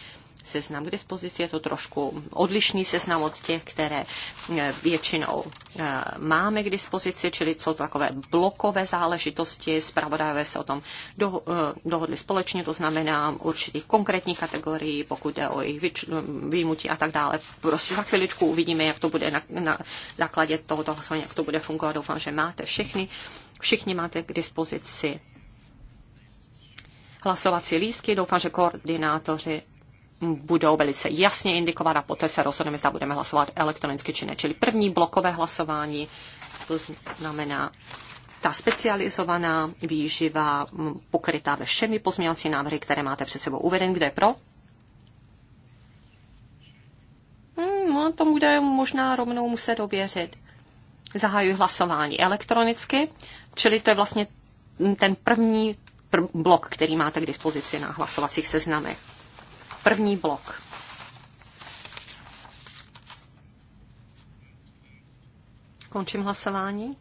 seznam k dispozici. Je to trošku odlišný seznam od těch, které eh, většinou eh, máme k dispozici, čili jsou to takové blokové záležitosti. Zpravodajové se o tom do, eh, dohodli společně, to znamená určitých konkrétních kategorií, pokud jde o jejich výjimutí a tak dále. Prostě za chviličku uvidíme, jak to bude na, na základě tohoto hlasování, jak to bude fungovat. Doufám, že máte všechny. Všichni máte k dispozici hlasovací lístky. Doufám, že koordinátoři budou velice jasně indikovat a poté se rozhodneme, zda budeme hlasovat elektronicky či ne. Čili první blokové hlasování, to znamená ta specializovaná výživa pokrytá ve všemi pozměňovací návrhy, které máte před sebou uveden, kde je pro? Hmm, no, to bude možná rovnou muset ověřit. Zahajuji hlasování elektronicky, čili to je vlastně ten první pr- blok, který máte k dispozici na hlasovacích seznamech. První blok. Končím hlasování.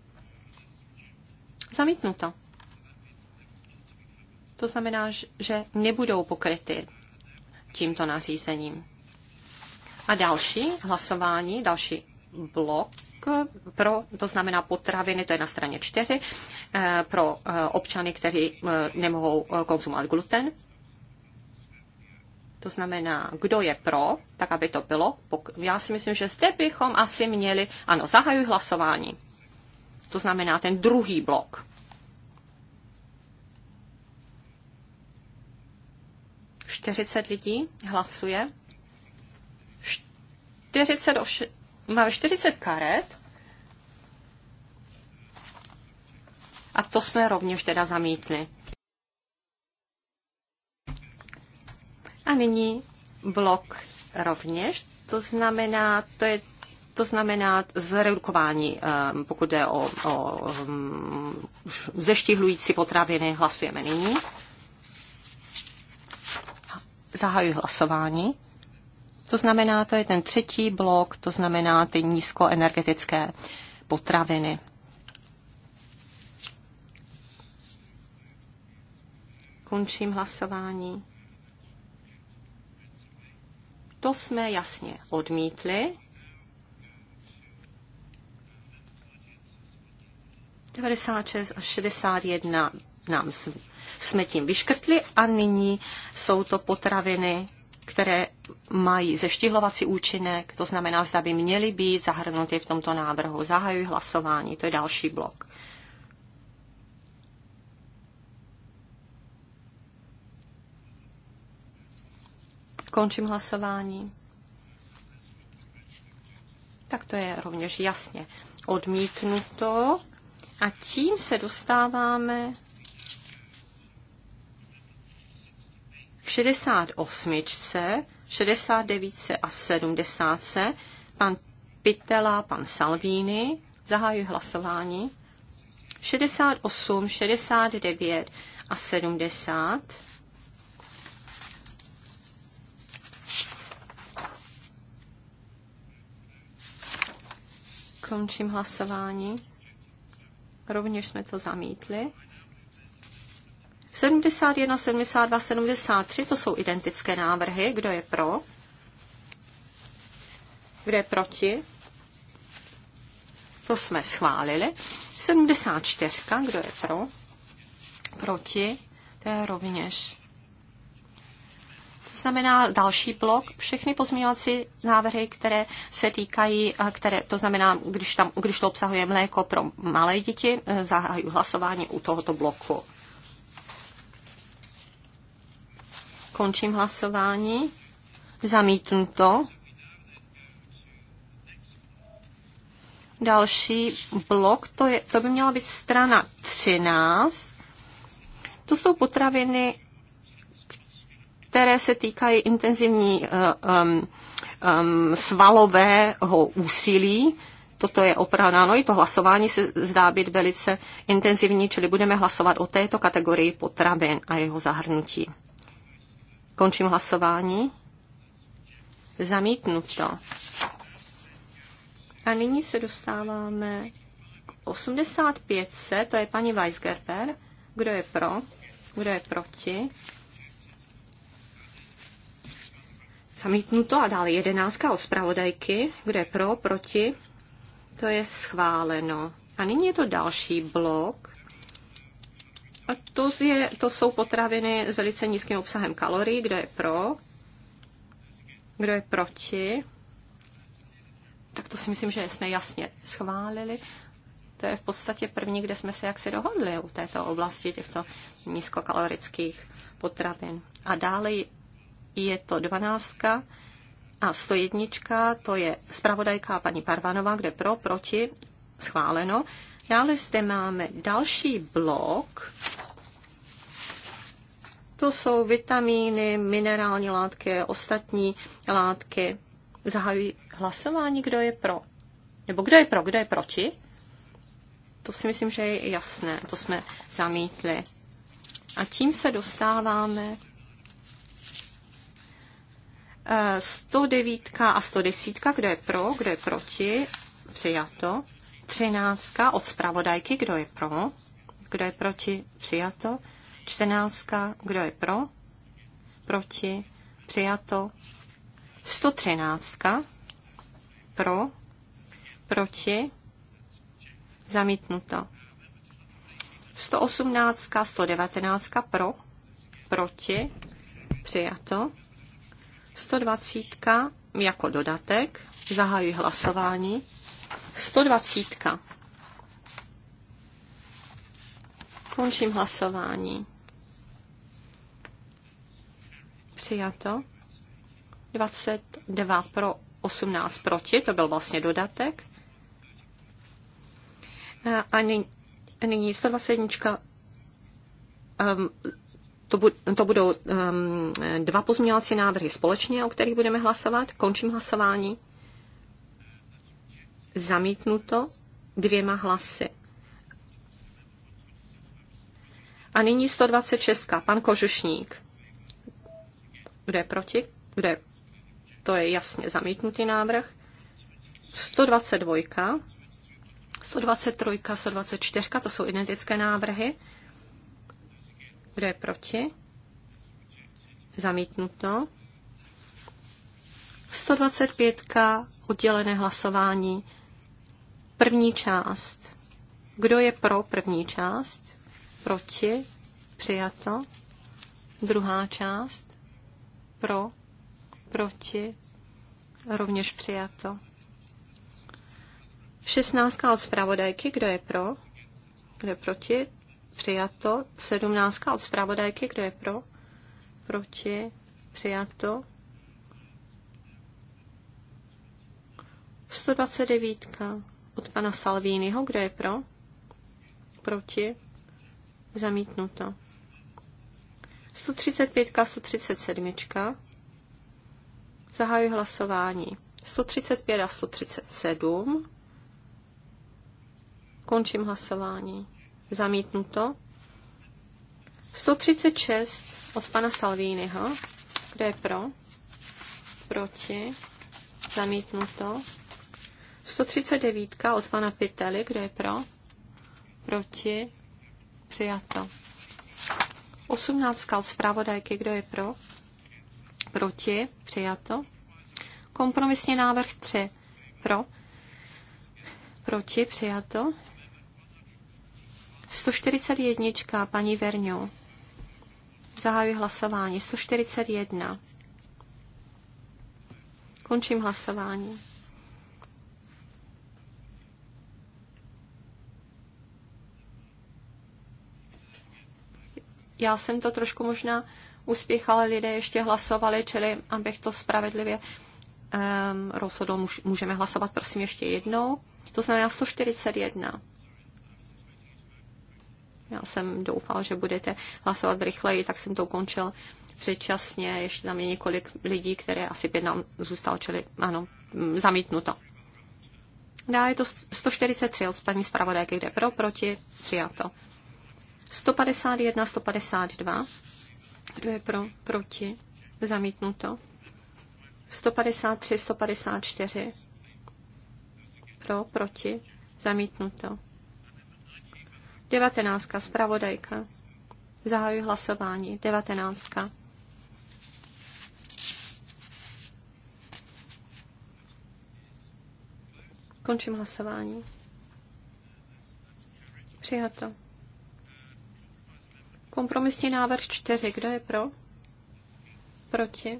Zamítnuto. To znamená, že nebudou pokryty tímto nařízením. A další hlasování, další blok pro, to znamená potraviny, to je na straně 4, eh, pro eh, občany, kteří eh, nemohou konzumovat gluten to znamená, kdo je pro, tak aby to bylo. Já si myslím, že zde bychom asi měli, ano, zahajuji hlasování. To znamená ten druhý blok. Čtyřicet lidí hlasuje. 40 ovši- máme 40 karet. A to jsme rovněž teda zamítli. A nyní blok rovněž, to znamená, to je to znamená zredukování, eh, pokud jde o, o hm, zeštihlující potraviny, hlasujeme nyní. Zahajuji hlasování. To znamená, to je ten třetí blok, to znamená ty nízkoenergetické potraviny. Končím hlasování. To jsme jasně odmítli. a 61 nám jsme tím vyškrtli a nyní jsou to potraviny, které mají zeštihlovací účinek, to znamená, zda by měly být zahrnuty v tomto návrhu. Zahajuji hlasování, to je další blok. Končím hlasování. Tak to je rovněž jasně odmítnuto. A tím se dostáváme k 68, 69 a 70. Pan Pitela, pan Salvini. Zahajuji hlasování. 68, 69 a 70. Končím hlasování. Rovněž jsme to zamítli. 71, 72, 73, to jsou identické návrhy. Kdo je pro? Kdo je proti? To jsme schválili. 74, kdo je pro? Proti? To je rovněž znamená další blok, všechny pozměňovací návrhy, které se týkají, které, to znamená, když, tam, když to obsahuje mléko pro malé děti, e, zahájí hlasování u tohoto bloku. Končím hlasování. Zamítnuto. Další blok, to, je, to by měla být strana 13. To jsou potraviny které se týkají intenzivní um, um, svalového úsilí. Toto je opravdu, ano, i to hlasování se zdá být velice intenzivní, čili budeme hlasovat o této kategorii potravin a jeho zahrnutí. Končím hlasování. Zamítnuto. A nyní se dostáváme k 85, to je paní Weisgerber. Kdo je pro? Kdo je proti? Zamítnuto a dále jedenáctka od zpravodajky, kde je pro, proti, to je schváleno. A nyní je to další blok. A to, je, to jsou potraviny s velice nízkým obsahem kalorií, kde je pro, kdo je proti. Tak to si myslím, že jsme jasně schválili. To je v podstatě první, kde jsme se jaksi dohodli u této oblasti těchto nízkokalorických potravin. A dále je to 12 a 101, to je zpravodajka paní Parvanová, kde pro, proti, schváleno. Dále zde máme další blok, to jsou vitamíny, minerální látky, ostatní látky. Zahajují hlasování, kdo je pro. Nebo kdo je pro, kdo je proti. To si myslím, že je jasné. To jsme zamítli. A tím se dostáváme 109 a 110, kdo je pro, kdo je proti, přijato. 13 od zpravodajky, kdo je pro, kdo je proti, přijato. 14, kdo je pro, proti, přijato. 113 pro, proti, zamítnuto. 118, 119 pro, proti, přijato. 120 jako dodatek. Zahajuji hlasování. 120. Končím hlasování. Přijato. 22 pro 18 proti, to byl vlastně dodatek. A nyní 121 um, to, bu- to budou um, dva pozměňovací návrhy společně, o kterých budeme hlasovat. Končím hlasování. Zamítnuto dvěma hlasy. A nyní 126. Pan Kožušník. Kdo je proti? Kdo je? To je jasně zamítnutý návrh. 122. 123, 124, to jsou identické návrhy. Kdo je proti? Zamítnuto. 125. Oddělené hlasování. První část. Kdo je pro první část? Proti? Přijato. Druhá část. Pro? Proti? Rovněž přijato. 16. od zpravodajky. Kdo je pro? Kdo je proti? Přijato. 17 od zpravodajky. Kdo je pro? Proti? Přijato. 129 od pana Salvínyho. Kdo je pro? Proti? Zamítnuto. 135, 137. Zahajuji hlasování. 135 a 137. Končím hlasování. Zamítnuto. 136 od pana Salvínyho. Kdo je pro? Proti. Zamítnuto. 139 od pana Piteli, Kdo je pro? Proti. Přijato. 18 od zpravodajky. Kdo je pro? Proti. Přijato. Kompromisní návrh 3. Pro. Proti. Přijato. 141. Paní Verňou. Zahajuji hlasování. 141. Končím hlasování. Já jsem to trošku možná uspěchala, lidé ještě hlasovali, čili abych to spravedlivě um, rozhodl, můžeme hlasovat prosím ještě jednou. To znamená 141. Já jsem doufal, že budete hlasovat rychleji, tak jsem to ukončil předčasně. Ještě tam je několik lidí, které asi pět nám zůstalo, čili ano, mm, zamítnuto. Dále je to 143 od paní zpravodajky, kde pro, proti, přijato. 151, 152. Kdo je pro, proti, zamítnuto. 153, 154. Pro, proti, zamítnuto. Devatenáctka, zpravodajka. Zahajuji hlasování. Devatenáctka. Končím hlasování. Přijato. Kompromisní návrh čtyři. Kdo je pro? Proti?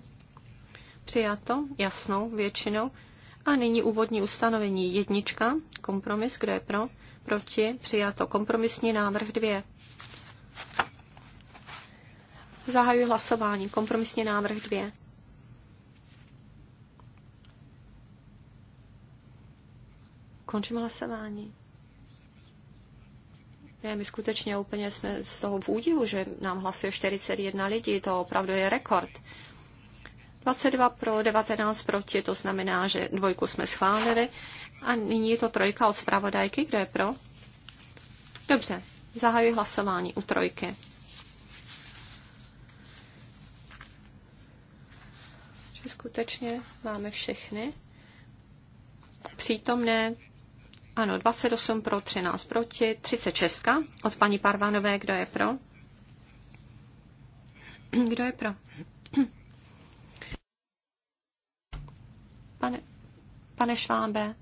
Přijato jasnou většinou. A nyní úvodní ustanovení jednička. Kompromis. Kdo je pro? proti, přijato. Kompromisní návrh 2. Zahajuji hlasování. Kompromisní návrh 2. Končím hlasování. Ne, my skutečně úplně jsme z toho v údivu, že nám hlasuje 41 lidí, to opravdu je rekord. 22 pro, 19 proti, to znamená, že dvojku jsme schválili. A nyní je to trojka od zpravodajky. Kdo je pro? Dobře, zahajuji hlasování u trojky. Že skutečně máme všechny. Přítomné, ano, 28 pro, 13 proti, 36 od paní Parvanové, kdo je pro? Kdo je pro? Pane, pane Švábe,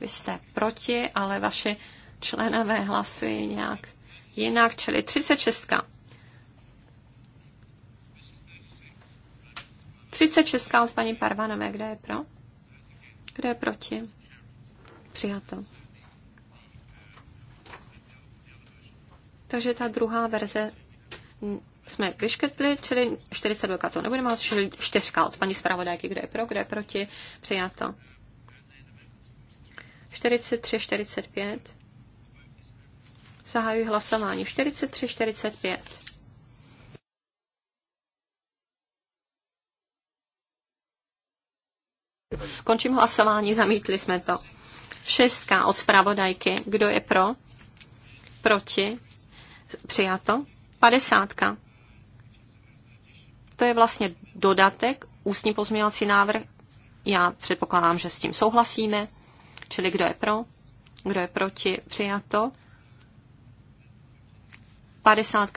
vy jste proti, ale vaši členové hlasují nějak jinak, čili 36. 36 od paní Parvanové, kde je pro? kde je proti? Přijato. Takže ta druhá verze jsme vyškrtli, čili 42 to nebudeme, ale 4 od paní zpravodajky, kde je pro, kde je proti, přijato. 43, 45. Zahajuji hlasování. 43, 45. Končím hlasování, zamítli jsme to. Šestka od zpravodajky. Kdo je pro? Proti? Přijato. Padesátka. To je vlastně dodatek, ústní pozměňovací návrh. Já předpokládám, že s tím souhlasíme. Čili kdo je pro, kdo je proti, přijato. 50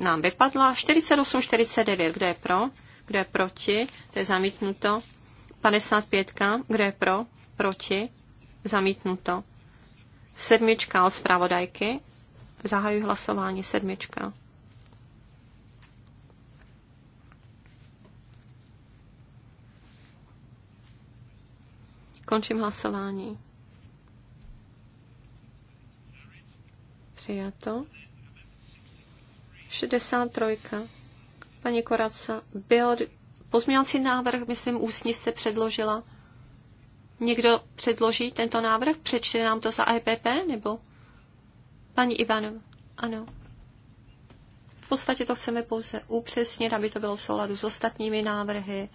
nám vypadla, 48, 49, kdo je pro, kdo je proti, to je zamítnuto. 55, kdo je pro, proti, zamítnuto. Sedmička od zpravodajky, zahajuji hlasování, sedmička. Končím hlasování. Přijato. 63. Paní Koraca, byl pozměňovací návrh, myslím, ústní jste předložila. Někdo předloží tento návrh? Přečte nám to za IPP, e nebo? Paní Ivanov, ano. V podstatě to chceme pouze upřesnit, aby to bylo v souladu s ostatními návrhy,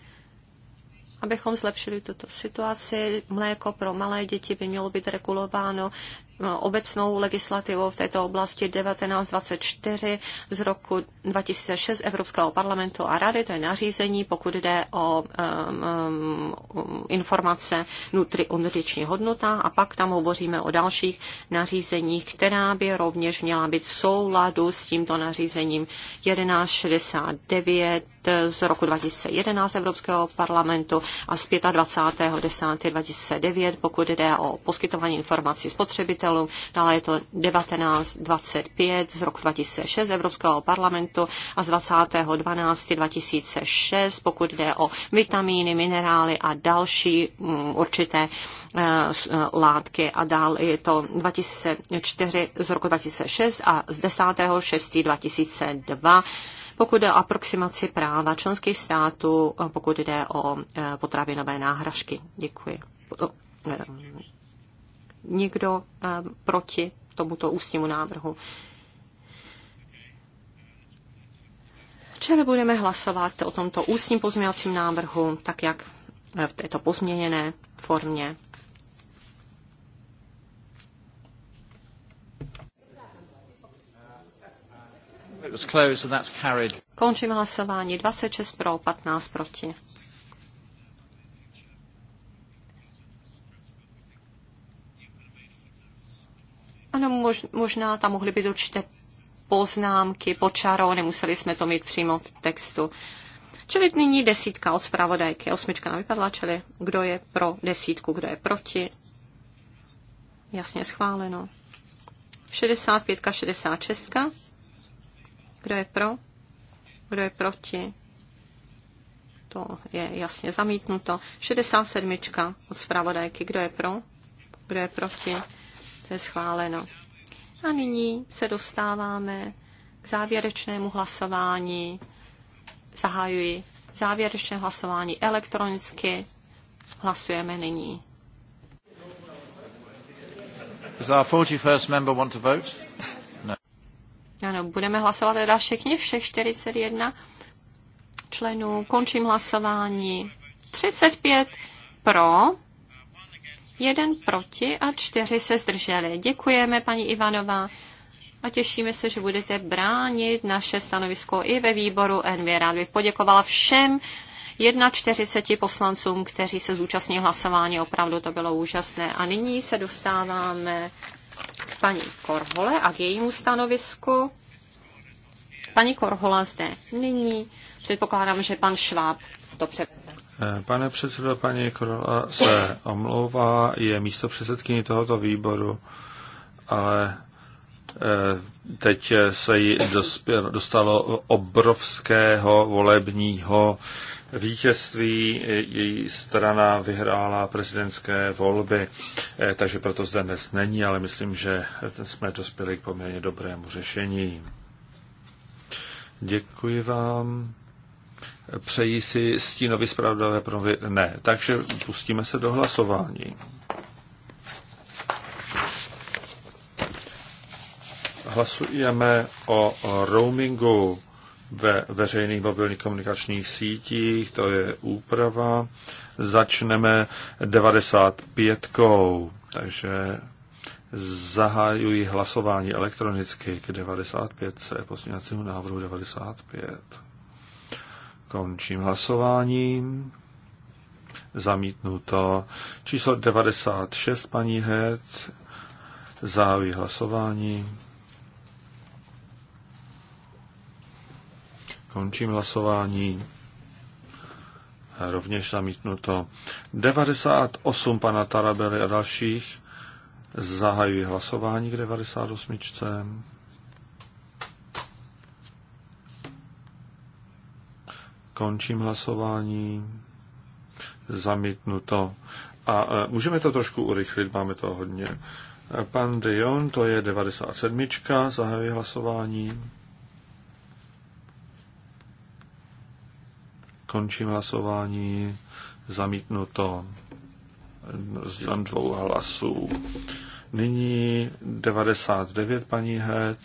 abychom zlepšili tuto situaci. Mléko pro malé děti by mělo být regulováno obecnou legislativou v této oblasti 1924 z roku 2006 Evropského parlamentu a rady, to je nařízení, pokud jde o um, um, informace nutri, o nutriční hodnota a pak tam hovoříme o dalších nařízeních, která by rovněž měla být v souladu s tímto nařízením 1169 z roku 2011 Evropského parlamentu a z 25.10.2009, pokud jde o poskytování informací spotřebitelů uživatelům. Dále je to 1925 z roku 2006 Evropského parlamentu a z 20.12.2006, pokud jde o vitamíny, minerály a další um, určité eh, eh, látky a dále je to 2004 z roku 2006 a z 10.6.2002 pokud jde o aproximaci práva členských států, eh, pokud jde o potravinové náhražky. Děkuji. Někdo eh, proti tomuto ústnímu návrhu. Včera budeme hlasovat o tomto ústním pozměňovacím návrhu, tak jak v této pozměněné formě. Končím hlasování 26 pro, 15 proti. Ano, možná tam mohly být určité poznámky pod nemuseli jsme to mít přímo v textu. Čili nyní desítka od zpravodajky, osmička nám vypadla, čili kdo je pro desítku, kdo je proti. Jasně schváleno. 65, 66. Kdo je pro? Kdo je proti? To je jasně zamítnuto. 67. od zpravodajky. Kdo je pro? Kdo je proti? To je schváleno. A nyní se dostáváme k závěrečnému hlasování. Zahajuji závěrečné hlasování elektronicky. Hlasujeme nyní. Does our 41st member want to vote? No. Ano, budeme hlasovat teda všichni, všech 41 členů. Končím hlasování. 35 pro, jeden proti a čtyři se zdrželi. Děkujeme, paní Ivanová, a těšíme se, že budete bránit naše stanovisko i ve výboru NV. Rád bych poděkovala všem 41 poslancům, kteří se zúčastní hlasování. Opravdu to bylo úžasné. A nyní se dostáváme k paní Korhole a k jejímu stanovisku. Paní Korhola zde nyní. Předpokládám, že pan Šváb to převezme. Pane předsedo, paní Krola se omlouvá, je místo předsedkyní tohoto výboru, ale eh, teď se jí dostalo obrovského volebního vítězství. Její strana vyhrála prezidentské volby, eh, takže proto zde dnes není, ale myslím, že jsme dospěli k poměrně dobrému řešení. Děkuji vám. Přejí si stínovi zpravodajové promluvy? Ne. Takže pustíme se do hlasování. Hlasujeme o roamingu ve veřejných mobilních komunikačních sítích, to je úprava. Začneme 95. -kou. Takže zahajuji hlasování elektronicky k 95. pozměňovacímu návrhu 95. Končím hlasováním. Zamítnuto. Číslo 96, paní Het. Závěr hlasování. Končím hlasování. rovněž zamítnuto. 98 pana Tarabely a dalších. Zahajuji hlasování k 98. Končím hlasování. Zamítnuto. A e, můžeme to trošku urychlit, máme to hodně. E, pan Dion, to je 97. Zahajuji hlasování. Končím hlasování. Zamítnuto. Zdělám dvou hlasů. Nyní 99 paní Het.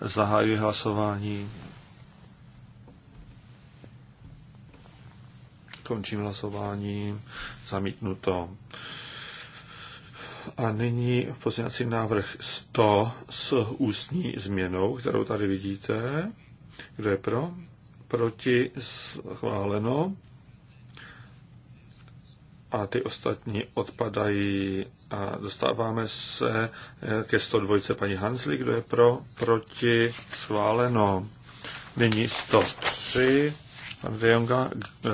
Zahajuji hlasování. Končím hlasování. Zamítnuto. A nyní pozměňovací návrh 100 s ústní změnou, kterou tady vidíte. Kdo je pro? Proti schváleno. A ty ostatní odpadají a dostáváme se ke 102 paní Hansli, kdo je pro, proti schváleno. Nyní 103 Pan De Jonga eh,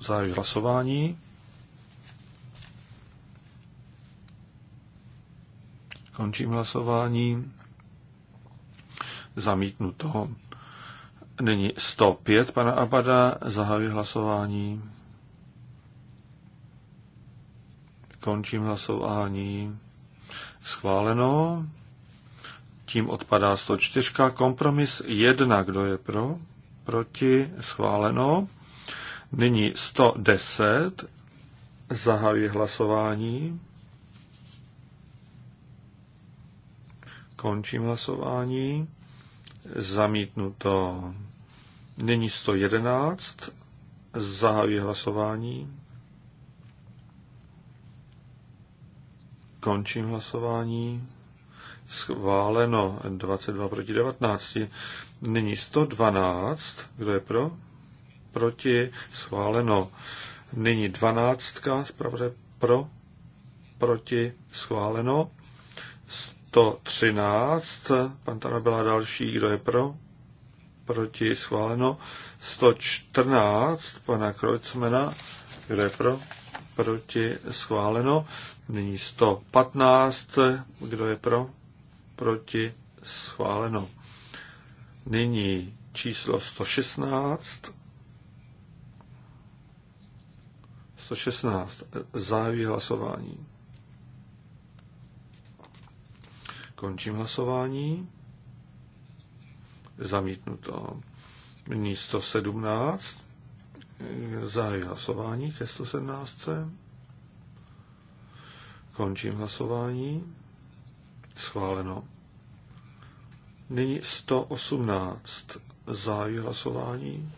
zahájí hlasování. Končím hlasování. Zamítnuto. Není 105 pana Abada. Zahajuji hlasování. Končím hlasování. Schváleno. Tím odpadá 104. Kompromis 1. Kdo je pro? proti, schváleno. Nyní 110, zahajuji hlasování. Končím hlasování. Zamítnuto. Nyní 111. Zahajuji hlasování. Končím hlasování. Schváleno 22 proti 19. Nyní 112, kdo je pro? Proti, schváleno. Nyní 12, zpravodaj pro, proti, schváleno. 113, pan Tana byla další, kdo je pro? Proti, schváleno. 114, pana Krojcmena, kdo je pro? Proti, schváleno. Nyní 115, kdo je pro? Proti, schváleno. Nyní číslo 116. 116. Zahajuji hlasování. Končím hlasování. Zamítnuto. Nyní 117. Zahajuji hlasování ke 117. Končím hlasování. Schváleno. Nyní 118 zájí hlasování.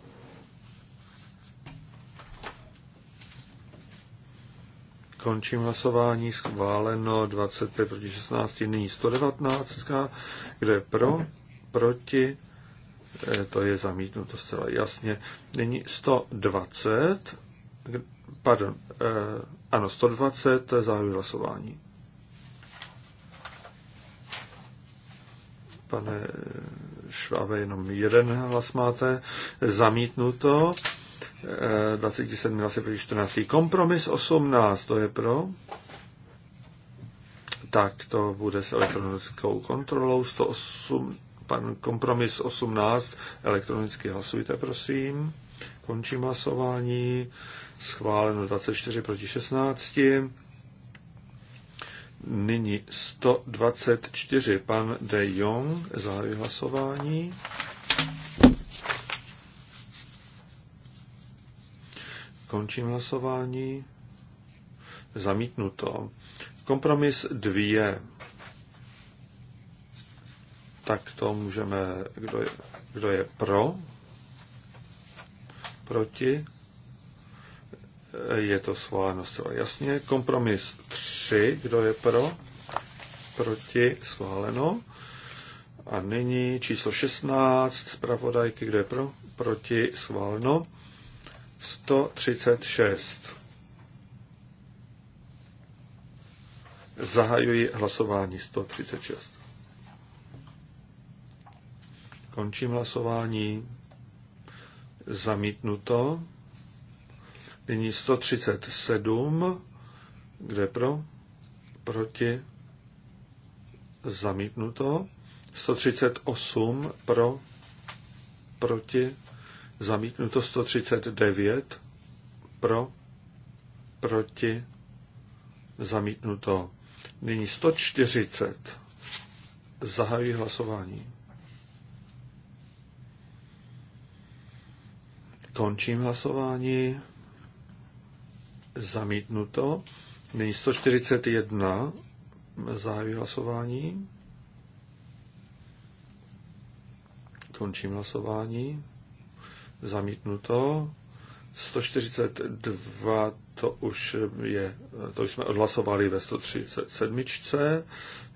Končím hlasování, schváleno 25 proti 16, nyní 119, kdo je pro, proti, eh, to je zamítnuto zcela jasně. Nyní 120, pardon, eh, ano, 120, zájí hlasování. pane Švábe, jenom jeden hlas máte. Zamítnuto. 27 eh, hlasy proti 14. Kompromis 18, to je pro. Tak to bude s elektronickou kontrolou. 108, pan kompromis 18, elektronicky hlasujte, prosím. Končím hlasování. Schváleno 24 proti 16. Nyní 124. Pan De Jong zahájí hlasování. Končím hlasování. Zamítnuto. Kompromis 2. Tak to můžeme, kdo je, kdo je pro, proti, je to schváleno zcela jasně. Kompromis 3, kdo je pro, proti, schváleno. A nyní číslo 16, zpravodajky, kdo je pro, proti, schváleno. 136. Zahajuji hlasování 136. Končím hlasování. Zamítnuto. Nyní 137, kde pro, proti, zamítnuto. 138 pro, proti, zamítnuto. 139 pro, proti, zamítnuto. Nyní 140. Zahajuji hlasování. Končím hlasování. Zamítnuto. Nyní 141. Zahajuji hlasování. Končím hlasování. Zamítnuto. 142 to už je, to jsme odhlasovali ve 137.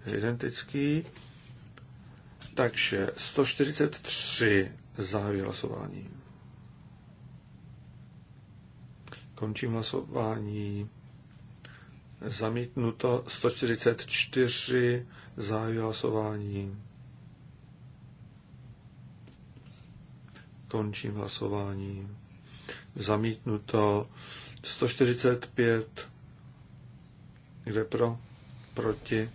Identický. Takže 143 zahajuje hlasování. Končím hlasování. Zamítnuto 144 zahájí hlasování. Končím hlasování. Zamítnuto 145. Kde pro? Proti?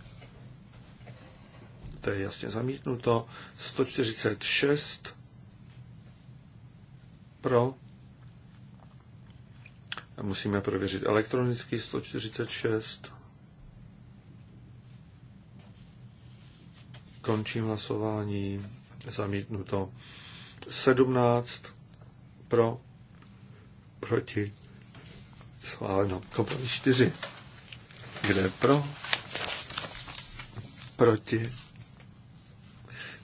To je jasně zamítnuto. 146. Pro? Musíme prověřit elektronický 146. Končím hlasování. Zamítnuto. 17 pro, proti, schváleno. Kompromis 4. Kde je pro, proti,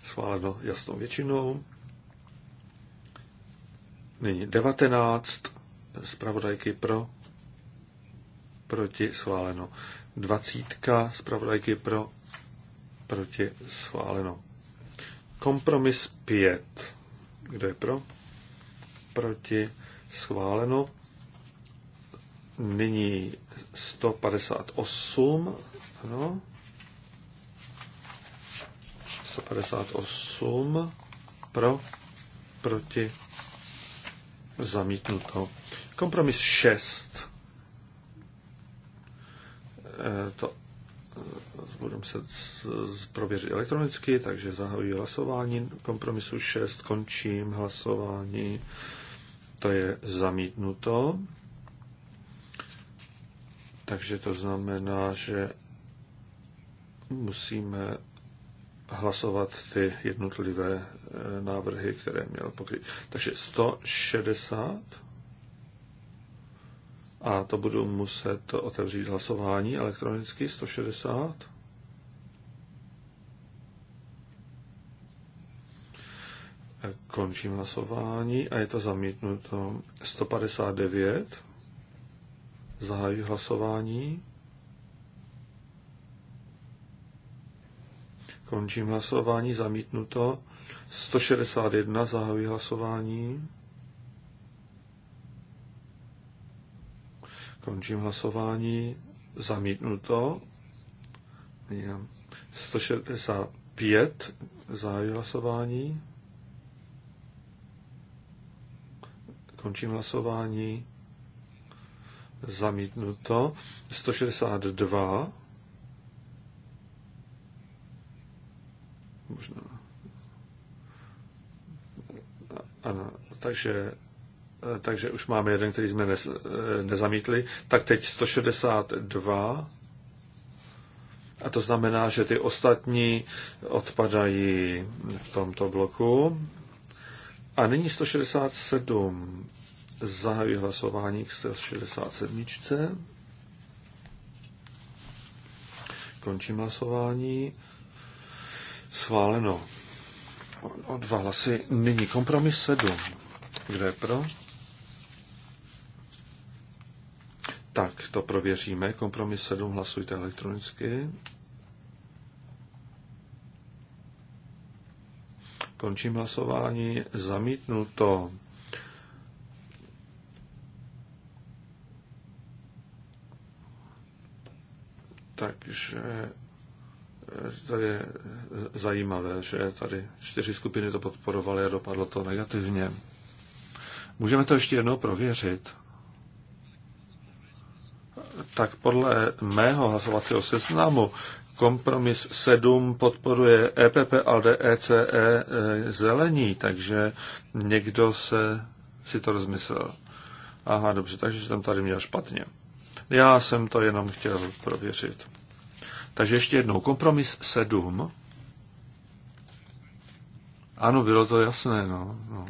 schváleno jasnou většinou. Nyní 19 zpravodajky pro, proti schváleno. Dvacítka zpravodajky pro, proti schváleno. Kompromis 5. Kdo je pro? Proti schváleno. Nyní 158. Ano. 158 pro, proti zamítnuto. Kompromis 6. Eh, to eh, budeme se prověřit elektronicky, takže zahajuji hlasování. Kompromisu 6, končím hlasování. To je zamítnuto. Takže to znamená, že musíme hlasovat ty jednotlivé eh, návrhy, které měl pokryt. Takže 160 a to budu muset otevřít hlasování elektronicky 160. Končím hlasování a je to zamítnuto 159. Zahajuji hlasování. Končím hlasování, zamítnuto. 161 zahajuji hlasování. Končím hlasování. Zamítnuto. 165 zájí hlasování. Končím hlasování. Zamítnuto. 162. Možná. Ano, takže Eh, takže už máme jeden, který jsme nez, eh, nezamítli, tak teď 162. A to znamená, že ty ostatní odpadají v tomto bloku. A nyní 167. Zahajuji hlasování k 167. Končím hlasování. Sváleno. O dva hlasy. Nyní kompromis 7. Kdo je pro? Tak, to prověříme. Kompromis 7, hlasujte elektronicky. Končím hlasování. Zamítnuto. Takže eh, to je eh, zajímavé, že tady čtyři skupiny to podporovaly a dopadlo to negativně. Můžeme to ještě jednou prověřit tak podle mého hlasovacího seznamu kompromis 7 podporuje EPP, ALDE, e ECE, zelení, takže někdo se si to rozmyslel. Aha, dobře, takže jsem tady měl špatně. Já jsem to jenom chtěl prověřit. Takže ještě jednou, kompromis 7. Ano, bylo to jasné, no. no.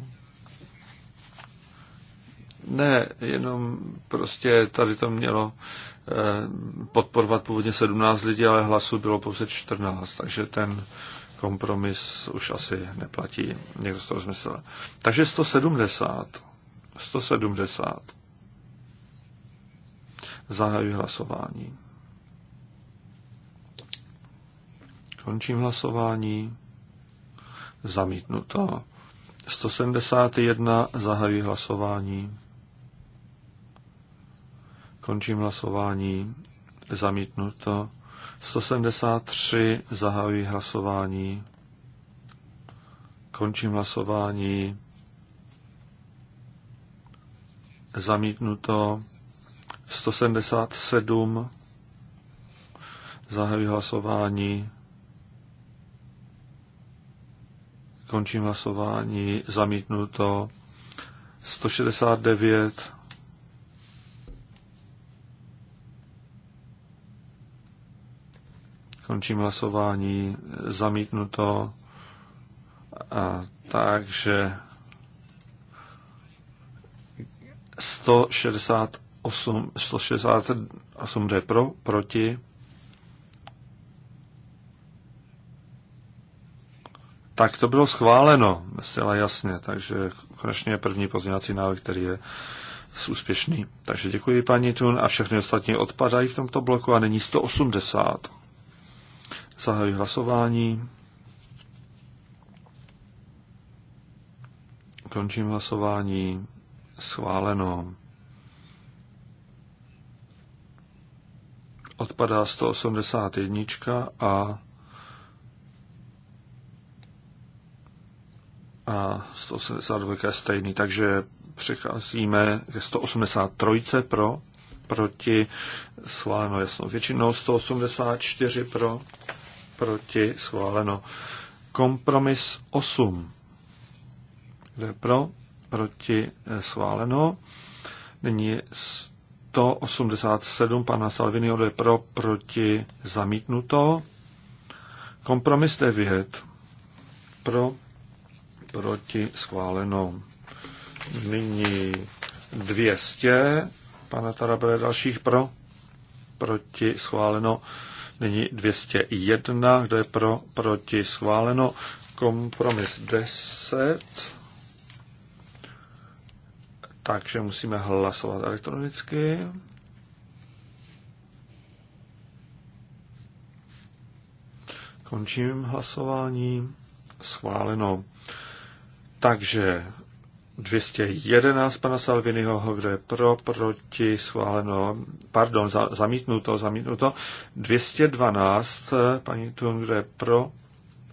Ne, jenom prostě tady to mělo eh, podporovat původně 17 lidí, ale hlasů bylo pouze 14, takže ten kompromis už asi neplatí. Někdo z toho rozmyslel. Takže 170. 170. Zahajuji hlasování. Končím hlasování. Zamítnuto. 171. Zahajuji hlasování. Končím hlasování. Zamítnuto. 173. Zahajuji hlasování. Končím hlasování. Zamítnuto. 177. Zahajuji hlasování. Končím hlasování. Zamítnuto. 169. Končím hlasování. Zamítnuto. A, takže 168, 168 jde pro, proti. Tak to bylo schváleno, zcela jasně, takže konečně první pozměňovací návrh, který je úspěšný. Takže děkuji paní Tun a všechny ostatní odpadají v tomto bloku a není 180. Zahajuji hlasování. Končím hlasování. Schváleno. Odpadá 181 a a 182 je stejný, takže přecházíme ke 183 pro, proti schváleno jasnou většinou, 184 pro, proti, schváleno. Kompromis 8. Kdo je pro, proti, eh, schváleno. Nyní 187 pana Salvini kdo je pro, proti, zamítnuto. Kompromis 9. Pro, proti, schváleno. Nyní 200 pana Tarabele, dalších pro, proti, schváleno. Nyní 201, kdo je pro, proti schváleno. Kompromis 10. Takže musíme hlasovat elektronicky. Končím hlasování. Schváleno. Takže 211 pana Salviniho, kdo pro, proti, schváleno, pardon, za, zamítnuto, zamítnuto. 212, eh, paní Tun, pro,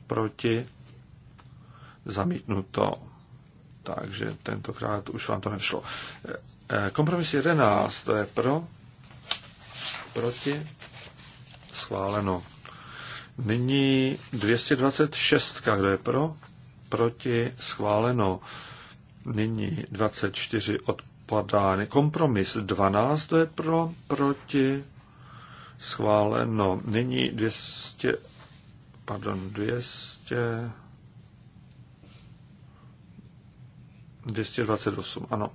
proti, zamítnuto. Takže tentokrát už vám to nešlo. Eh, eh, kompromis 11, to je pro, proti, schváleno. Nyní 226, kde je pro, proti, schváleno. Nyní 24 odpadány. Kompromis 12, to je pro, proti, schváleno. Nyní 200, pardon, 200, 228, ano.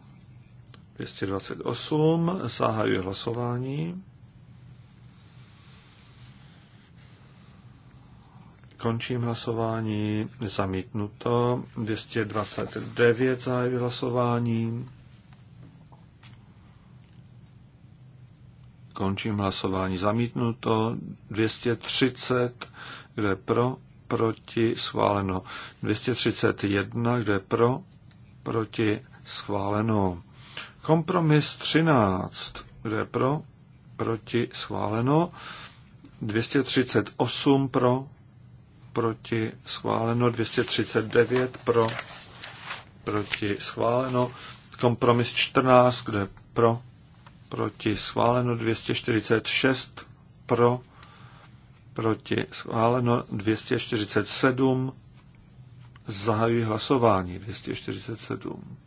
228, zahajuji hlasování. Končím hlasování. Zamítnuto. 229 zájevy hlasování. Končím hlasování. Zamítnuto. 230. Kdo je pro? Proti? Schváleno. 231. Kdo je pro? Proti? Schváleno. Kompromis 13. Kdo je pro? Proti? Schváleno. 238 pro, proti schváleno, 239 pro, proti schváleno, kompromis 14, kde pro, proti schváleno, 246 pro, proti schváleno, 247 zahajuji hlasování, 247.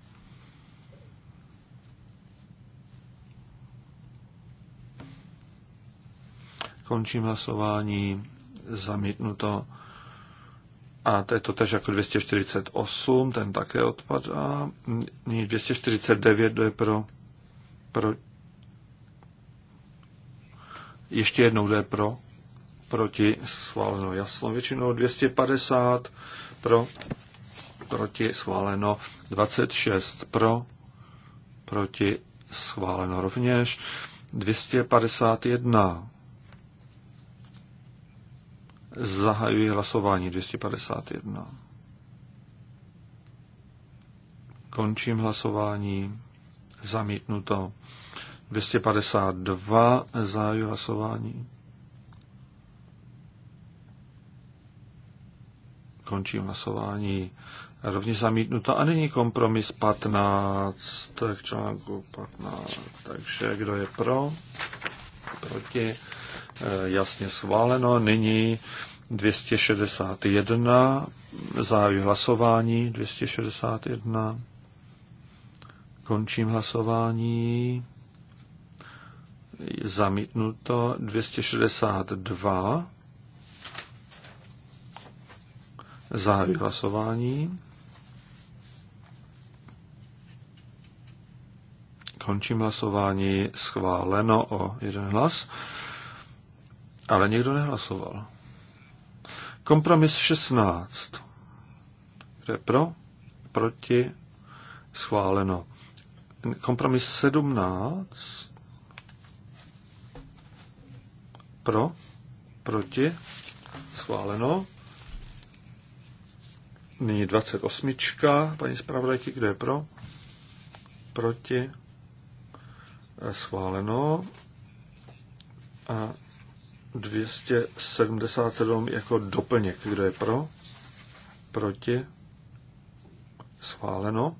Končím hlasování. Zamítnuto a to je to tež jako 248, ten také odpadá. Nyní 249, to je pro, pro ještě jednou je pro, proti schváleno jasno většinou, 250 pro, proti schváleno, 26 pro, proti schváleno rovněž, 251 Zahajuji hlasování 251. Končím hlasování. Zamítnuto. 252. Zahajuji hlasování. Končím hlasování. Rovněž zamítnuto. A nyní kompromis 15 k článku 15. Takže kdo je pro? Proti? Eh, jasně schváleno. Nyní 261, zahájí hlasování 261, končím hlasování, zamítnuto 262, zahájí hlasování, končím hlasování, schváleno o jeden hlas. Ale někdo nehlasoval. Kompromis 16. Kde je pro? Proti? Schváleno. Kompromis 17. Pro? Proti? Schváleno. Nyní 28. Paní zpravodajky, kde je pro? Proti? Schváleno. A 277 jako doplněk. Kdo je pro? Proti? Schváleno.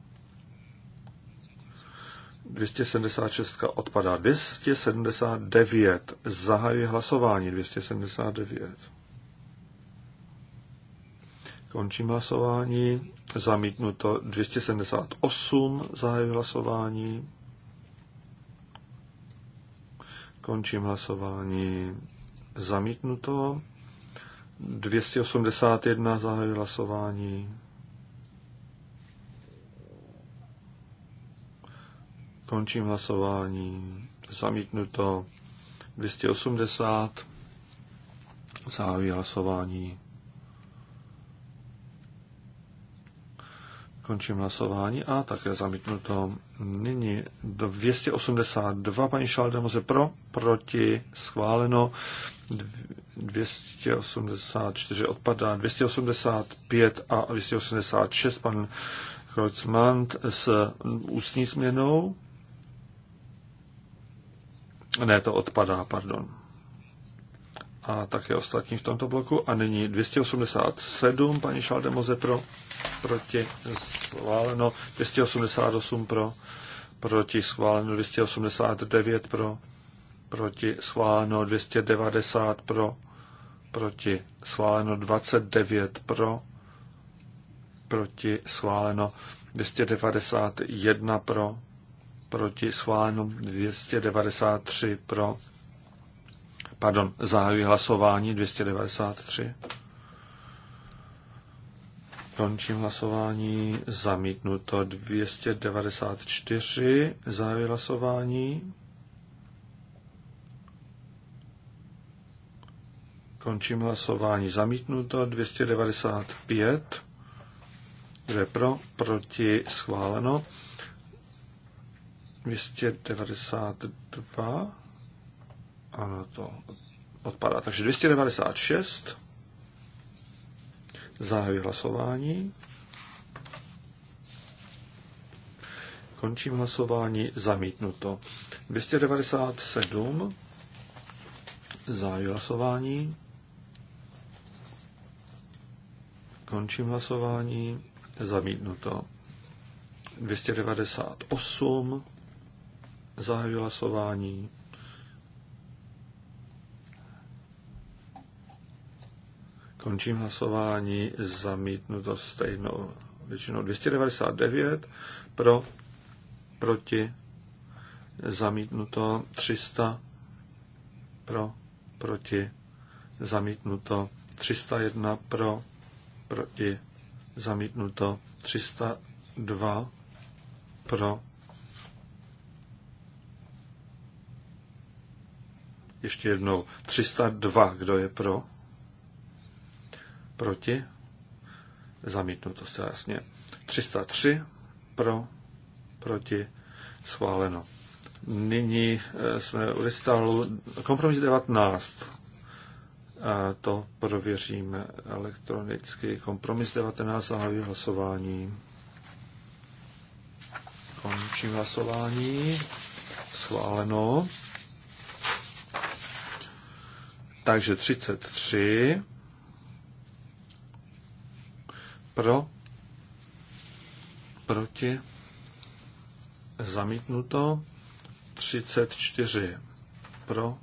276 odpadá. 279. Zahajuji hlasování. 279. Končím hlasování. Zamítnuto 278. Zahajuji hlasování. Končím hlasování. Zamítnuto. 281 zahájí hlasování. Končím hlasování. Zamítnuto. 280. Zahájí hlasování. Končím hlasování a také zamítnuto. Nyní 282, paní Šaldemoze pro, proti, schváleno. 284 odpadá, 285 a 286 pan Kreutzmann s ústní změnou. Ne, to odpadá, pardon. A také ostatní v tomto bloku. A nyní 287, paní Šaldemoze pro, proti, schváleno, 288 pro, proti, schváleno, 289 pro, proti schváleno 290 pro, proti schváleno 29 pro, proti schváleno 291 pro, proti schváleno 293 pro, pardon, zahajuji hlasování 293. Končím hlasování, zamítnuto 294, zahajuji hlasování. Končím hlasování. Zamítnuto 295. Kdo je pro? Proti? Schváleno. 292. Ano, to odpadá. Takže 296. Zahajuji hlasování. Končím hlasování. Zamítnuto. 297. Zahajuji hlasování. Končím hlasování. Zamítnuto. 298. Zahajuji hlasování. Končím hlasování. Zamítnuto stejnou většinou. 299 pro, proti, zamítnuto 300 pro, proti, zamítnuto 301 pro, proti, zamítnuto 302 pro. Ještě jednou 302, kdo je pro, proti, zamítnuto se jasně. 303 pro, proti, schváleno. Nyní eh, jsme u listalu kompromis 19 a to prověříme elektronicky. Kompromis 19 zahájí hlasování. Končím hlasování. Schváleno. Takže 33 pro, proti, zamítnuto, 34 pro,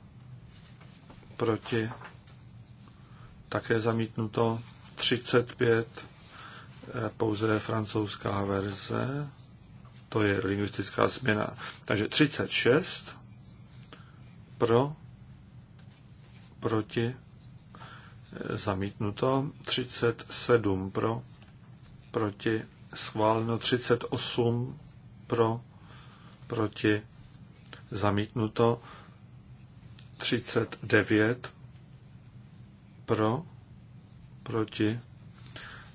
proti, také zamítnuto. 35 eh, pouze francouzská verze, to je lingvistická změna. Takže 36 eh, pro, proti, zamítnuto, 37 pro, proti, schváleno, 38 pro, proti, zamítnuto, 39 pro, proti,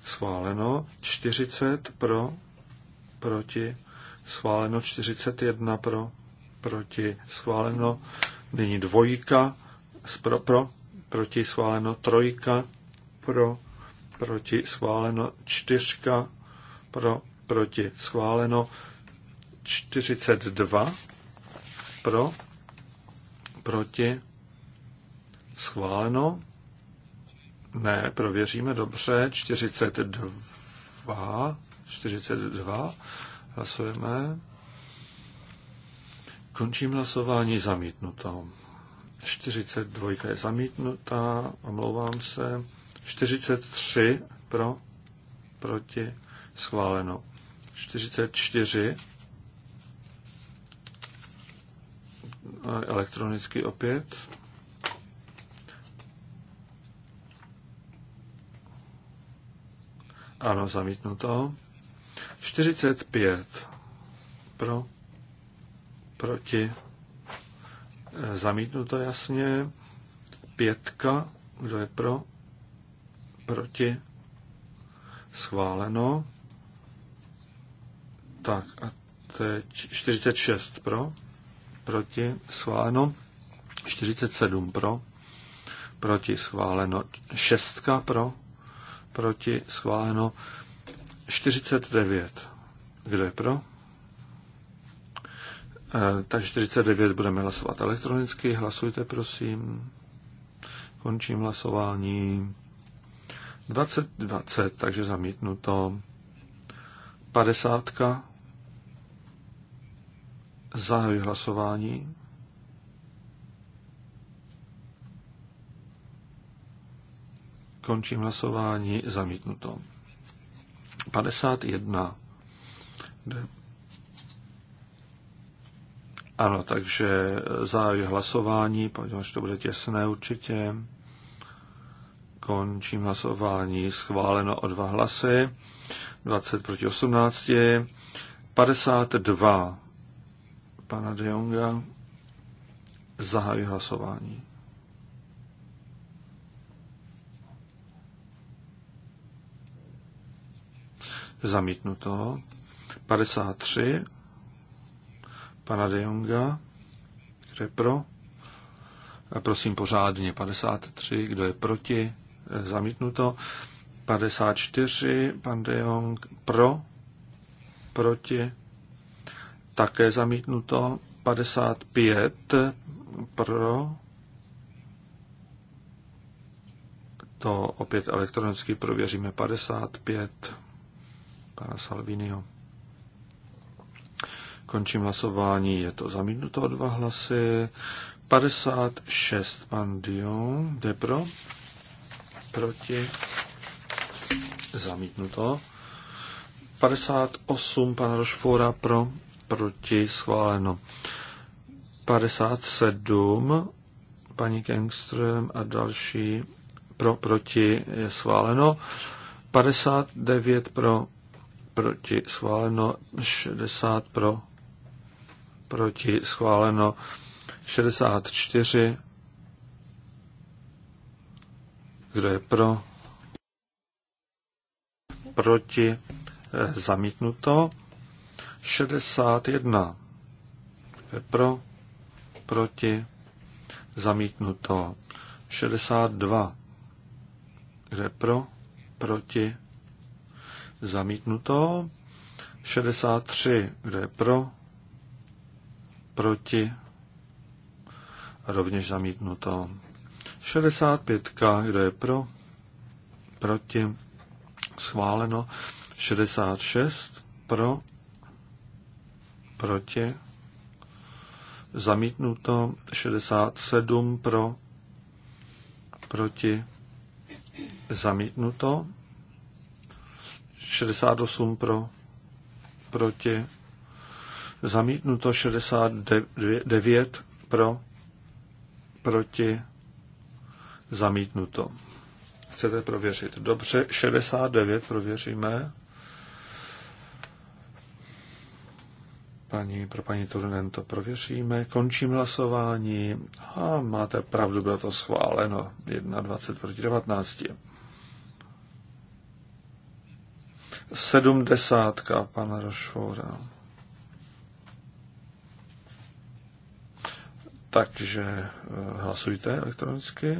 schváleno, 40 pro, proti, schváleno, 41 pro, proti, schváleno, nyní dvojka, pro, pro, proti, schváleno, trojka, pro, proti, schváleno, čtyřka, pro, proti, schváleno, 42 pro, proti, schváleno, ne, prověříme dobře. 42. 42. Hlasujeme. Končím hlasování zamítnuto. 42 je zamítnutá, omlouvám se. 43 pro, proti, schváleno. 44 eh, elektronicky opět. Ano, zamítnuto. 45 pro, proti, e, zamítnuto jasně. Pětka, kdo je pro, proti, schváleno. Tak a teď 46 pro, proti, schváleno. 47 pro, proti, schváleno. Šestka pro, proti, schváleno 49. Kdo je pro? E, Takže 49 budeme hlasovat elektronicky. Hlasujte, prosím. Končím hlasování. 2020, takže zamítnuto. 50. Zahajuji hlasování. Končím hlasování. Zamítnuto. 51. Ano, takže zahajuji hlasování, poněvadž to bude těsné určitě. Končím hlasování. Schváleno o dva hlasy. 20 proti 18. 52. Pana De Jonga. Zahajuji hlasování. zamítnuto. 53 pana De Jonga, kdo je pro. A prosím pořádně, 53, kdo je proti, e, zamítnuto. 54, pan De Jong, pro, proti, také zamítnuto. 55, pro, to opět elektronicky prověříme 55 pana Salviniho. Končím hlasování. Je to zamítnuto o dva hlasy. 56 pan Dion. Jde pro. Proti. Zamítnuto. 58 pan Rošfora pro. Proti. Schváleno. 57 paní Kengström a další pro, proti je schváleno. 59 pro proti schváleno 60 pro, proti schváleno 64. Eh, Kdo je pro? Proti zamítnuto 61. Kdo je pro? Proti zamítnuto 62. Kdo je pro? Proti Zamítnuto. 63, kdo je pro, proti, rovněž zamítnuto. 65, kdo je pro, proti, schváleno. 66, pro, proti, zamítnuto. 67, pro, proti, zamítnuto. 68 pro, proti, zamítnuto 69 pro, proti, zamítnuto. Chcete prověřit? Dobře, 69 prověříme. Paní, pro paní Turnen to prověříme. Končím hlasování. A máte pravdu, bylo to schváleno. 21 proti 19. sedmdesátka pana Rošvora. Takže eh, hlasujte elektronicky.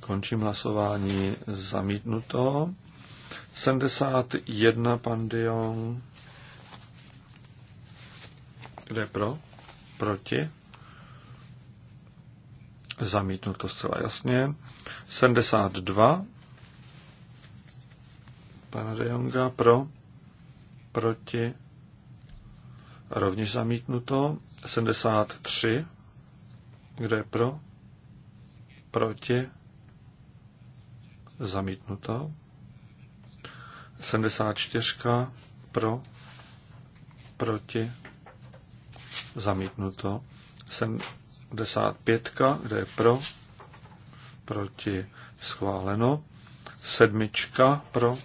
Končím hlasování zamítnuto. 71 pan Dion. Kde pro? Proti? Zamítnuto zcela jasně. 72 pana De Jonga pro, proti, rovněž zamítnuto, 73, kdo je pro, proti, zamítnuto, 74 pro, proti, zamítnuto, 75, kde je pro, proti, schváleno, sedmička pro,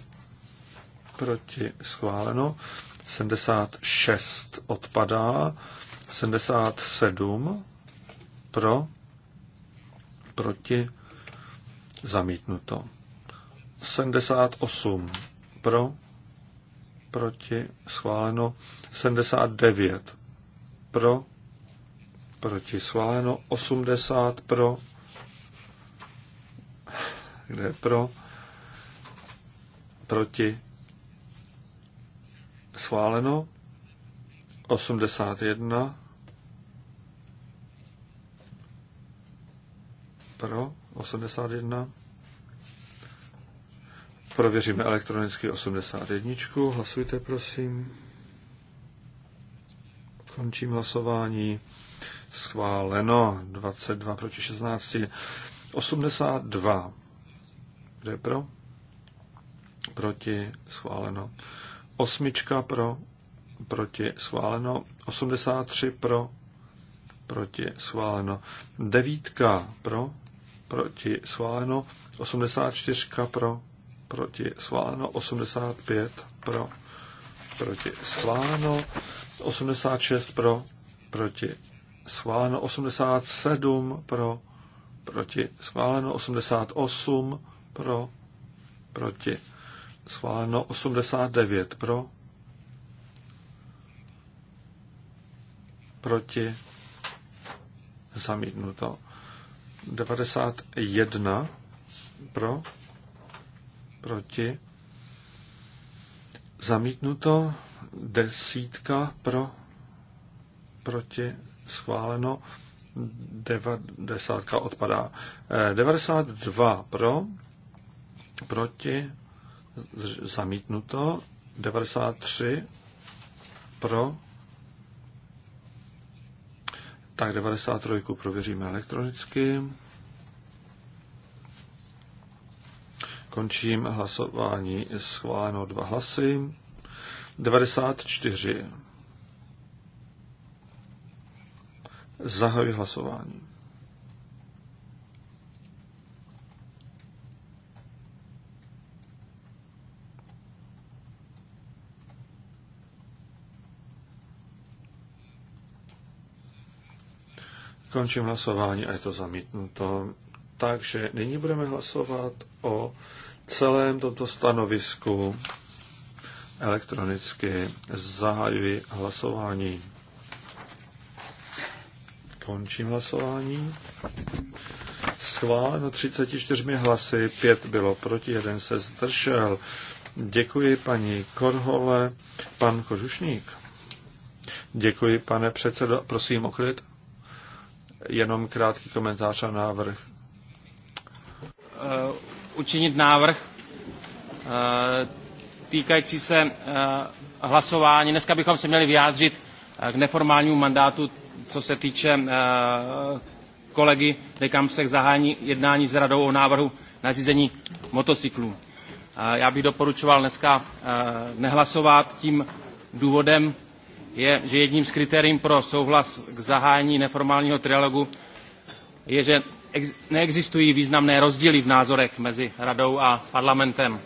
proti schváleno, 76 odpadá, 77 pro, proti zamítnuto, 78 pro, proti schváleno, 79 pro, proti schváleno, 80 pro, kde je pro, proti Schváleno. 81. Pro. 81. Prověříme elektronicky 81. Hlasujte, prosím. Končím hlasování. Schváleno. 22 proti 16. 82. Kde je pro? Proti. Schváleno. Osmička pro, proti schváleno. 83 pro, proti schváleno. Devítka pro, proti schváleno. 84 pro, proti schváleno. 85 pro, proti schváleno. 86 pro, proti schváleno. 87 pro, proti schváleno. 88 pro, proti schváleno schváleno 89 pro, proti, zamítnuto 91 pro, proti, zamítnuto desítka pro, proti, schváleno 90 odpadá. 92 eh, pro, proti, zamítnuto, 93 pro, tak 93 prověříme elektronicky. Končím hlasování, schváleno dva hlasy. 94. Zahajuji hlasování. Končím hlasování a je to zamítnuto. Takže nyní budeme hlasovat o celém tomto stanovisku elektronicky. Zahajuji hlasování. Končím hlasování. Schváleno 34 hlasy, 5 bylo proti, jeden se zdržel. Děkuji paní Korhole, pan Kožušník. Děkuji, pane předsedo. Prosím o klid. Jenom krátký komentář a návrh. Eh, učinit návrh eh, týkající se eh, hlasování. Dneska bychom se měli vyjádřit k neformálnímu mandátu, co se týče kolegy se k zahájení jednání s radou o návrhu na řízení motocyklů. Já bych doporučoval dneska nehlasovat tím důvodem, je, že jedním z kritérií pro souhlas k zahájení neformálního trialogu je, že neexistují významné rozdíly v názorech mezi radou a parlamentem.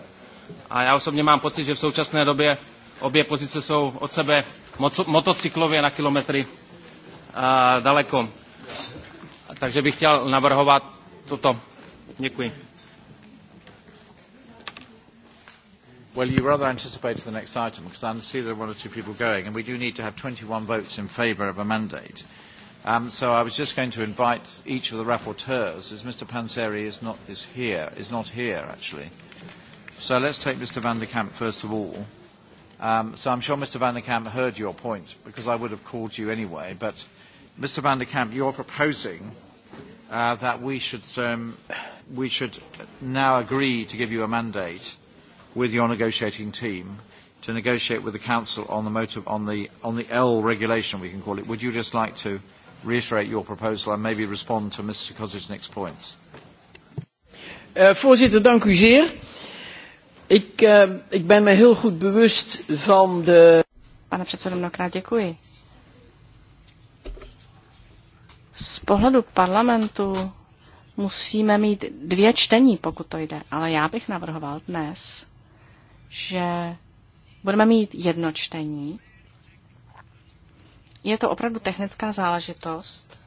A já osobně mám pocit, že v současné době obě pozice jsou od sebe motocyklově na kilometry daleko. Takže bych chtěl navrhovat toto. Děkuji. Well, you rather anticipated the next item because I see there are one or two people going, and we do need to have 21 votes in favour of a mandate. Um, so I was just going to invite each of the rapporteurs, as Mr. Panseri is not is here, is not here actually. So let's take Mr. Van der Kamp first of all. Um, so I'm sure Mr. Van der Kamp heard your point because I would have called you anyway. But Mr. Van der Kamp, you're proposing uh, that we should um, we should now agree to give you a mandate with your negotiating team to negotiate with the Council on the, motive, on the, on the L regulation, we can call it. Would you just like to reiterate your proposal and maybe respond to Mr. Kozicnik's points? Uh, voorzitter, dank u zeer. Ik, uh, ik ben me heel goed bewust van de... Pane předsedo, mnohokrát děkuji. Z pohledu parlamentu musíme mít dvě čtení, pokud to jde, ale já bych navrhoval dnes, že budeme mít jedno čtení. Je to opravdu technická záležitost.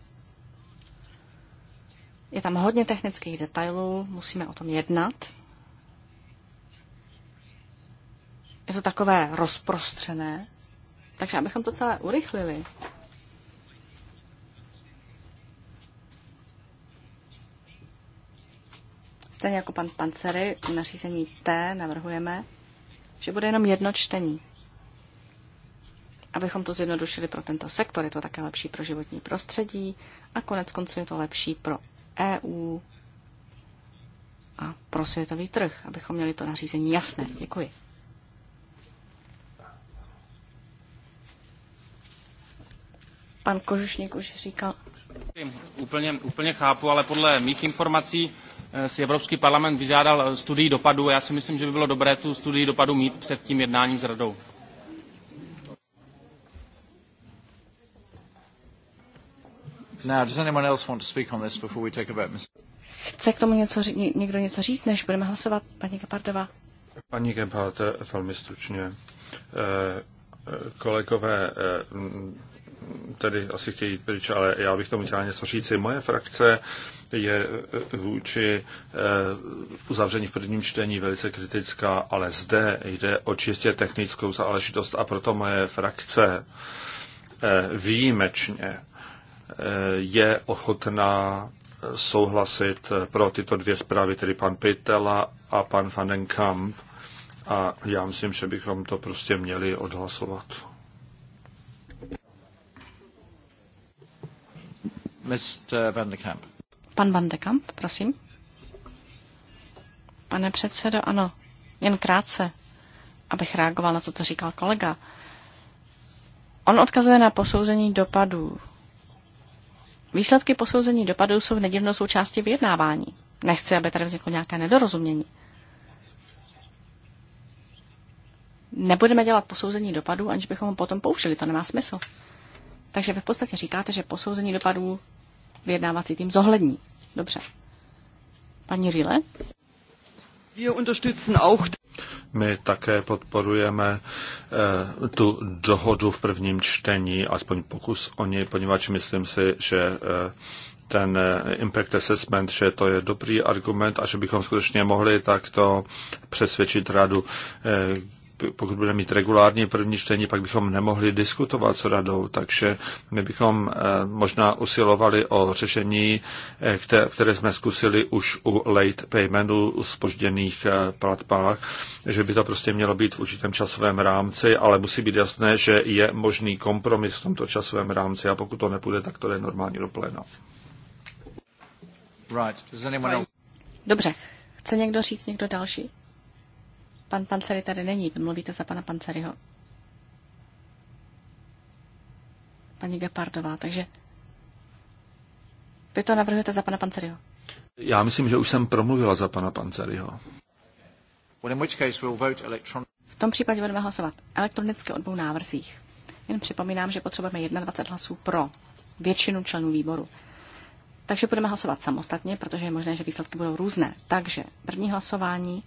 Je tam hodně technických detailů, musíme o tom jednat. Je to takové rozprostřené, takže abychom to celé urychlili, Stejně jako pan Pancery, nařízení T navrhujeme, že bude jenom jedno čtení. Abychom to zjednodušili pro tento sektor, je to také lepší pro životní prostředí a konec konců je to lepší pro EU a pro světový trh, abychom měli to nařízení jasné. Děkuji. Pan Kožušník už říkal. Úplně, úplně chápu, ale podle mých informací Eh, si Evropský parlament vyžádal eh, studii dopadu. Já si myslím, že by bylo dobré tu studii dopadu mít před tím jednáním s radou. Chce k tomu něco, někdo něco říct, než budeme hlasovat? Paní Gepardová. Paní Gebhardt, eh, velmi stručně. Kolegové, tedy asi chtějí jít pryč, ale já bych tomu chtěl něco říci. Moje frakce je eh, vůči eh, uzavření v prvním čtení velice kritická, ale zde jde o čistě technickou záležitost a proto moje frakce eh, výjimečně je ochotná souhlasit pro tyto dvě zprávy, tedy pan Pitela a pan Vandenkamp. A já myslím, že bychom to prostě měli odhlasovat. Mr. Van de Kamp. Pan Van de Kamp, prosím. Pane předsedo, ano, jen krátce, abych reagoval na to, co říkal kolega. On odkazuje na posouzení dopadů. Výsledky posouzení dopadů jsou v nedivnou součástí vyjednávání. Nechci, aby tady vzniklo nějaké nedorozumění. Nebudeme dělat posouzení dopadů, aniž bychom ho potom použili. To nemá smysl. Takže vy v podstatě říkáte, že posouzení dopadů vyjednávací tým zohlední. Dobře. Paní Žile? My také podporujeme eh, tu dohodu v prvním čtení, aspoň pokus o ní, poněvadž myslím si, že eh, ten eh, impact assessment, že to je dobrý argument a že bychom skutečně mohli takto přesvědčit radu, eh, pokud budeme mít regulární první čtení, pak bychom nemohli diskutovat s radou, takže my bychom eh, možná usilovali o řešení, eh, které jsme zkusili už u late paymentů, u spožděných eh, platbách, že by to prostě mělo být v určitém časovém rámci, ale musí být jasné, že je možný kompromis v tomto časovém rámci a pokud to nepůjde, tak to je normálně do pléna. Dobře. Chce někdo říct někdo další? Pan Pancery tady není, mluvíte za pana Panceryho. Paní Gepardová, takže vy to navrhujete za pana Panceryho. Já myslím, že už jsem promluvila za pana Panceryho. V tom případě budeme hlasovat elektronicky o dvou návrzích. Jen připomínám, že potřebujeme 21 hlasů pro většinu členů výboru. Takže budeme hlasovat samostatně, protože je možné, že výsledky budou různé. Takže první hlasování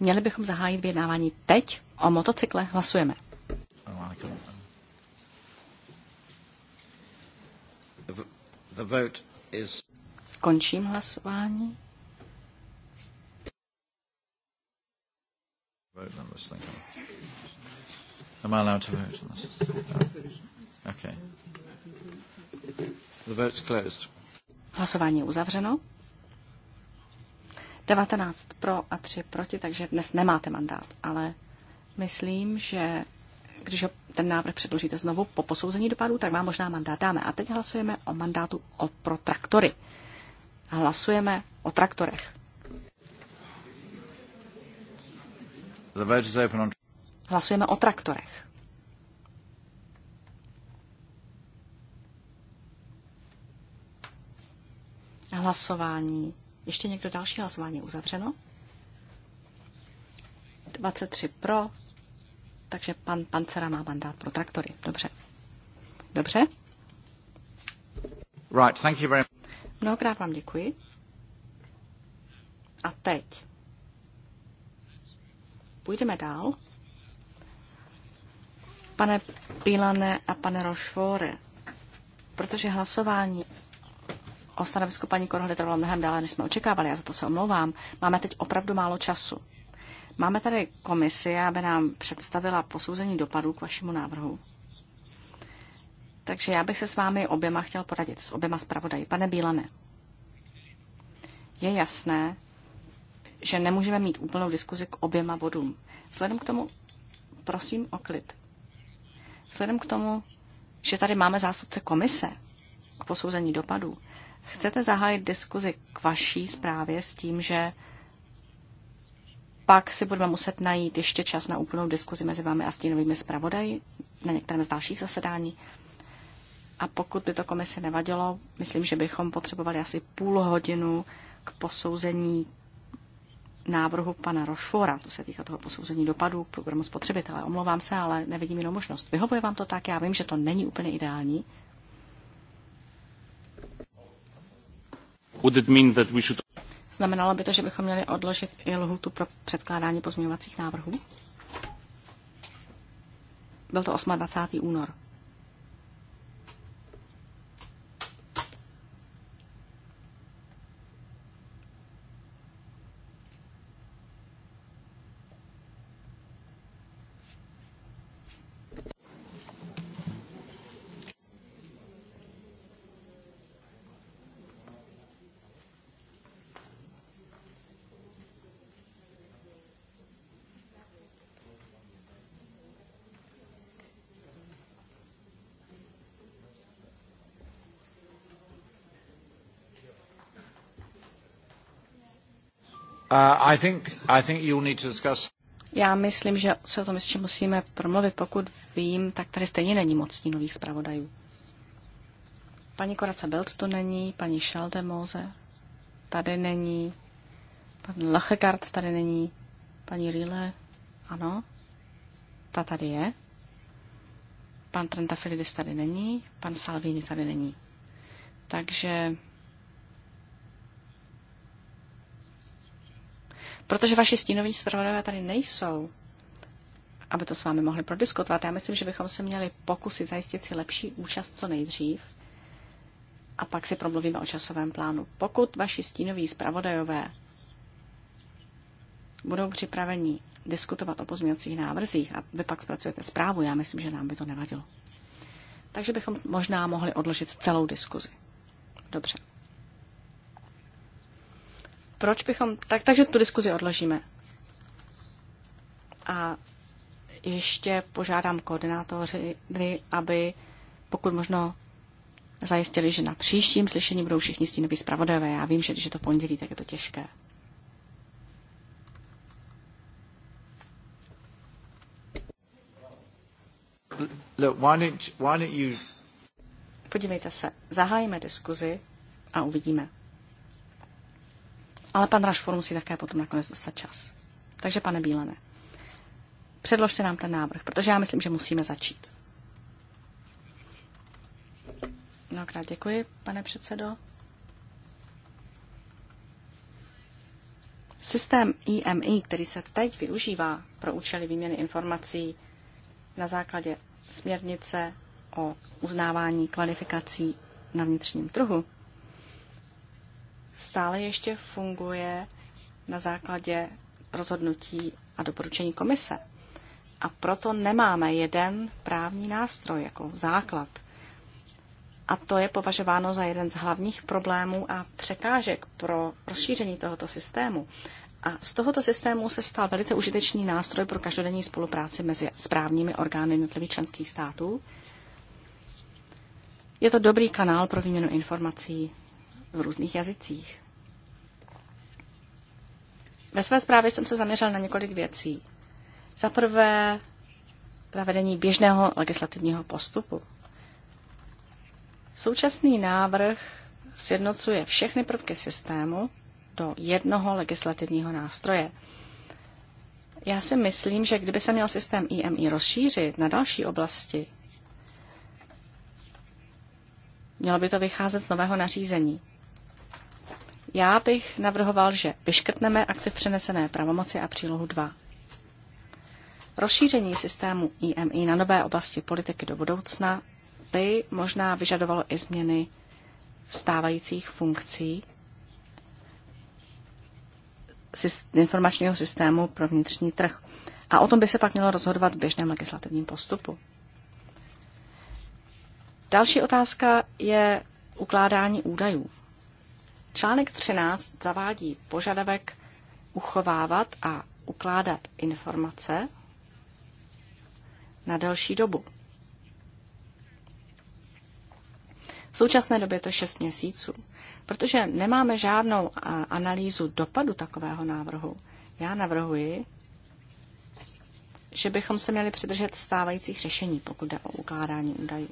Měli bychom zahájit vyjednávání teď o motocykle. Hlasujeme. The vote is... Končím hlasování. Vote on this thing. Am I allowed to vote on this? No. Okay. The vote's closed. Hlasování je uzavřeno. 19 pro a 3 proti, takže dnes nemáte mandát, ale myslím, že když ten návrh předložíte znovu po posouzení dopadů, tak vám možná mandát dáme. A teď hlasujeme o mandátu o, pro traktory. Hlasujeme o traktorech. Hlasujeme o traktorech. Hlasování ještě někdo další hlasování uzavřeno? 23 pro, takže pan Pancera má mandát pro traktory. Dobře. Dobře? Right, thank you very much. Mnohokrát vám děkuji. A teď půjdeme dál. Pane Pilane a pane Rošvore, protože hlasování O stanovisku paní Korholy trvalo mnohem déle, než jsme očekávali, já za to se omlouvám. Máme teď opravdu málo času. Máme tady komisi, aby nám představila posouzení dopadů k vašemu návrhu. Takže já bych se s vámi oběma chtěl poradit, s oběma zpravodaji. Pane Bílane, je jasné, že nemůžeme mít úplnou diskuzi k oběma bodům. Vzhledem k tomu, prosím o klid. Vzhledem k tomu, že tady máme zástupce komise k posouzení dopadů, Chcete zahájit diskuzi k vaší zprávě s tím, že pak si budeme muset najít ještě čas na úplnou diskuzi mezi vámi a stínovými zpravodaji na některém z dalších zasedání. A pokud by to komise nevadilo, myslím, že bychom potřebovali asi půl hodinu k posouzení návrhu pana Rošvora, to se týká toho posouzení dopadů programu spotřebitele. Omlouvám se, ale nevidím jinou možnost. Vyhovuje vám to tak? Já vím, že to není úplně ideální, Znamenalo by to, že bychom měli odložit i lhutu pro předkládání pozměňovacích návrhů? Byl to 28. únor. Uh, I think, I think need to discuss... Já myslím, že se o tom ještě musíme promluvit. Pokud vím, tak tady stejně není moc nových zpravodajů. Paní Koraca Belt tu není, paní Schaldemose tady není, pan Lachekart tady není, paní Rile, ano, ta tady je, pan Trentafilidis tady není, pan Salvini tady není. Takže Protože vaši stínoví zpravodajové tady nejsou, aby to s vámi mohli prodiskutovat. Já myslím, že bychom se měli pokusit zajistit si lepší účast co nejdřív a pak si promluvíme o časovém plánu. Pokud vaši stínoví zpravodajové budou připraveni diskutovat o pozměňovacích návrzích a vy pak zpracujete zprávu, já myslím, že nám by to nevadilo. Takže bychom možná mohli odložit celou diskuzi. Dobře. Proč bychom... Tak, takže tu diskuzi odložíme. A ještě požádám koordinátory, aby pokud možno zajistili, že na příštím slyšení budou všichni stínoví zpravodajové. Já vím, že když je to pondělí, tak je to těžké. Podívejte se, zahájíme diskuzi a uvidíme. Ale pan Rašfor musí také potom nakonec dostat čas. Takže, pane Bílené, předložte nám ten návrh, protože já myslím, že musíme začít. Mnohokrát děkuji, pane předsedo. Systém IMI, který se teď využívá pro účely výměny informací na základě směrnice o uznávání kvalifikací na vnitřním trhu, stále ještě funguje na základě rozhodnutí a doporučení komise. A proto nemáme jeden právní nástroj jako základ. A to je považováno za jeden z hlavních problémů a překážek pro rozšíření tohoto systému. A z tohoto systému se stal velice užitečný nástroj pro každodenní spolupráci mezi správními orgány jednotlivých členských států. Je to dobrý kanál pro výměnu informací v různých jazycích. Ve své zprávě jsem se zaměřil na několik věcí. Za prvé zavedení běžného legislativního postupu. Současný návrh sjednocuje všechny prvky systému do jednoho legislativního nástroje. Já si myslím, že kdyby se měl systém IMI rozšířit na další oblasti, mělo by to vycházet z nového nařízení. Já bych navrhoval, že vyškrtneme aktiv přenesené pravomoci a přílohu 2. Rozšíření systému IMI na nové oblasti politiky do budoucna by možná vyžadovalo i změny stávajících funkcí informačního systému pro vnitřní trh. A o tom by se pak mělo rozhodovat v běžném legislativním postupu. Další otázka je ukládání údajů. Článek 13 zavádí požadavek uchovávat a ukládat informace na delší dobu. V současné době je to 6 měsíců. Protože nemáme žádnou analýzu dopadu takového návrhu, já navrhuji, že bychom se měli přidržet stávajících řešení, pokud jde o ukládání údajů.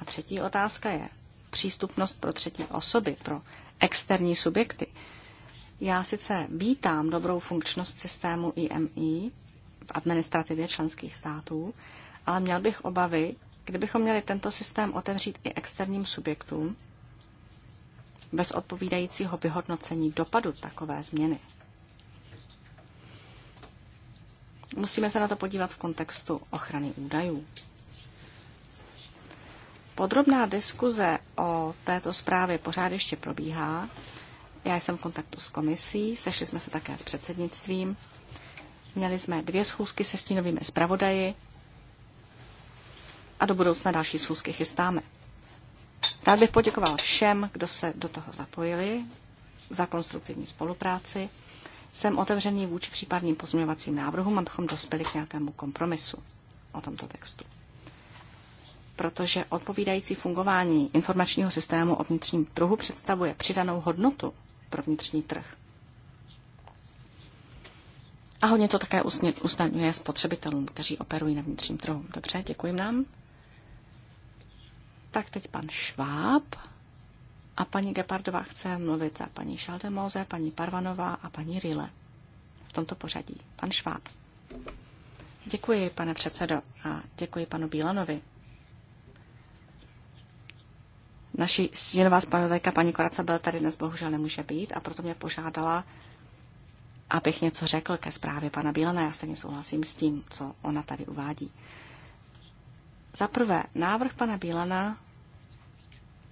A třetí otázka je přístupnost pro třetí osoby, pro externí subjekty. Já sice vítám dobrou funkčnost systému IMI v administrativě členských států, ale měl bych obavy, kdybychom měli tento systém otevřít i externím subjektům bez odpovídajícího vyhodnocení dopadu takové změny. Musíme se na to podívat v kontextu ochrany údajů. Podrobná diskuze o této zprávě pořád ještě probíhá. Já jsem v kontaktu s komisí, sešli jsme se také s předsednictvím. Měli jsme dvě schůzky se stínovými zpravodaji a do budoucna další schůzky chystáme. Rád bych poděkoval všem, kdo se do toho zapojili, za konstruktivní spolupráci. Jsem otevřený vůči případným pozměňovacím návrhům, abychom dospěli k nějakému kompromisu o tomto textu protože odpovídající fungování informačního systému o vnitřním trhu představuje přidanou hodnotu pro vnitřní trh. A hodně to také usnadňuje spotřebitelům, kteří operují na vnitřním trhu. Dobře, děkuji nám. Tak teď pan Šváb a paní Gepardová chce mluvit za paní Šaldemoze, paní Parvanová a paní Rile. V tomto pořadí. Pan Šváb. Děkuji, pane předsedo, a děkuji panu Bílanovi. Naši stěnová spravodajka paní Koraca byl tady dnes bohužel nemůže být a proto mě požádala, abych něco řekl ke zprávě pana Bílana. Já stejně souhlasím s tím, co ona tady uvádí. Za prvé, návrh pana Bílana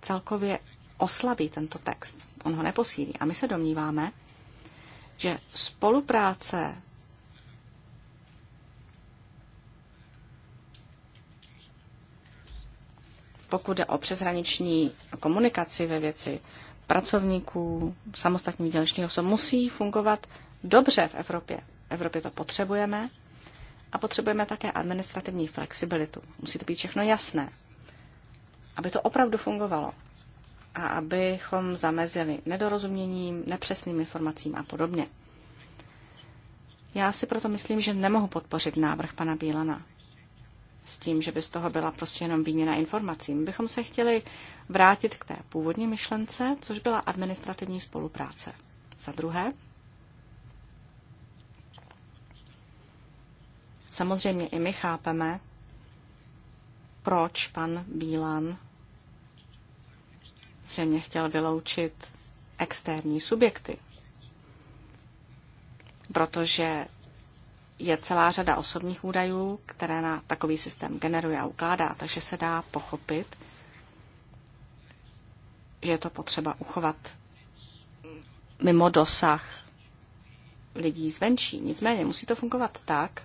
celkově oslabí tento text. On ho neposílí. A my se domníváme, že spolupráce pokud jde o přeshraniční komunikaci ve věci pracovníků, samostatně výdělečných osob, musí fungovat dobře v Evropě. V Evropě to potřebujeme a potřebujeme také administrativní flexibilitu. Musí to být všechno jasné, aby to opravdu fungovalo a abychom zamezili nedorozuměním, nepřesným informacím a podobně. Já si proto myslím, že nemohu podpořit návrh pana Bílana s tím, že by z toho byla prostě jenom výměna informací. My bychom se chtěli vrátit k té původní myšlence, což byla administrativní spolupráce. Za druhé, samozřejmě i my chápeme, proč pan Bílan zřejmě chtěl vyloučit externí subjekty. Protože je celá řada osobních údajů, které na takový systém generuje a ukládá, takže se dá pochopit, že je to potřeba uchovat mimo dosah lidí zvenčí. Nicméně musí to fungovat tak,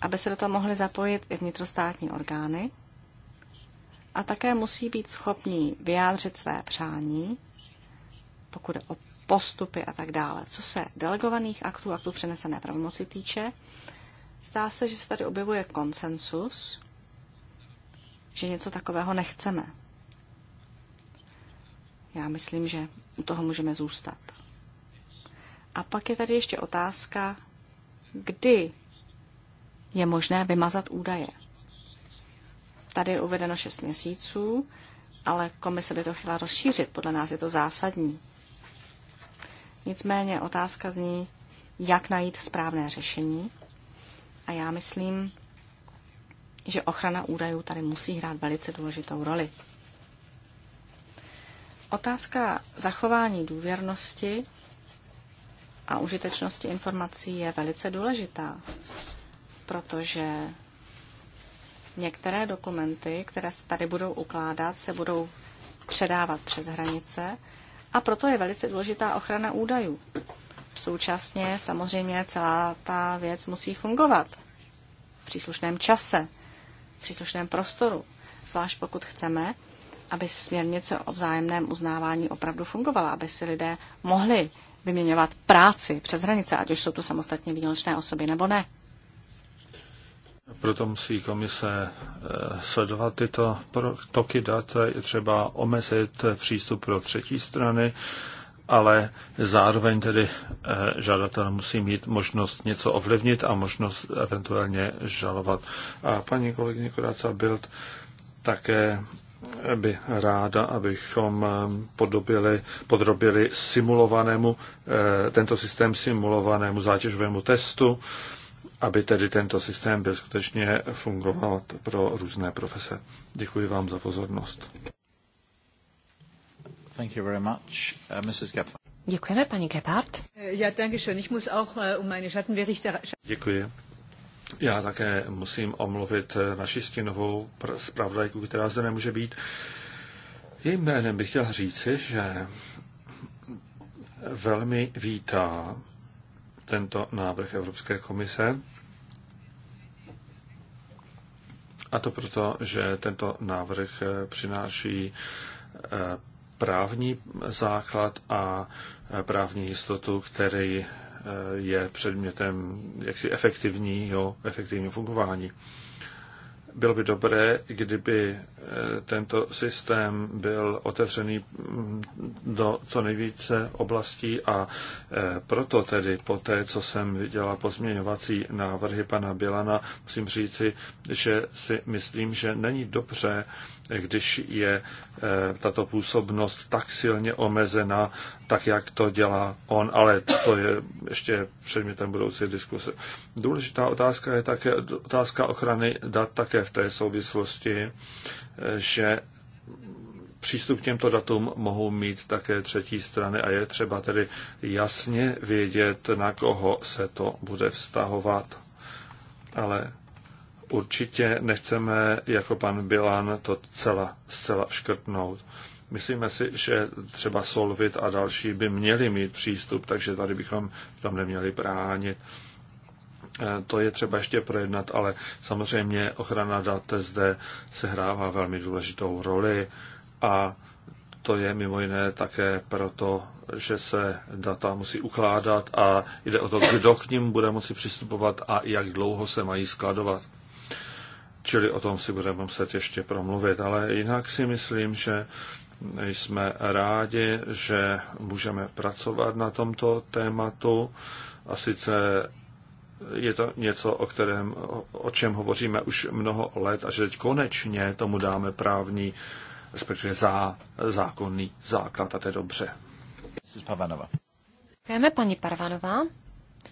aby se do toho mohly zapojit i vnitrostátní orgány a také musí být schopní vyjádřit své přání, pokud je o postupy a tak dále. Co se delegovaných aktů, aktů přenesené pravomoci týče, zdá se, že se tady objevuje konsensus, že něco takového nechceme. Já myslím, že u toho můžeme zůstat. A pak je tady ještě otázka, kdy je možné vymazat údaje. Tady je uvedeno 6 měsíců, ale komise by to chtěla rozšířit. Podle nás je to zásadní. Nicméně otázka zní, jak najít správné řešení. A já myslím, že ochrana údajů tady musí hrát velice důležitou roli. Otázka zachování důvěrnosti a užitečnosti informací je velice důležitá, protože některé dokumenty, které se tady budou ukládat, se budou předávat přes hranice a proto je velice důležitá ochrana údajů. Současně samozřejmě celá ta věc musí fungovat v příslušném čase, v příslušném prostoru, zvlášť pokud chceme, aby směrnice o vzájemném uznávání opravdu fungovala, aby si lidé mohli vyměňovat práci přes hranice, ať už jsou to samostatně výjimečné osoby nebo ne. Proto musí komise eh, sledovat tyto toky dat, je třeba omezit přístup pro třetí strany, ale zároveň tedy eh, žadatel musí mít možnost něco ovlivnit a možnost eventuálně žalovat. A paní kolegyně Koráca Bild také by ráda, abychom eh, podobili, podrobili simulovanému, tento systém simulovanému zátěžovému testu aby tedy tento systém byl skutečně fungoval pro různé profese. Děkuji vám za pozornost. Thank you very much. Uh, Mrs. Děkujeme, paní Gebhardt. Ja, danke schön. Ich muss auch äh, um meine Schattenberichter... Děkuji. Já také musím omluvit äh, naši stěnovou zpravodajku, která zde nemůže být. Jejím jménem bych chtěl říci, že velmi vítá tento návrh Evropské komise. A to proto, že tento návrh eh, přináší eh, právní základ a eh, právní jistotu, který je předmětem jaksi efektivního, efektivního fungování. Bylo by dobré, kdyby eh, tento systém byl otevřený mm, do co nejvíce oblastí a eh, proto tedy po té, co jsem viděla pozměňovací návrhy pana Bělana, musím říci, že si myslím, že není dobře, když je eh, tato působnost tak silně omezena, tak jak to dělá on, ale to je ještě předmětem budoucí diskuse. Důležitá otázka je také otázka ochrany dat také v té souvislosti, eh, že přístup k těmto datům mohou mít také třetí strany a je třeba tedy jasně vědět, na koho se to bude vztahovat. Ale určitě nechceme jako pan Bilan to celá, zcela škrtnout. Myslíme si, že třeba Solvit a další by měli mít přístup, takže tady bychom tam neměli bránit. E, to je třeba ještě projednat, ale samozřejmě ochrana dat zde sehrává velmi důležitou roli a to je mimo jiné také proto, že se data musí ukládat a jde o to, kdo k ním bude moci přistupovat a jak dlouho se mají skladovat. Čili o tom si budeme muset ještě promluvit, ale jinak si myslím, že jsme rádi, že můžeme pracovat na tomto tématu a sice je to něco, o, kterém, o čem hovoříme už mnoho let a že teď konečně tomu dáme právní, respektive zá, zákonný základ a to je dobře. Děkujeme, paní Parvanová.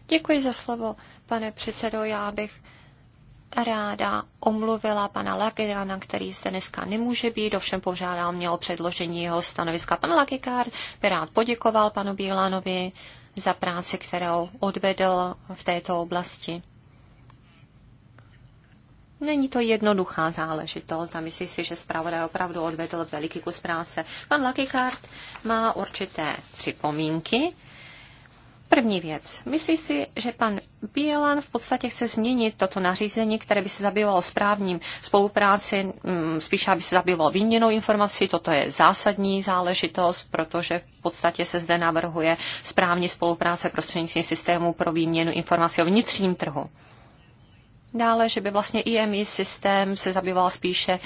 Děkuji za slovo, pane předsedo. Já bych ráda omluvila pana Lagedana, který se dneska nemůže být, ovšem požádal mě o předložení jeho stanoviska. Pan Lagekár by rád poděkoval panu Bílanovi za práci, kterou odvedl v této oblasti. Není to jednoduchá záležitost a myslím si, že zpravodaj opravdu odvedl veliký kus práce. Pan Lakikart má určité připomínky První věc. Myslí si, že pan Bielan v podstatě chce změnit toto nařízení, které by se zabývalo správním spolupráci, mm, spíše aby se zabývalo výměnou informací. Toto je zásadní záležitost, protože v podstatě se zde navrhuje správní spolupráce prostřednictvím systému pro výměnu informací o vnitřním trhu. Dále, že by vlastně IMI systém se zabýval spíše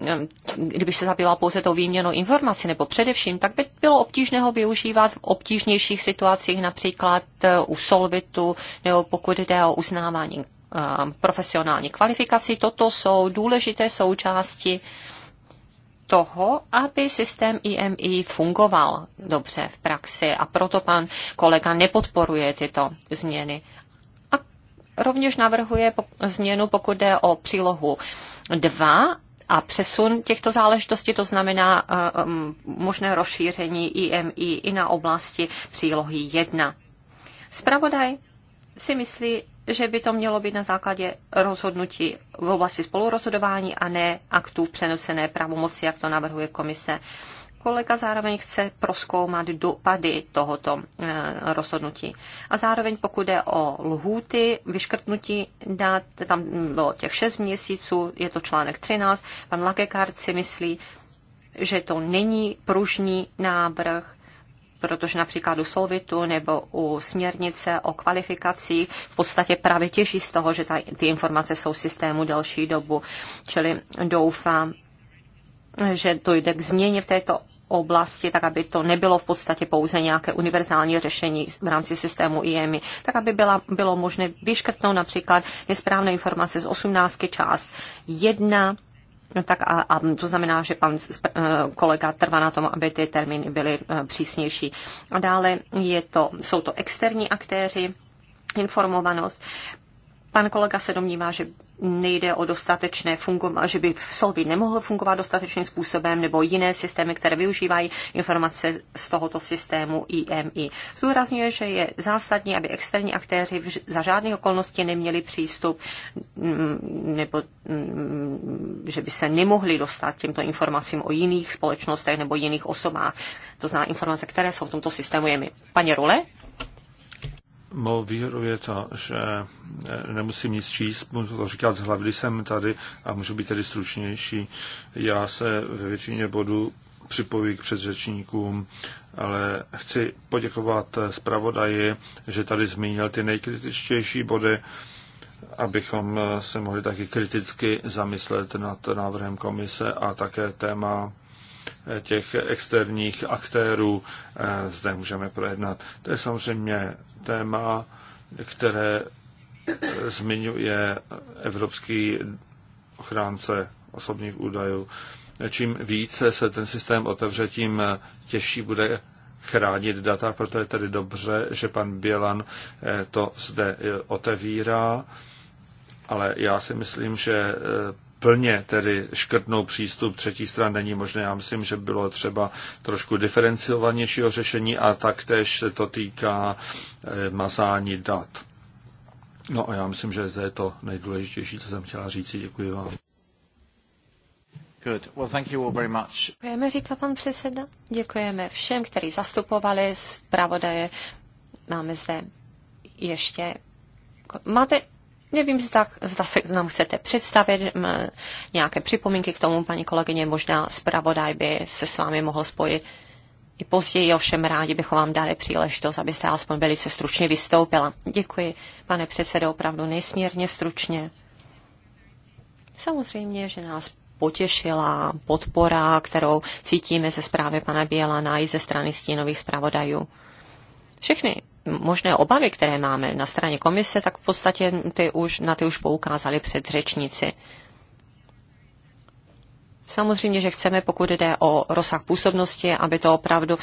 Ehm, kdyby se zabýval pouze tou výměnou informací nebo především, tak by bylo obtížné ho využívat v obtížnějších situacích, například eh, u solvitu nebo pokud jde o uznávání ehm, profesionální kvalifikací. Toto jsou důležité součásti toho, aby systém IMI fungoval dobře v praxi a proto pan kolega nepodporuje tyto změny. A rovněž navrhuje změnu, pokud jde o přílohu 2 a přesun těchto záležitostí, to znamená um, možné rozšíření IMI i na oblasti přílohy 1. Spravodaj si myslí, že by to mělo být na základě rozhodnutí v oblasti spolurozhodování a ne aktů přenosené pravomoci, jak to navrhuje komise. Uh, kolega zároveň chce proskoumat dopady tohoto eh, rozhodnutí. A zároveň pokud je o lhůty, vyškrtnutí dát, tam bylo těch 6 měsíců, je to článek 13, pan Lakekard si myslí, že to není pružný návrh, protože například u Solvitu nebo u směrnice o kvalifikacích v podstatě právě těží z toho, že ta, ty informace jsou v systému delší dobu. Čili doufám, že to jde k změně v této oblasti, tak aby to nebylo v podstatě pouze nějaké univerzální řešení v rámci systému IEMI, tak aby byla, bylo možné vyškrtnout například nesprávné informace z 18 část 1, No tak a, a to znamená, že pan eh, kolega trvá na tom, aby ty termíny byly eh, přísnější. A dále je to, jsou to externí aktéři, informovanost. Pan kolega se domnívá, že nejde o dostatečné fungování, že by v solvi nemohl fungovat dostatečným způsobem, nebo jiné systémy, které využívají informace z tohoto systému IMI. Zdůrazňuje, že je zásadní, aby externí aktéři za žádné okolnosti neměli přístup, mm, nebo mm, že by se nemohli dostat těmto informacím o jiných společnostech nebo jiných osobách. To zná informace, které jsou v tomto systému IMI. Paní Rule? Mou výhodou je to, že eh, nemusím nic číst, můžu to říkat z hlavy, jsem tady a můžu být tedy stručnější. Já se ve většině bodů připojí k předřečníkům, ale chci poděkovat zpravodaji, že tady zmínil ty nejkritičtější body, abychom eh, se mohli taky kriticky zamyslet nad návrhem komise a také téma těch externích aktérů eh, zde můžeme projednat. To je samozřejmě téma, které eh, zmiňuje Evropský ochránce osobních údajů. Čím více se ten systém otevře, tím eh, těžší bude chránit data, proto je tedy dobře, že pan Bělan to zde otevírá, ale já si myslím, že plně tedy škrtnou přístup třetí stran není možné. Já myslím, že bylo třeba trošku diferencovanějšího řešení a taktéž se to týká eh, mazání dat. No a já myslím, že to je to nejdůležitější, co jsem chtěla říct. Děkuji vám. Good. Well, thank you all very much. Děkujeme, říká pan předseda. Děkujeme všem, kteří zastupovali zpravodaje. Máme zde ještě... Máte Nevím, zda, zda se nám chcete představit nějaké připomínky k tomu, paní kolegyně, možná zpravodaj by se s vámi mohl spojit. I později ovšem rádi bychom vám dali příležitost, abyste alespoň velice stručně vystoupila. Děkuji, pane předsedo, opravdu nesmírně stručně. Samozřejmě, že nás potěšila podpora, kterou cítíme ze zprávy pana Bělana i ze strany stínových zpravodajů. Všechny možné obavy, které máme na straně komise, tak v podstatě ty už, na ty už poukázali předřečníci. Samozřejmě, že chceme, pokud jde o rozsah působnosti, aby to opravdu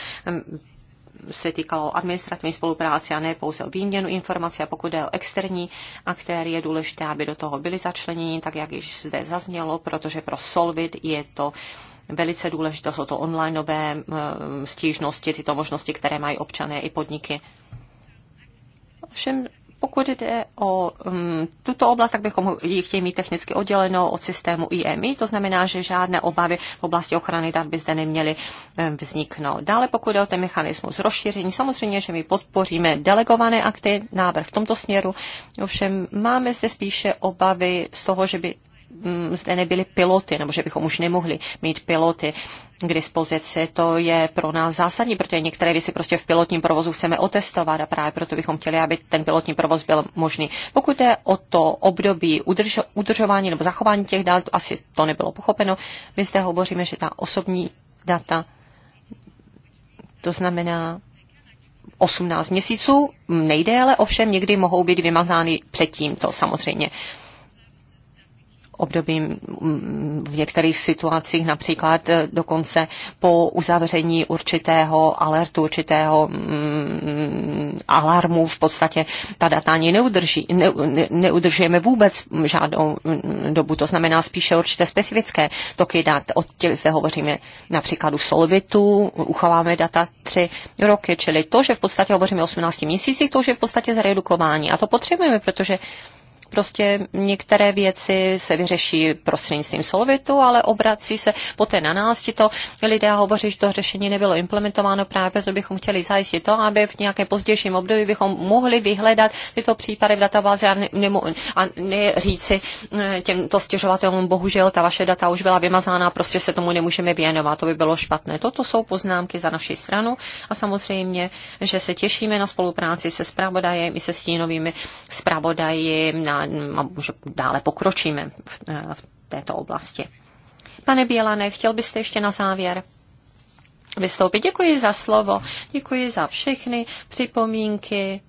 se týkalo administrativní spolupráce a ne pouze o výměnu informací. A pokud jde o externí aktéry, je důležité, aby do toho byli začleněni, tak jak již zde zaznělo, protože pro Solvit je to velice důležité. Jsou to online nové stížnosti, tyto možnosti, které mají občané i podniky. Všem, pokud jde o um, tuto oblast, tak bychom ji chtěli mít technicky oddělenou od systému IMI, to znamená, že žádné obavy v oblasti ochrany dat by zde neměly um, vzniknout. Dále, pokud jde o ten mechanismus rozšíření, samozřejmě, že my podpoříme delegované akty, návrh v tomto směru, ovšem máme zde spíše obavy z toho, že by um, zde nebyly piloty, nebo že bychom už nemohli mít piloty k dispozici, to je pro nás zásadní, protože některé věci prostě v pilotním provozu chceme otestovat a právě proto bychom chtěli, aby ten pilotní provoz byl možný. Pokud jde o to období udrž- udržování nebo zachování těch dat, asi to nebylo pochopeno. My zde hovoříme, že ta osobní data, to znamená 18 měsíců, nejdéle ovšem někdy mohou být vymazány předtím, to samozřejmě obdobím mm, v některých situacích, například eh, dokonce po uzavření určitého alertu, určitého mm, alarmu v podstatě ta data ani neudrží, ne, ne, neudržujeme vůbec žádnou mm, dobu. To znamená spíše určité specifické toky dat. Od těch zde hovoříme například u Solvitu, uchováme data tři roky, čili to, že v podstatě hovoříme o 18 měsících, to už je v podstatě zredukování. A to potřebujeme, protože prostě některé věci se vyřeší prostřednictvím solvitu, ale obrací se poté na nás tito lidé a hovoří, že to řešení nebylo implementováno právě, proto bychom chtěli zajistit to, aby v nějakém pozdějším období bychom mohli vyhledat tyto případy v databázi a, ne, a ne říci eh, těmto stěžovatelům, bohužel ta vaše data už byla vymazána, prostě se tomu nemůžeme věnovat, to by bylo špatné. Toto jsou poznámky za naši stranu a samozřejmě, že se těšíme na spolupráci se zpravodajem i se stínovými zpravodaji na a že dále pokročíme v, eh, v této oblasti. Pane Bělane, chtěl byste ještě na závěr vystoupit? Děkuji za slovo, děkuji za všechny připomínky.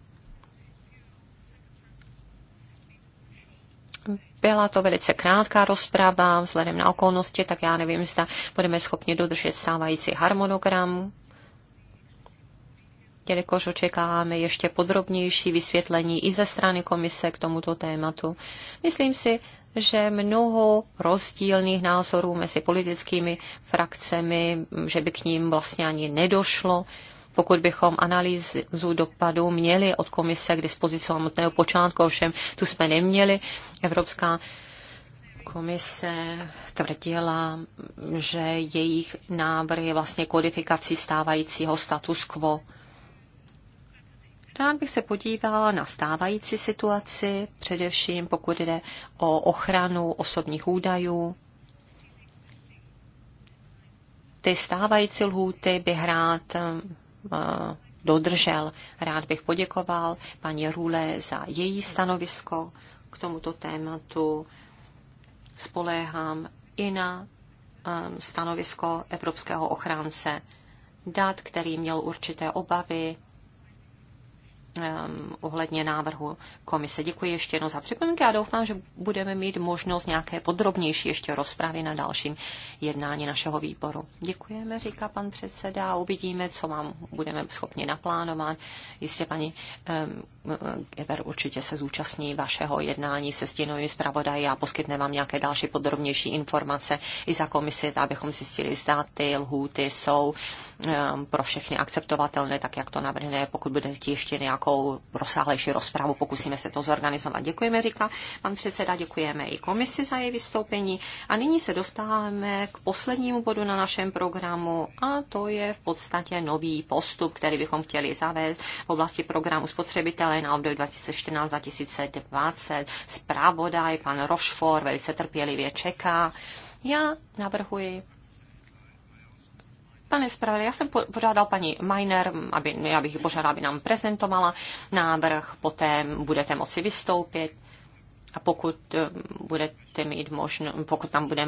Byla to velice krátká rozprava vzhledem na okolnosti, tak já nevím, zda budeme schopni dodržet stávající harmonogram jelikož očekáváme ještě podrobnější vysvětlení i ze strany komise k tomuto tématu. Myslím si, že mnoho rozdílných názorů mezi politickými frakcemi, že by k ním vlastně ani nedošlo, pokud bychom analýzu dopadu měli od komise k dispozici samotného počátku, ovšem tu jsme neměli. Evropská komise tvrdila, že jejich návrh je vlastně kodifikací stávajícího status quo Rád bych se podívala na stávající situaci, především pokud jde o ochranu osobních údajů. Ty stávající lhůty bych rád um, eh, dodržel. Rád bych poděkoval paní Růle za její stanovisko k tomuto tématu. Spoléhám i na um, stanovisko Evropského ochránce dat, který měl určité obavy um, ohledně návrhu komise. Děkuji ještě jednou za připomínky a doufám, že budeme mít možnost nějaké podrobnější ještě rozpravy na dalším jednání našeho výboru. Děkujeme, říká pan předseda, uvidíme, co vám budeme schopni naplánovat. Jistě paní um, Ever určitě se zúčastní vašeho jednání se stěnovým zpravodají a poskytne vám nějaké další podrobnější informace i za komisi, abychom zjistili, zda ty lhůty jsou um, pro všechny akceptovatelné, tak jak to navrhne, pokud bude ještě nějak nějakou rozsáhlejší rozpravu, pokusíme se to zorganizovat. Děkujeme, říká pan předseda, děkujeme i komisi za její vystoupení. A nyní se dostáváme k poslednímu bodu na našem programu a to je v podstatě nový postup, který bychom chtěli zavést v oblasti programu spotřebitele na období 2014-2020. Zpravodaj pan Rochefort velice trpělivě čeká. Já navrhuji, Pane zpravodaj, já jsem požádal paní Miner, aby, já bych požádal, aby nám prezentovala návrh, poté budete moci vystoupit. A pokud eh, budete mít možnost, pokud tam bude,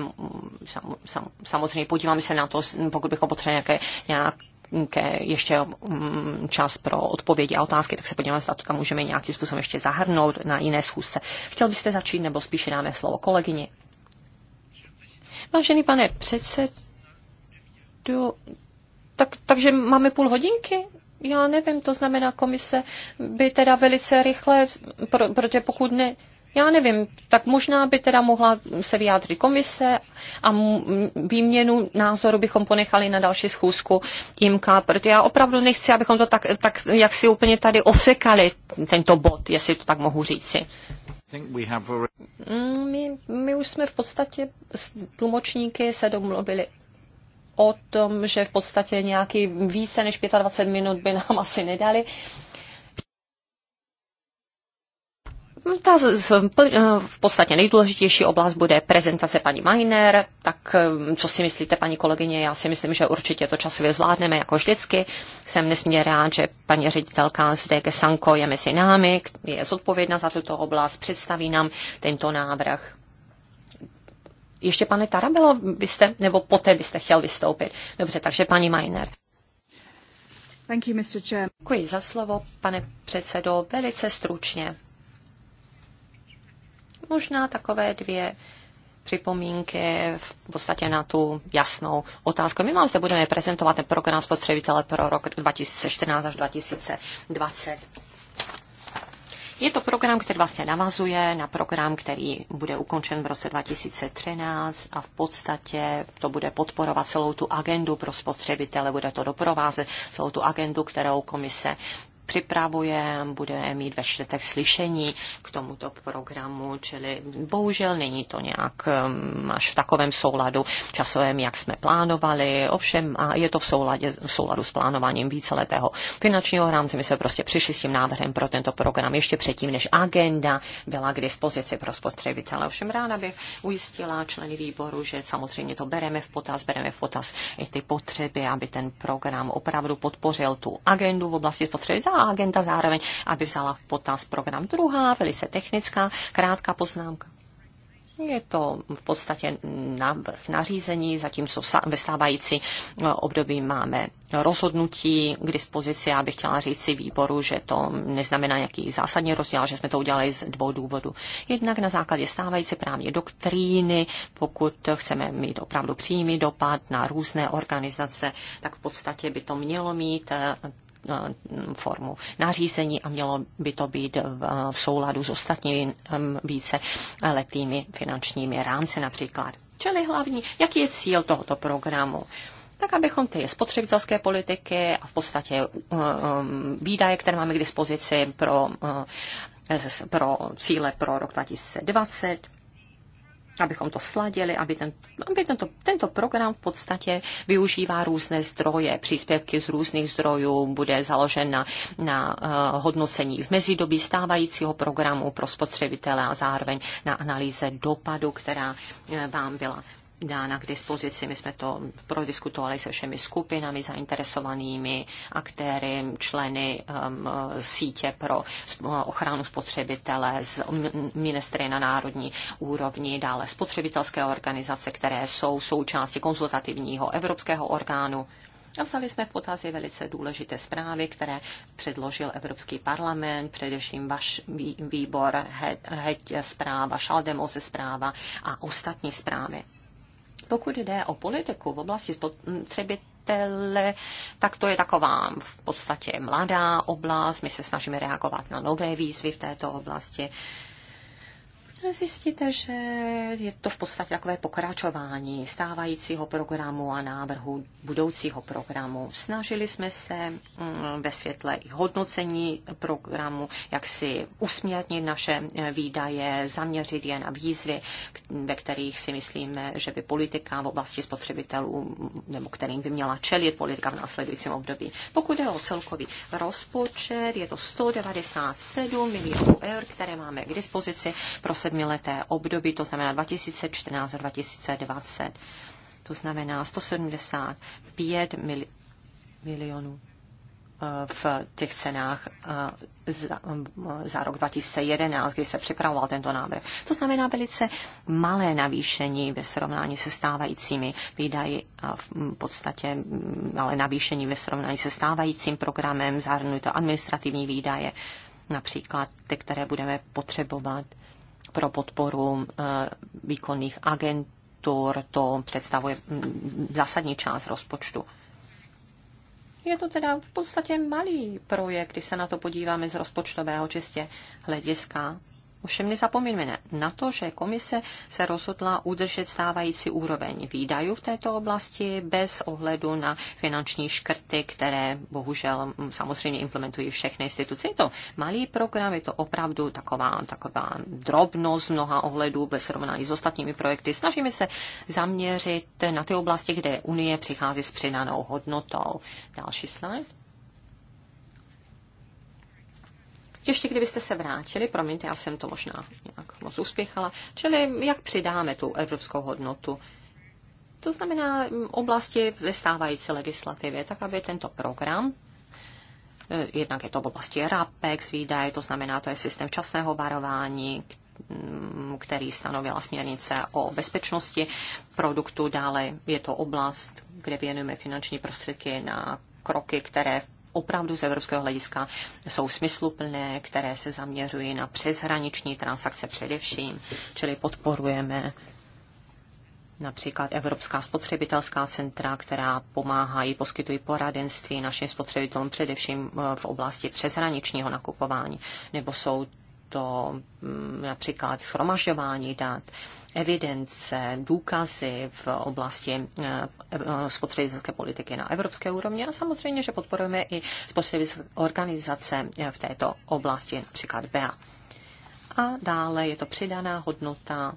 sam, sam, samozřejmě podíváme se na to, pokud bychom potřebovali nějaké, nějak, ke ještě mm, čas pro odpovědi a otázky, tak se podíváme, zda to tam můžeme nějakým způsobem ještě zahrnout na jiné schůzce. Chtěl byste začít, nebo spíše dáme slovo kolegyni? Vážený pane předsed, jo, Tak, takže máme půl hodinky? Já nevím, to znamená, komise by teda velice rychle, pro, protože pokud ne, já nevím, tak možná by teda mohla se vyjádřit komise a výměnu názoru bychom ponechali na další schůzku Jimka, protože já opravdu nechci, abychom to tak, tak jak si úplně tady osekali, tento bod, jestli to tak mohu říci. Mm, my, my už jsme v podstatě s tlumočníky se domluvili o tom, že v podstatě nějaký více než 25 minut by nám asi nedali. Hmm, ta eh, v podstatě nejdůležitější oblast bude prezentace paní Miner. Tak eh, co si myslíte, paní kolegyně? Já si myslím, že určitě to časově zvládneme, jako vždycky. Jsem nesmírně rád, že paní ředitelka z DG Sanko je mezi námi, je zodpovědná za tuto oblast, představí nám tento návrh. Ještě pane Tarabelo byste, nebo poté byste chtěl vystoupit. Dobře, takže paní Miner. Thank you, Mr. Chair. Děkuji za slovo, pane předsedo, velice stručně. Možná takové dvě připomínky v podstatě na tu jasnou otázku. My vám zde budeme prezentovat ten program spotřebitele pro rok 2014 až 2020. Je to program, který vlastně navazuje na program, který bude ukončen v roce 2013 a v podstatě to bude podporovat celou tu agendu pro spotřebitele, bude to doprovázet celou tu agendu, kterou komise připravujeme, bude mít ve čtvrtek slyšení k tomuto programu, čili bohužel není to nějak um, až v takovém souladu časovém, jak jsme plánovali, ovšem a je to v, souladě, v souladu s plánováním víceletého finančního rámce. My jsme prostě přišli s tím návrhem pro tento program ještě předtím, než agenda byla k dispozici pro spotřebitele. Ovšem ráda bych ujistila členy výboru, že samozřejmě to bereme v potaz, bereme v potaz i ty potřeby, aby ten program opravdu podpořil tu agendu v oblasti spotřebitele agenda zároveň, aby vzala v potaz program druhá, velice technická, krátká poznámka. Je to v podstatě návrh nařízení, zatímco ve stávající eh, období máme rozhodnutí k dispozici. Já bych chtěla říct si výboru, že to neznamená nějaký zásadní rozdíl, že jsme to udělali z dvou důvodů. Jednak na základě stávající právní doktríny, pokud chceme mít opravdu přímý dopad na různé organizace, tak v podstatě by to mělo mít eh, Eh, formu nařízení a mělo by to být v, souladu s ostatními více letými finančními rámci například. Čili hlavní, jaký je cíl tohoto programu? tak abychom ty spotřebitelské politiky a v podstatě eh, výdaje, které máme k dispozici pro, eh, pro cíle pro rok 2020, abychom to sladili, aby, ten, aby tento, tento program v podstatě využívá různé zdroje, příspěvky z různých zdrojů, bude založen na, na uh, hodnocení v mezidobí stávajícího programu pro spotřebitele a zároveň na analýze dopadu, která uh, vám byla dána k dispozici. My jsme to prodiskutovali se všemi skupinami, zainteresovanými aktéry, členy um, sítě pro ochranu spotřebitele, z ministry na národní úrovni, dále spotřebitelské organizace, které jsou součástí konzultativního evropského orgánu. A vzali jsme v potaz velice důležité zprávy, které předložil Evropský parlament, především váš výbor, heď, heď zpráva, šaldemoze zpráva a ostatní zprávy. Pokud jde o politiku v oblasti spotřebitele, tak to je taková v podstatě mladá oblast. My se snažíme reagovat na nové výzvy v této oblasti zjistíte, že je to v podstatě takové pokračování stávajícího programu a návrhu budoucího programu. Snažili jsme se mm, ve světle i hodnocení programu, jak si usměrnit naše eh, výdaje, zaměřit je na výzvy, ve kterých si myslíme, že by politika v oblasti spotřebitelů, mm, nebo kterým by měla čelit politika v následujícím období. Pokud je o celkový rozpočet, je to 197 milionů eur, které máme k dispozici pro 7 sedmileté období, to znamená 2014 a 2020. To znamená 175 mil, milionů eh, v těch cenách eh, za, eh, za rok 2011, kdy se připravoval tento návrh. To znamená velice malé navýšení ve srovnání se stávajícími výdaji, mm, v podstatě mm, malé navýšení ve srovnání se stávajícím programem, zahrnují to administrativní výdaje, například ty, které budeme potřebovat pro podporu eh, výkonných agentur, to představuje mm, zásadní část rozpočtu. Je to teda v podstatě malý projekt, když se na to podíváme z rozpočtového čistě hlediska. Ovšem nezapomeňme na to, že komise se rozhodla udržet stávající úroveň výdajů v této oblasti bez ohledu na finanční škrty, které bohužel samozřejmě implementují všechny instituce. Je to malý program, je to opravdu taková, taková drobnost mnoha ohledů ve srovnání s ostatními projekty. Snažíme se zaměřit na ty oblasti, kde Unie přichází s přidanou hodnotou. Další slide. ještě kdybyste se vrátili, promiňte, já jsem to možná nějak moc uspěchala, čili jak přidáme tu evropskou hodnotu to znamená mm, oblasti ve stávající legislativě, tak aby tento program, eh, jednak je to v oblasti RAPEX výdaje, to znamená, to je systém časného varování, mm, který stanovila směrnice o bezpečnosti produktu. Dále je to oblast, kde věnujeme finanční prostředky na kroky, které opravdu z evropského hlediska jsou smysluplné, které se zaměřují na přeshraniční transakce především, čili podporujeme například Evropská spotřebitelská centra, která pomáhají, poskytují poradenství našim spotřebitelům především eh, v oblasti přeshraničního nakupování, nebo jsou to mm, například schromažďování dat, evidence, důkazy v oblasti eh, eh, spotřebitelské politiky na evropské úrovni a samozřejmě, že podporujeme i spotřebitelské organizace eh, v této oblasti, například BEA. A dále je to přidaná hodnota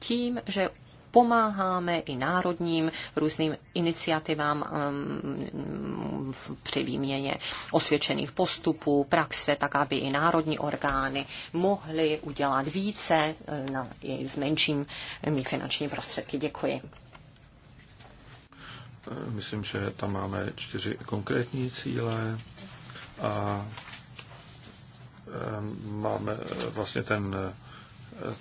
tím, že pomáháme i národním různým iniciativám mm, při výměně osvědčených postupů, praxe, tak aby i národní orgány mohly udělat více eh, na, i s menšími eh, finanční prostředky. Děkuji. Eh, myslím, že tam máme čtyři konkrétní cíle a máme vlastně ten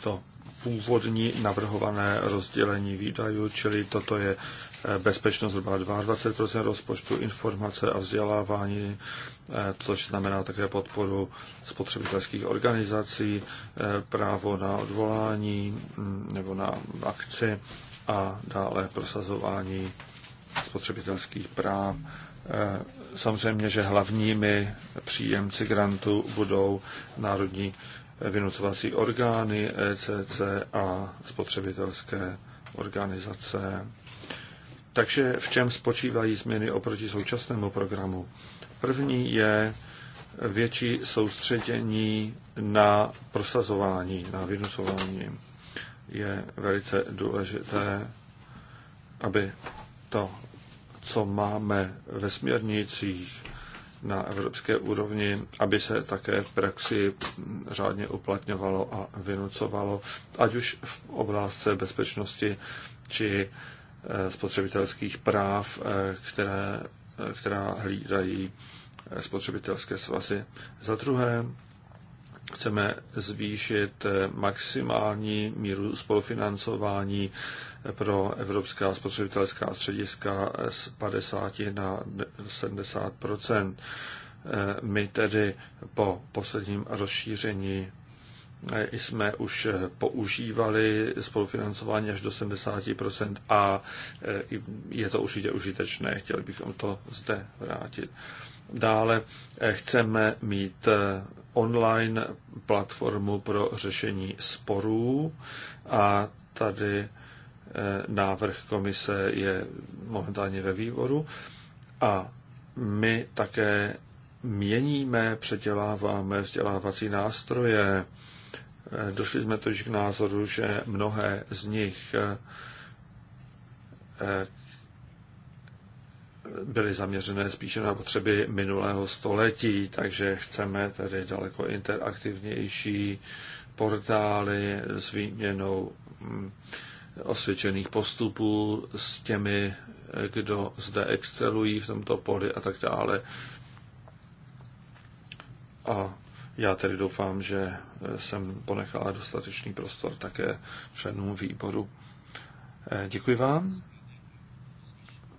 to původní navrhované rozdělení výdajů, čili toto je eh, bezpečnost zhruba 22 rozpočtu, informace a vzdělávání, eh, což znamená také podporu spotřebitelských organizací, eh, právo na odvolání mm, nebo na akci a dále prosazování spotřebitelských práv. Samozřejmě, že hlavními příjemci grantu budou národní vynucovací orgány ECC a spotřebitelské organizace. Takže v čem spočívají změny oproti současnému programu? První je větší soustředění na prosazování, na vynucování. Je velice důležité, aby to, co máme ve směrnicích, na evropské úrovni, aby se také v praxi řádně uplatňovalo a vynucovalo, ať už v oblasti bezpečnosti či eh, spotřebitelských práv, eh, které, eh, která hlídají spotřebitelské svazy. Za druhé, chceme zvýšit maximální míru spolufinancování pro evropská spotřebitelská střediska z 50 na 70 My tedy po posledním rozšíření jsme už používali spolufinancování až do 70 a je to určitě užitečné. Chtěli bychom to zde vrátit. Dále chceme mít online platformu pro řešení sporů a tady eh, návrh komise je momentálně ve vývoru a my také měníme, předěláváme vzdělávací nástroje. Eh, došli jsme totiž k názoru, že mnohé z nich eh, byly zaměřené spíše na potřeby minulého století, takže chceme tedy daleko interaktivnější portály s výměnou mm, osvědčených postupů s těmi, kdo zde excelují v tomto poli a tak dále. A já tedy doufám, že jsem ponechala dostatečný prostor také členům výboru. Eh, děkuji vám.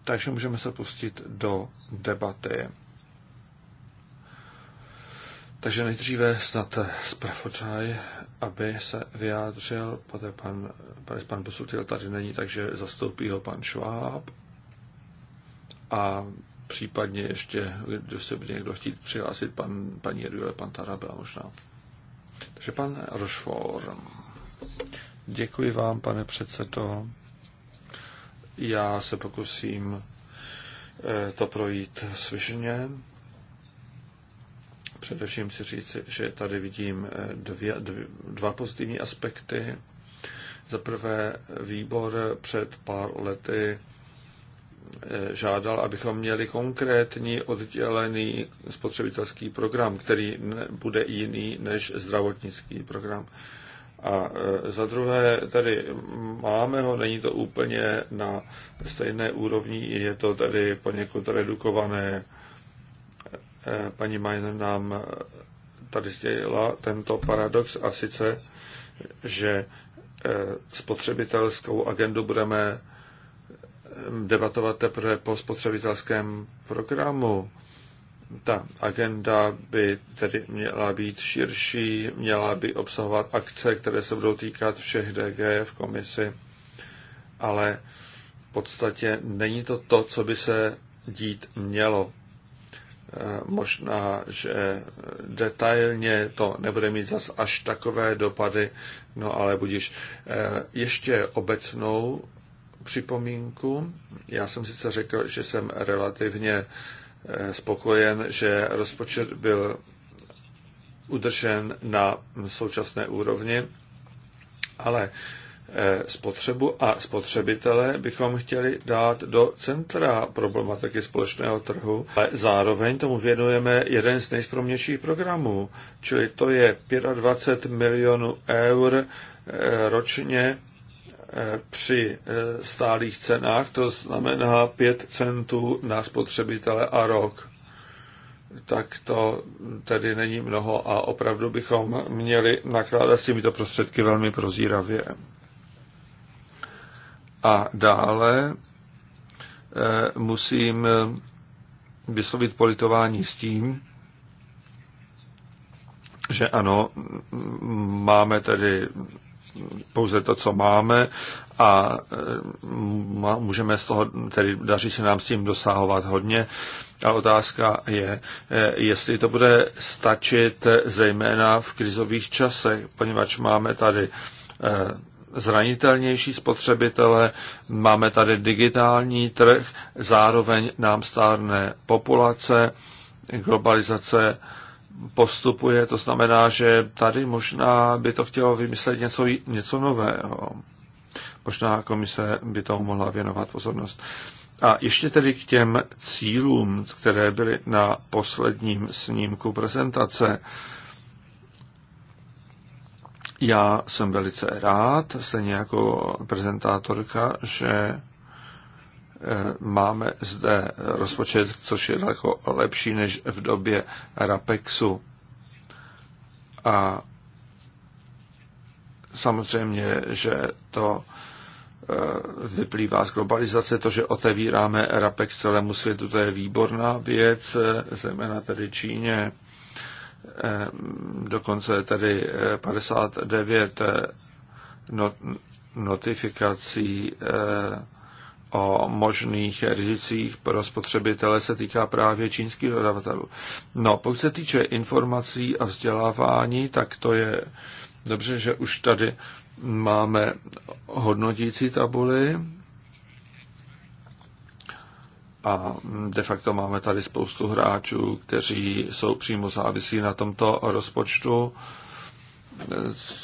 Takže můžeme se pustit do debaty. Takže nejdříve snad zpravodaj, aby se vyjádřil, poté pan, pan Bosutil tady není, takže zastoupí ho pan Šváb a případně ještě, když se bude někdo chtít přihlásit, pan, paní Jedule, pan Tarabela možná. Takže pan Rošfor. Děkuji vám, pane předsedo. Já se pokusím eh, to projít svižně. Především si říct, že tady vidím eh, dvě, dvě, dva pozitivní aspekty. Za prvé, výbor před pár lety eh, žádal, abychom měli konkrétní oddělený spotřebitelský program, který bude jiný než zdravotnický program. A e, za druhé, tady máme ho, není to úplně na stejné úrovni, je to tady poněkud redukované. E, paní Majner nám tady sdělila tento paradox a sice, že e, spotřebitelskou agendu budeme debatovat teprve po spotřebitelském programu ta agenda by tedy měla být širší, měla by obsahovat akce, které se budou týkat všech DG v komisi, ale v podstatě není to to, co by se dít mělo. Eh, možná, že detailně to nebude mít zas až takové dopady, no ale budíš eh, ještě obecnou připomínku. Já jsem sice řekl, že jsem relativně eh, Eh, spokojen, že rozpočet byl udržen na současné úrovni, ale eh, spotřebu a spotřebitele bychom chtěli dát do centra problematiky společného trhu, ale zároveň tomu věnujeme jeden z nejskromnějších programů, čili to je 25 milionů eur eh, ročně Eh, při eh, stálých cenách, to znamená 5 centů na spotřebitele a rok. Tak to tedy není mnoho a opravdu bychom měli nakládat s těmito prostředky velmi prozíravě. A dále eh, musím vyslovit politování s tím, že ano, máme tedy pouze to, co máme a eh, můžeme z toho, tedy daří se nám s tím dosahovat hodně. A otázka je, eh, jestli to bude stačit eh, zejména v krizových časech, poněvadž máme tady zranitelnější spotřebitele, máme tady digitální trh, zároveň nám stárne populace, globalizace postupuje. To znamená, že tady možná by to chtělo vymyslet něco, něco nového. Možná komise by tomu mohla věnovat pozornost. A ještě tedy k těm cílům, které byly na posledním snímku prezentace. Já jsem velice rád, stejně jako prezentátorka, že Eh, máme zde rozpočet, což je daleko lepší než v době RAPEXu. A samozřejmě, že to eh, vyplývá z globalizace, to, že otevíráme RAPEX celému světu, to je výborná věc, eh, zejména tedy Číně. Dokonce tady 59 not, notifikací o možných rizicích pro spotřebitele se týká právě čínských dodavatelů. No, pokud se týče informací a vzdělávání, tak to je dobře, že už tady máme hodnotící tabuly a de facto máme tady spoustu hráčů, kteří jsou přímo závisí na tomto rozpočtu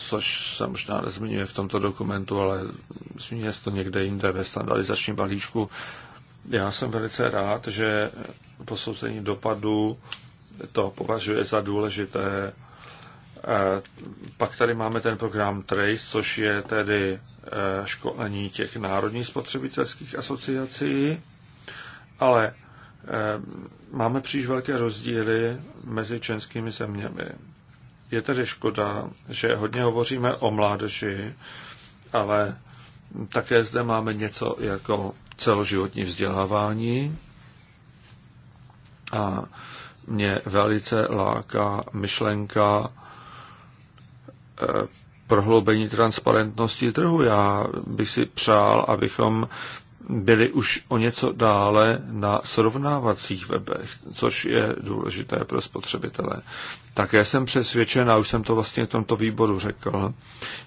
což se možná nezmiňuje v tomto dokumentu, ale zmíní se to někde jinde ve standardizačním balíčku. Já jsem velice rád, že posouzení dopadu to považuje za důležité. E, pak tady máme ten program TRACE, což je tedy e, školení těch národních spotřebitelských asociací, ale e, máme příliš velké rozdíly mezi členskými zeměmi. Je tedy škoda, že hodně hovoříme o mládeži, ale také zde máme něco jako celoživotní vzdělávání. A mě velice láká myšlenka eh, prohloubení transparentnosti trhu. Já bych si přál, abychom byli už o něco dále na srovnávacích webech, což je důležité pro spotřebitele. Také jsem přesvědčen, a už jsem to vlastně v tomto výboru řekl,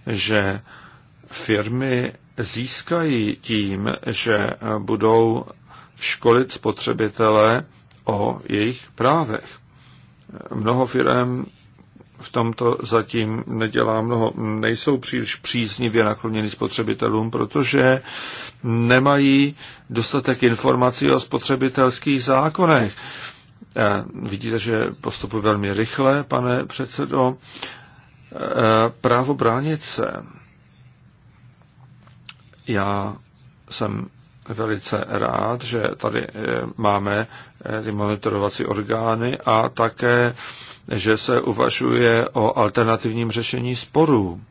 že firmy získají tím, že budou školit spotřebitele o jejich právech. Mnoho firm v tomto zatím nedělá mnoho. Nejsou příliš příznivě nakloněni spotřebitelům, protože nemají dostatek informací o spotřebitelských zákonech. E, vidíte, že postupuje velmi rychle, pane předsedo. E, právo bránit se. Já jsem velice rád, že tady eh, máme eh, ty monitorovací orgány a také, že se uvažuje o alternativním řešení sporů.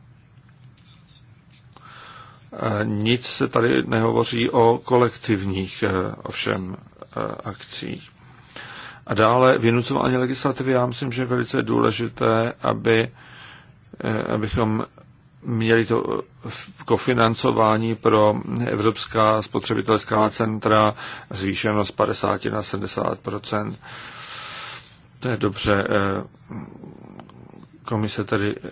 Eh, nic se tady nehovoří o kolektivních ovšem akcích. A dále vynucování legislativy, já myslím, že je velice důležité, aby, abychom měli to kofinancování pro evropská spotřebitelská centra zvýšeno z 50 na 70 To je dobře. Eh, komise tedy eh,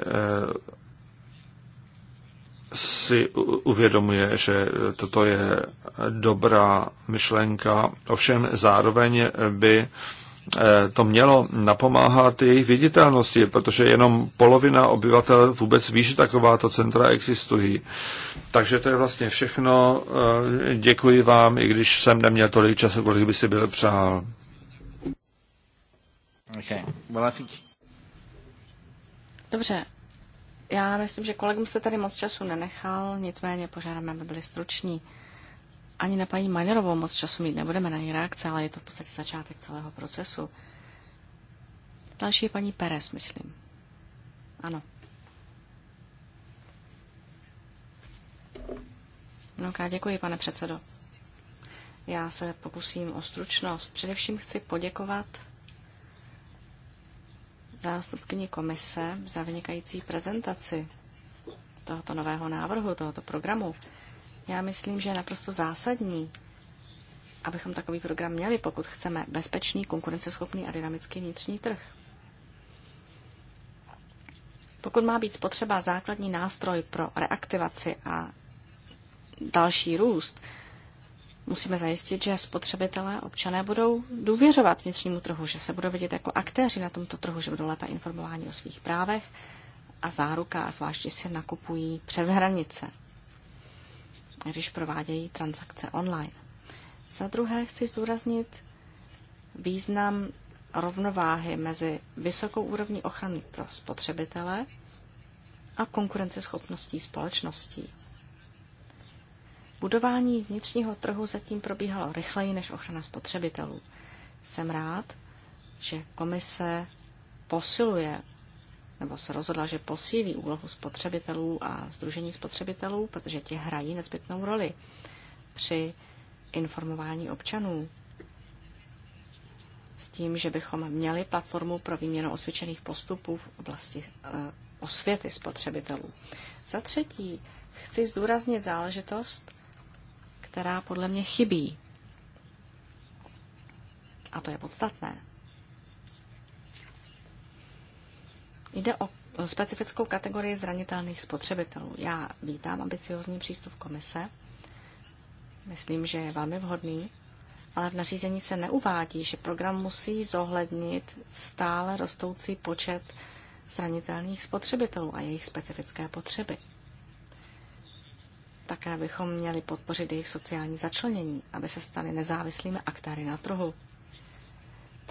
si uvědomuje, že toto je dobrá myšlenka, ovšem zároveň by Eh, to mělo napomáhat jejich viditelnosti, protože jenom polovina obyvatel vůbec ví, že takováto centra existují. Takže to je vlastně všechno. Eh, děkuji vám, i když jsem neměl tolik času, kolik by si byl přál. Okay. Dobře. Já myslím, že kolegům jste tady moc času nenechal, nicméně požádáme, aby byli struční ani na paní Majerovou moc času mít nebudeme na její reakce, ale je to v podstatě začátek celého procesu. Další je paní Perez, myslím. Ano. No, děkuji, pane předsedo. Já se pokusím o stručnost. Především chci poděkovat zástupkyni komise za vynikající prezentaci tohoto nového návrhu, tohoto programu. Já myslím, že je naprosto zásadní, abychom takový program měli, pokud chceme bezpečný, konkurenceschopný a dynamický vnitřní trh. Pokud má být spotřeba základní nástroj pro reaktivaci a další růst, musíme zajistit, že spotřebitelé, občané budou důvěřovat vnitřnímu trhu, že se budou vidět jako aktéři na tomto trhu, že budou lépe informováni o svých právech a záruka, a zvláště si nakupují přes hranice když provádějí transakce online. Za druhé chci zdůraznit význam rovnováhy mezi vysokou úrovní ochrany pro spotřebitele a konkurenceschopností společností. Budování vnitřního trhu zatím probíhalo rychleji než ochrana spotřebitelů. Jsem rád, že komise posiluje nebo se rozhodla, že posílí úlohu spotřebitelů a združení spotřebitelů, protože ti hrají nezbytnou roli při informování občanů s tím, že bychom měli platformu pro výměnu osvědčených postupů v oblasti eh, osvěty spotřebitelů. Za třetí, chci zdůraznit záležitost, která podle mě chybí. A to je podstatné. Jde o specifickou kategorii zranitelných spotřebitelů. Já vítám ambiciozní přístup komise. Myslím, že je velmi vhodný, ale v nařízení se neuvádí, že program musí zohlednit stále rostoucí počet zranitelných spotřebitelů a jejich specifické potřeby. Také bychom měli podpořit jejich sociální začlenění, aby se stali nezávislými aktéry na trhu.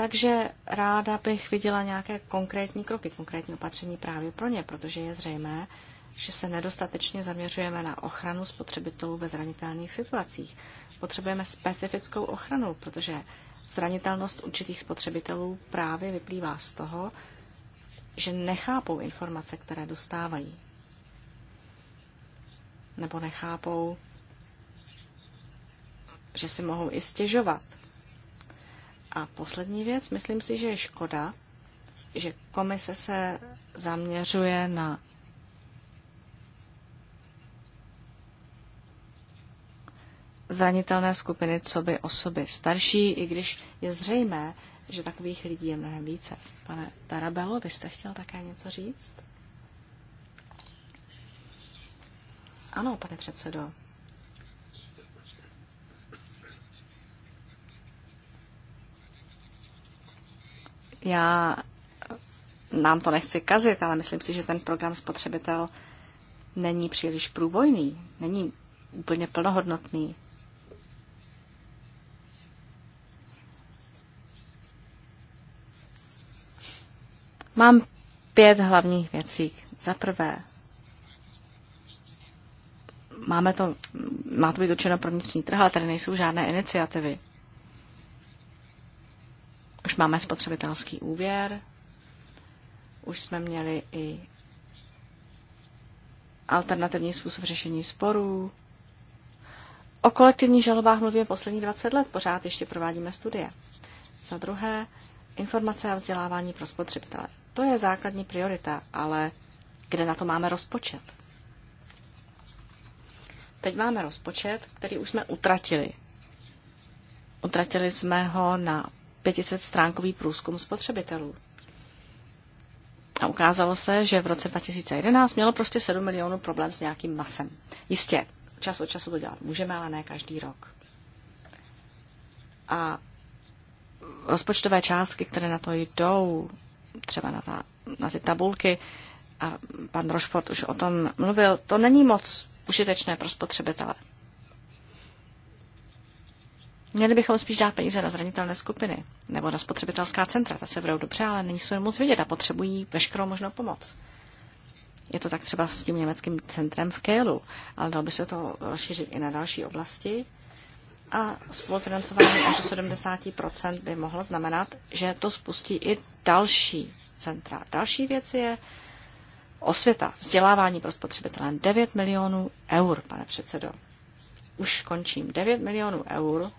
Takže ráda bych viděla nějaké konkrétní kroky, konkrétní opatření právě pro ně, protože je zřejmé, že se nedostatečně zaměřujeme na ochranu spotřebitelů ve zranitelných situacích. Potřebujeme specifickou ochranu, protože zranitelnost určitých spotřebitelů právě vyplývá z toho, že nechápou informace, které dostávají. Nebo nechápou, že si mohou i stěžovat a poslední věc, myslím si, že je škoda, že komise se zaměřuje na zranitelné skupiny, co by osoby starší, i když je zřejmé, že takových lidí je mnohem více. Pane Tarabelo, vy jste chtěl také něco říct? Ano, pane předsedo. Já nám to nechci kazit, ale myslím si, že ten program spotřebitel není příliš průbojný, není úplně plnohodnotný. Mám pět hlavních věcí. Za prvé, máme to, má to být určeno pro vnitřní trh, ale tady nejsou žádné iniciativy. Už máme spotřebitelský úvěr, už jsme měli i alternativní způsob řešení sporů. O kolektivních žalobách mluvíme poslední 20 let, pořád ještě provádíme studie. Za druhé, informace a vzdělávání pro spotřebitele. To je základní priorita, ale kde na to máme rozpočet? Teď máme rozpočet, který už jsme utratili. Utratili jsme ho na 500-stránkový průzkum spotřebitelů. A ukázalo se, že v roce 2011 mělo prostě 7 milionů problém s nějakým masem. Jistě, čas od času to dělat můžeme, ale ne každý rok. A rozpočtové částky, které na to jdou, třeba na, ta, na ty tabulky, a pan Rošford už o tom mluvil, to není moc užitečné pro spotřebitele. Měli bychom spíš dát peníze na zranitelné skupiny nebo na spotřebitelská centra. Ta se budou dobře, ale není se moc vidět a potřebují veškerou možnou pomoc. Je to tak třeba s tím německým centrem v Kélu, ale dalo by se to rozšířit i na další oblasti. A spolufinancování až do 70% by mohlo znamenat, že to spustí i další centra. Další věc je osvěta, vzdělávání pro spotřebitele. 9 milionů eur, pane předsedo. Už končím. 9 milionů eur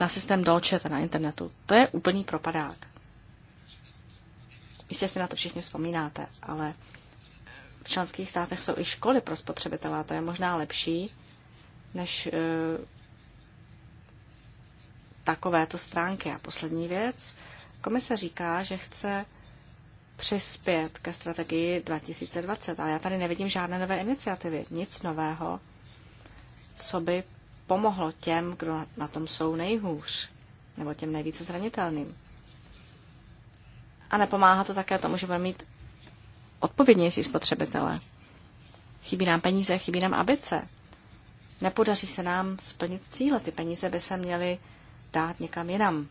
na systém Dolce, na internetu. To je úplný propadák. Jistě si na to všichni vzpomínáte, ale v členských státech jsou i školy pro spotřebitele to je možná lepší, než e, takovéto stránky. A poslední věc. Komise říká, že chce přispět ke strategii 2020, ale já tady nevidím žádné nové iniciativy, nic nového, co by pomohlo těm, kdo na tom jsou nejhůř, nebo těm nejvíce zranitelným. A nepomáhá to také tomu, že budeme mít odpovědnější spotřebitele. Chybí nám peníze, chybí nám abice. Nepodaří se nám splnit cíle. Ty peníze by se měly dát někam jinam.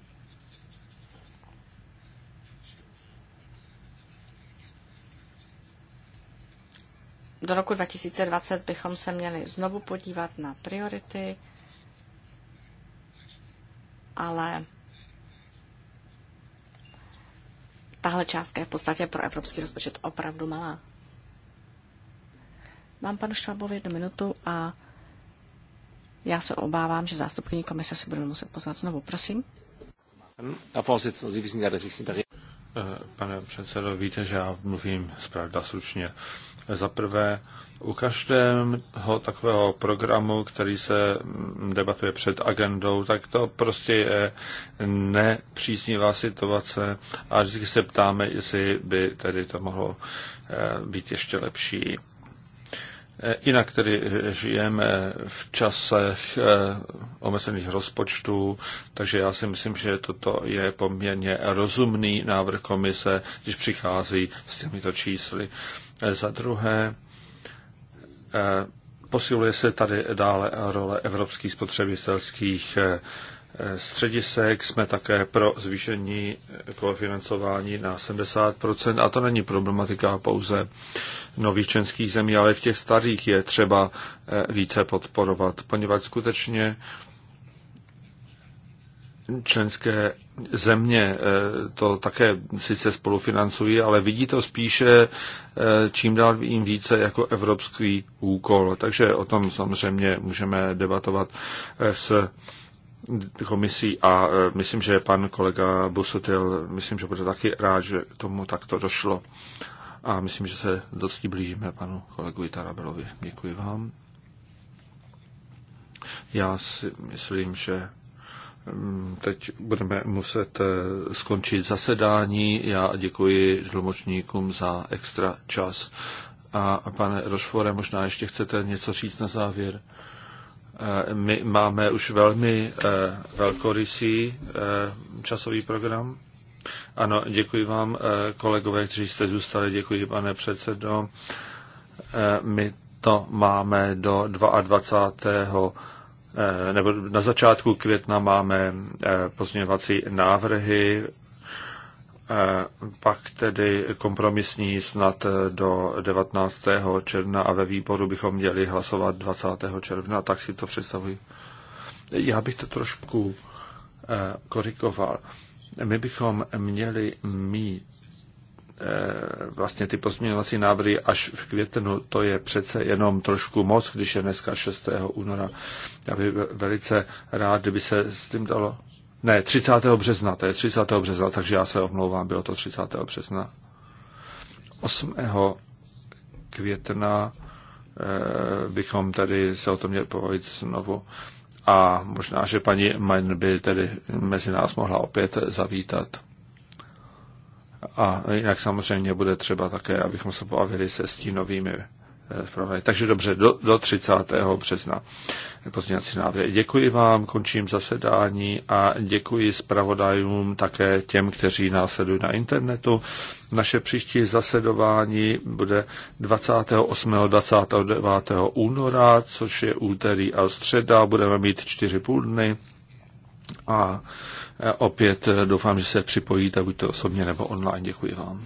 do roku 2020 bychom se měli znovu podívat na priority, ale tahle částka je v podstatě pro evropský rozpočet opravdu malá. Mám panu Švábovi jednu minutu a já se obávám, že zástupkyní komise si budeme muset pozvat znovu. Prosím. Eh, pane předsedo, víte, že já mluvím zpravda stručně. Za prvé, u každého takového programu, který se debatuje před agendou, tak to prostě je nepříznivá situace a vždycky se ptáme, jestli by tedy to mohlo eh, být ještě lepší. Eh, jinak tedy žijeme v časech eh, omezených rozpočtů, takže já si myslím, že toto je poměrně rozumný návrh komise, když přichází s těmito čísly. Za druhé, eh, posiluje se tady dále role evropských spotřebitelských eh, středisek. Jsme také pro zvýšení kofinancování na 70%. A to není problematika pouze nových členských zemí, ale v těch starých je třeba eh, více podporovat, poněvadž skutečně členské země eh, to také sice spolufinancují, ale vidí to spíše eh, čím dál jim více jako evropský úkol. Takže o tom samozřejmě můžeme debatovat eh, s komisí a myslím, že pan kolega Busutil, myslím, že bude taky rád, že tomu takto došlo. A myslím, že se dosti blížíme panu kolegovi Tarabelovi. Děkuji vám. Já si myslím, že Teď budeme muset eh, skončit zasedání. Já děkuji tlumočníkům za extra čas. A pane Rošfore, možná ještě chcete něco říct na závěr? Eh, my máme už velmi eh, velkorysý časový program. Ano, děkuji vám, kolegové, kteří jste zůstali. Děkuji, pane předsedo. My to máme do 22. Eh, nebo na začátku května máme eh, pozměňovací návrhy, eh, pak tedy kompromisní snad do 19. června a ve výboru bychom měli hlasovat 20. června, tak si to představuji. Já bych to trošku korikoval. My bychom měli mít Eh, vlastně ty pozměňovací návrhy až v květnu, to je přece jenom trošku moc, když je dneska 6. února. Já bych velice rád, kdyby se s tím dalo... Ne, 30. března, to je 30. března, takže já se omlouvám, bylo to 30. března. 8. května eh, bychom tady se o tom měli povědět znovu. A možná, že paní Main by tedy mezi nás mohla opět zavítat. A jinak samozřejmě bude třeba také, abychom se pobavili se stínovými eh, zpravodaji. Takže dobře, do, do 30. března pozměňovací návrhy. Děkuji vám, končím zasedání a děkuji zpravodajům také těm, kteří následují na internetu. Naše příští zasedování bude 28. 29. února, což je úterý a středa. Budeme mít čtyři půl dny a Opět eh, doufám, že se připojíte buď to osobně nebo online. Děkuji vám.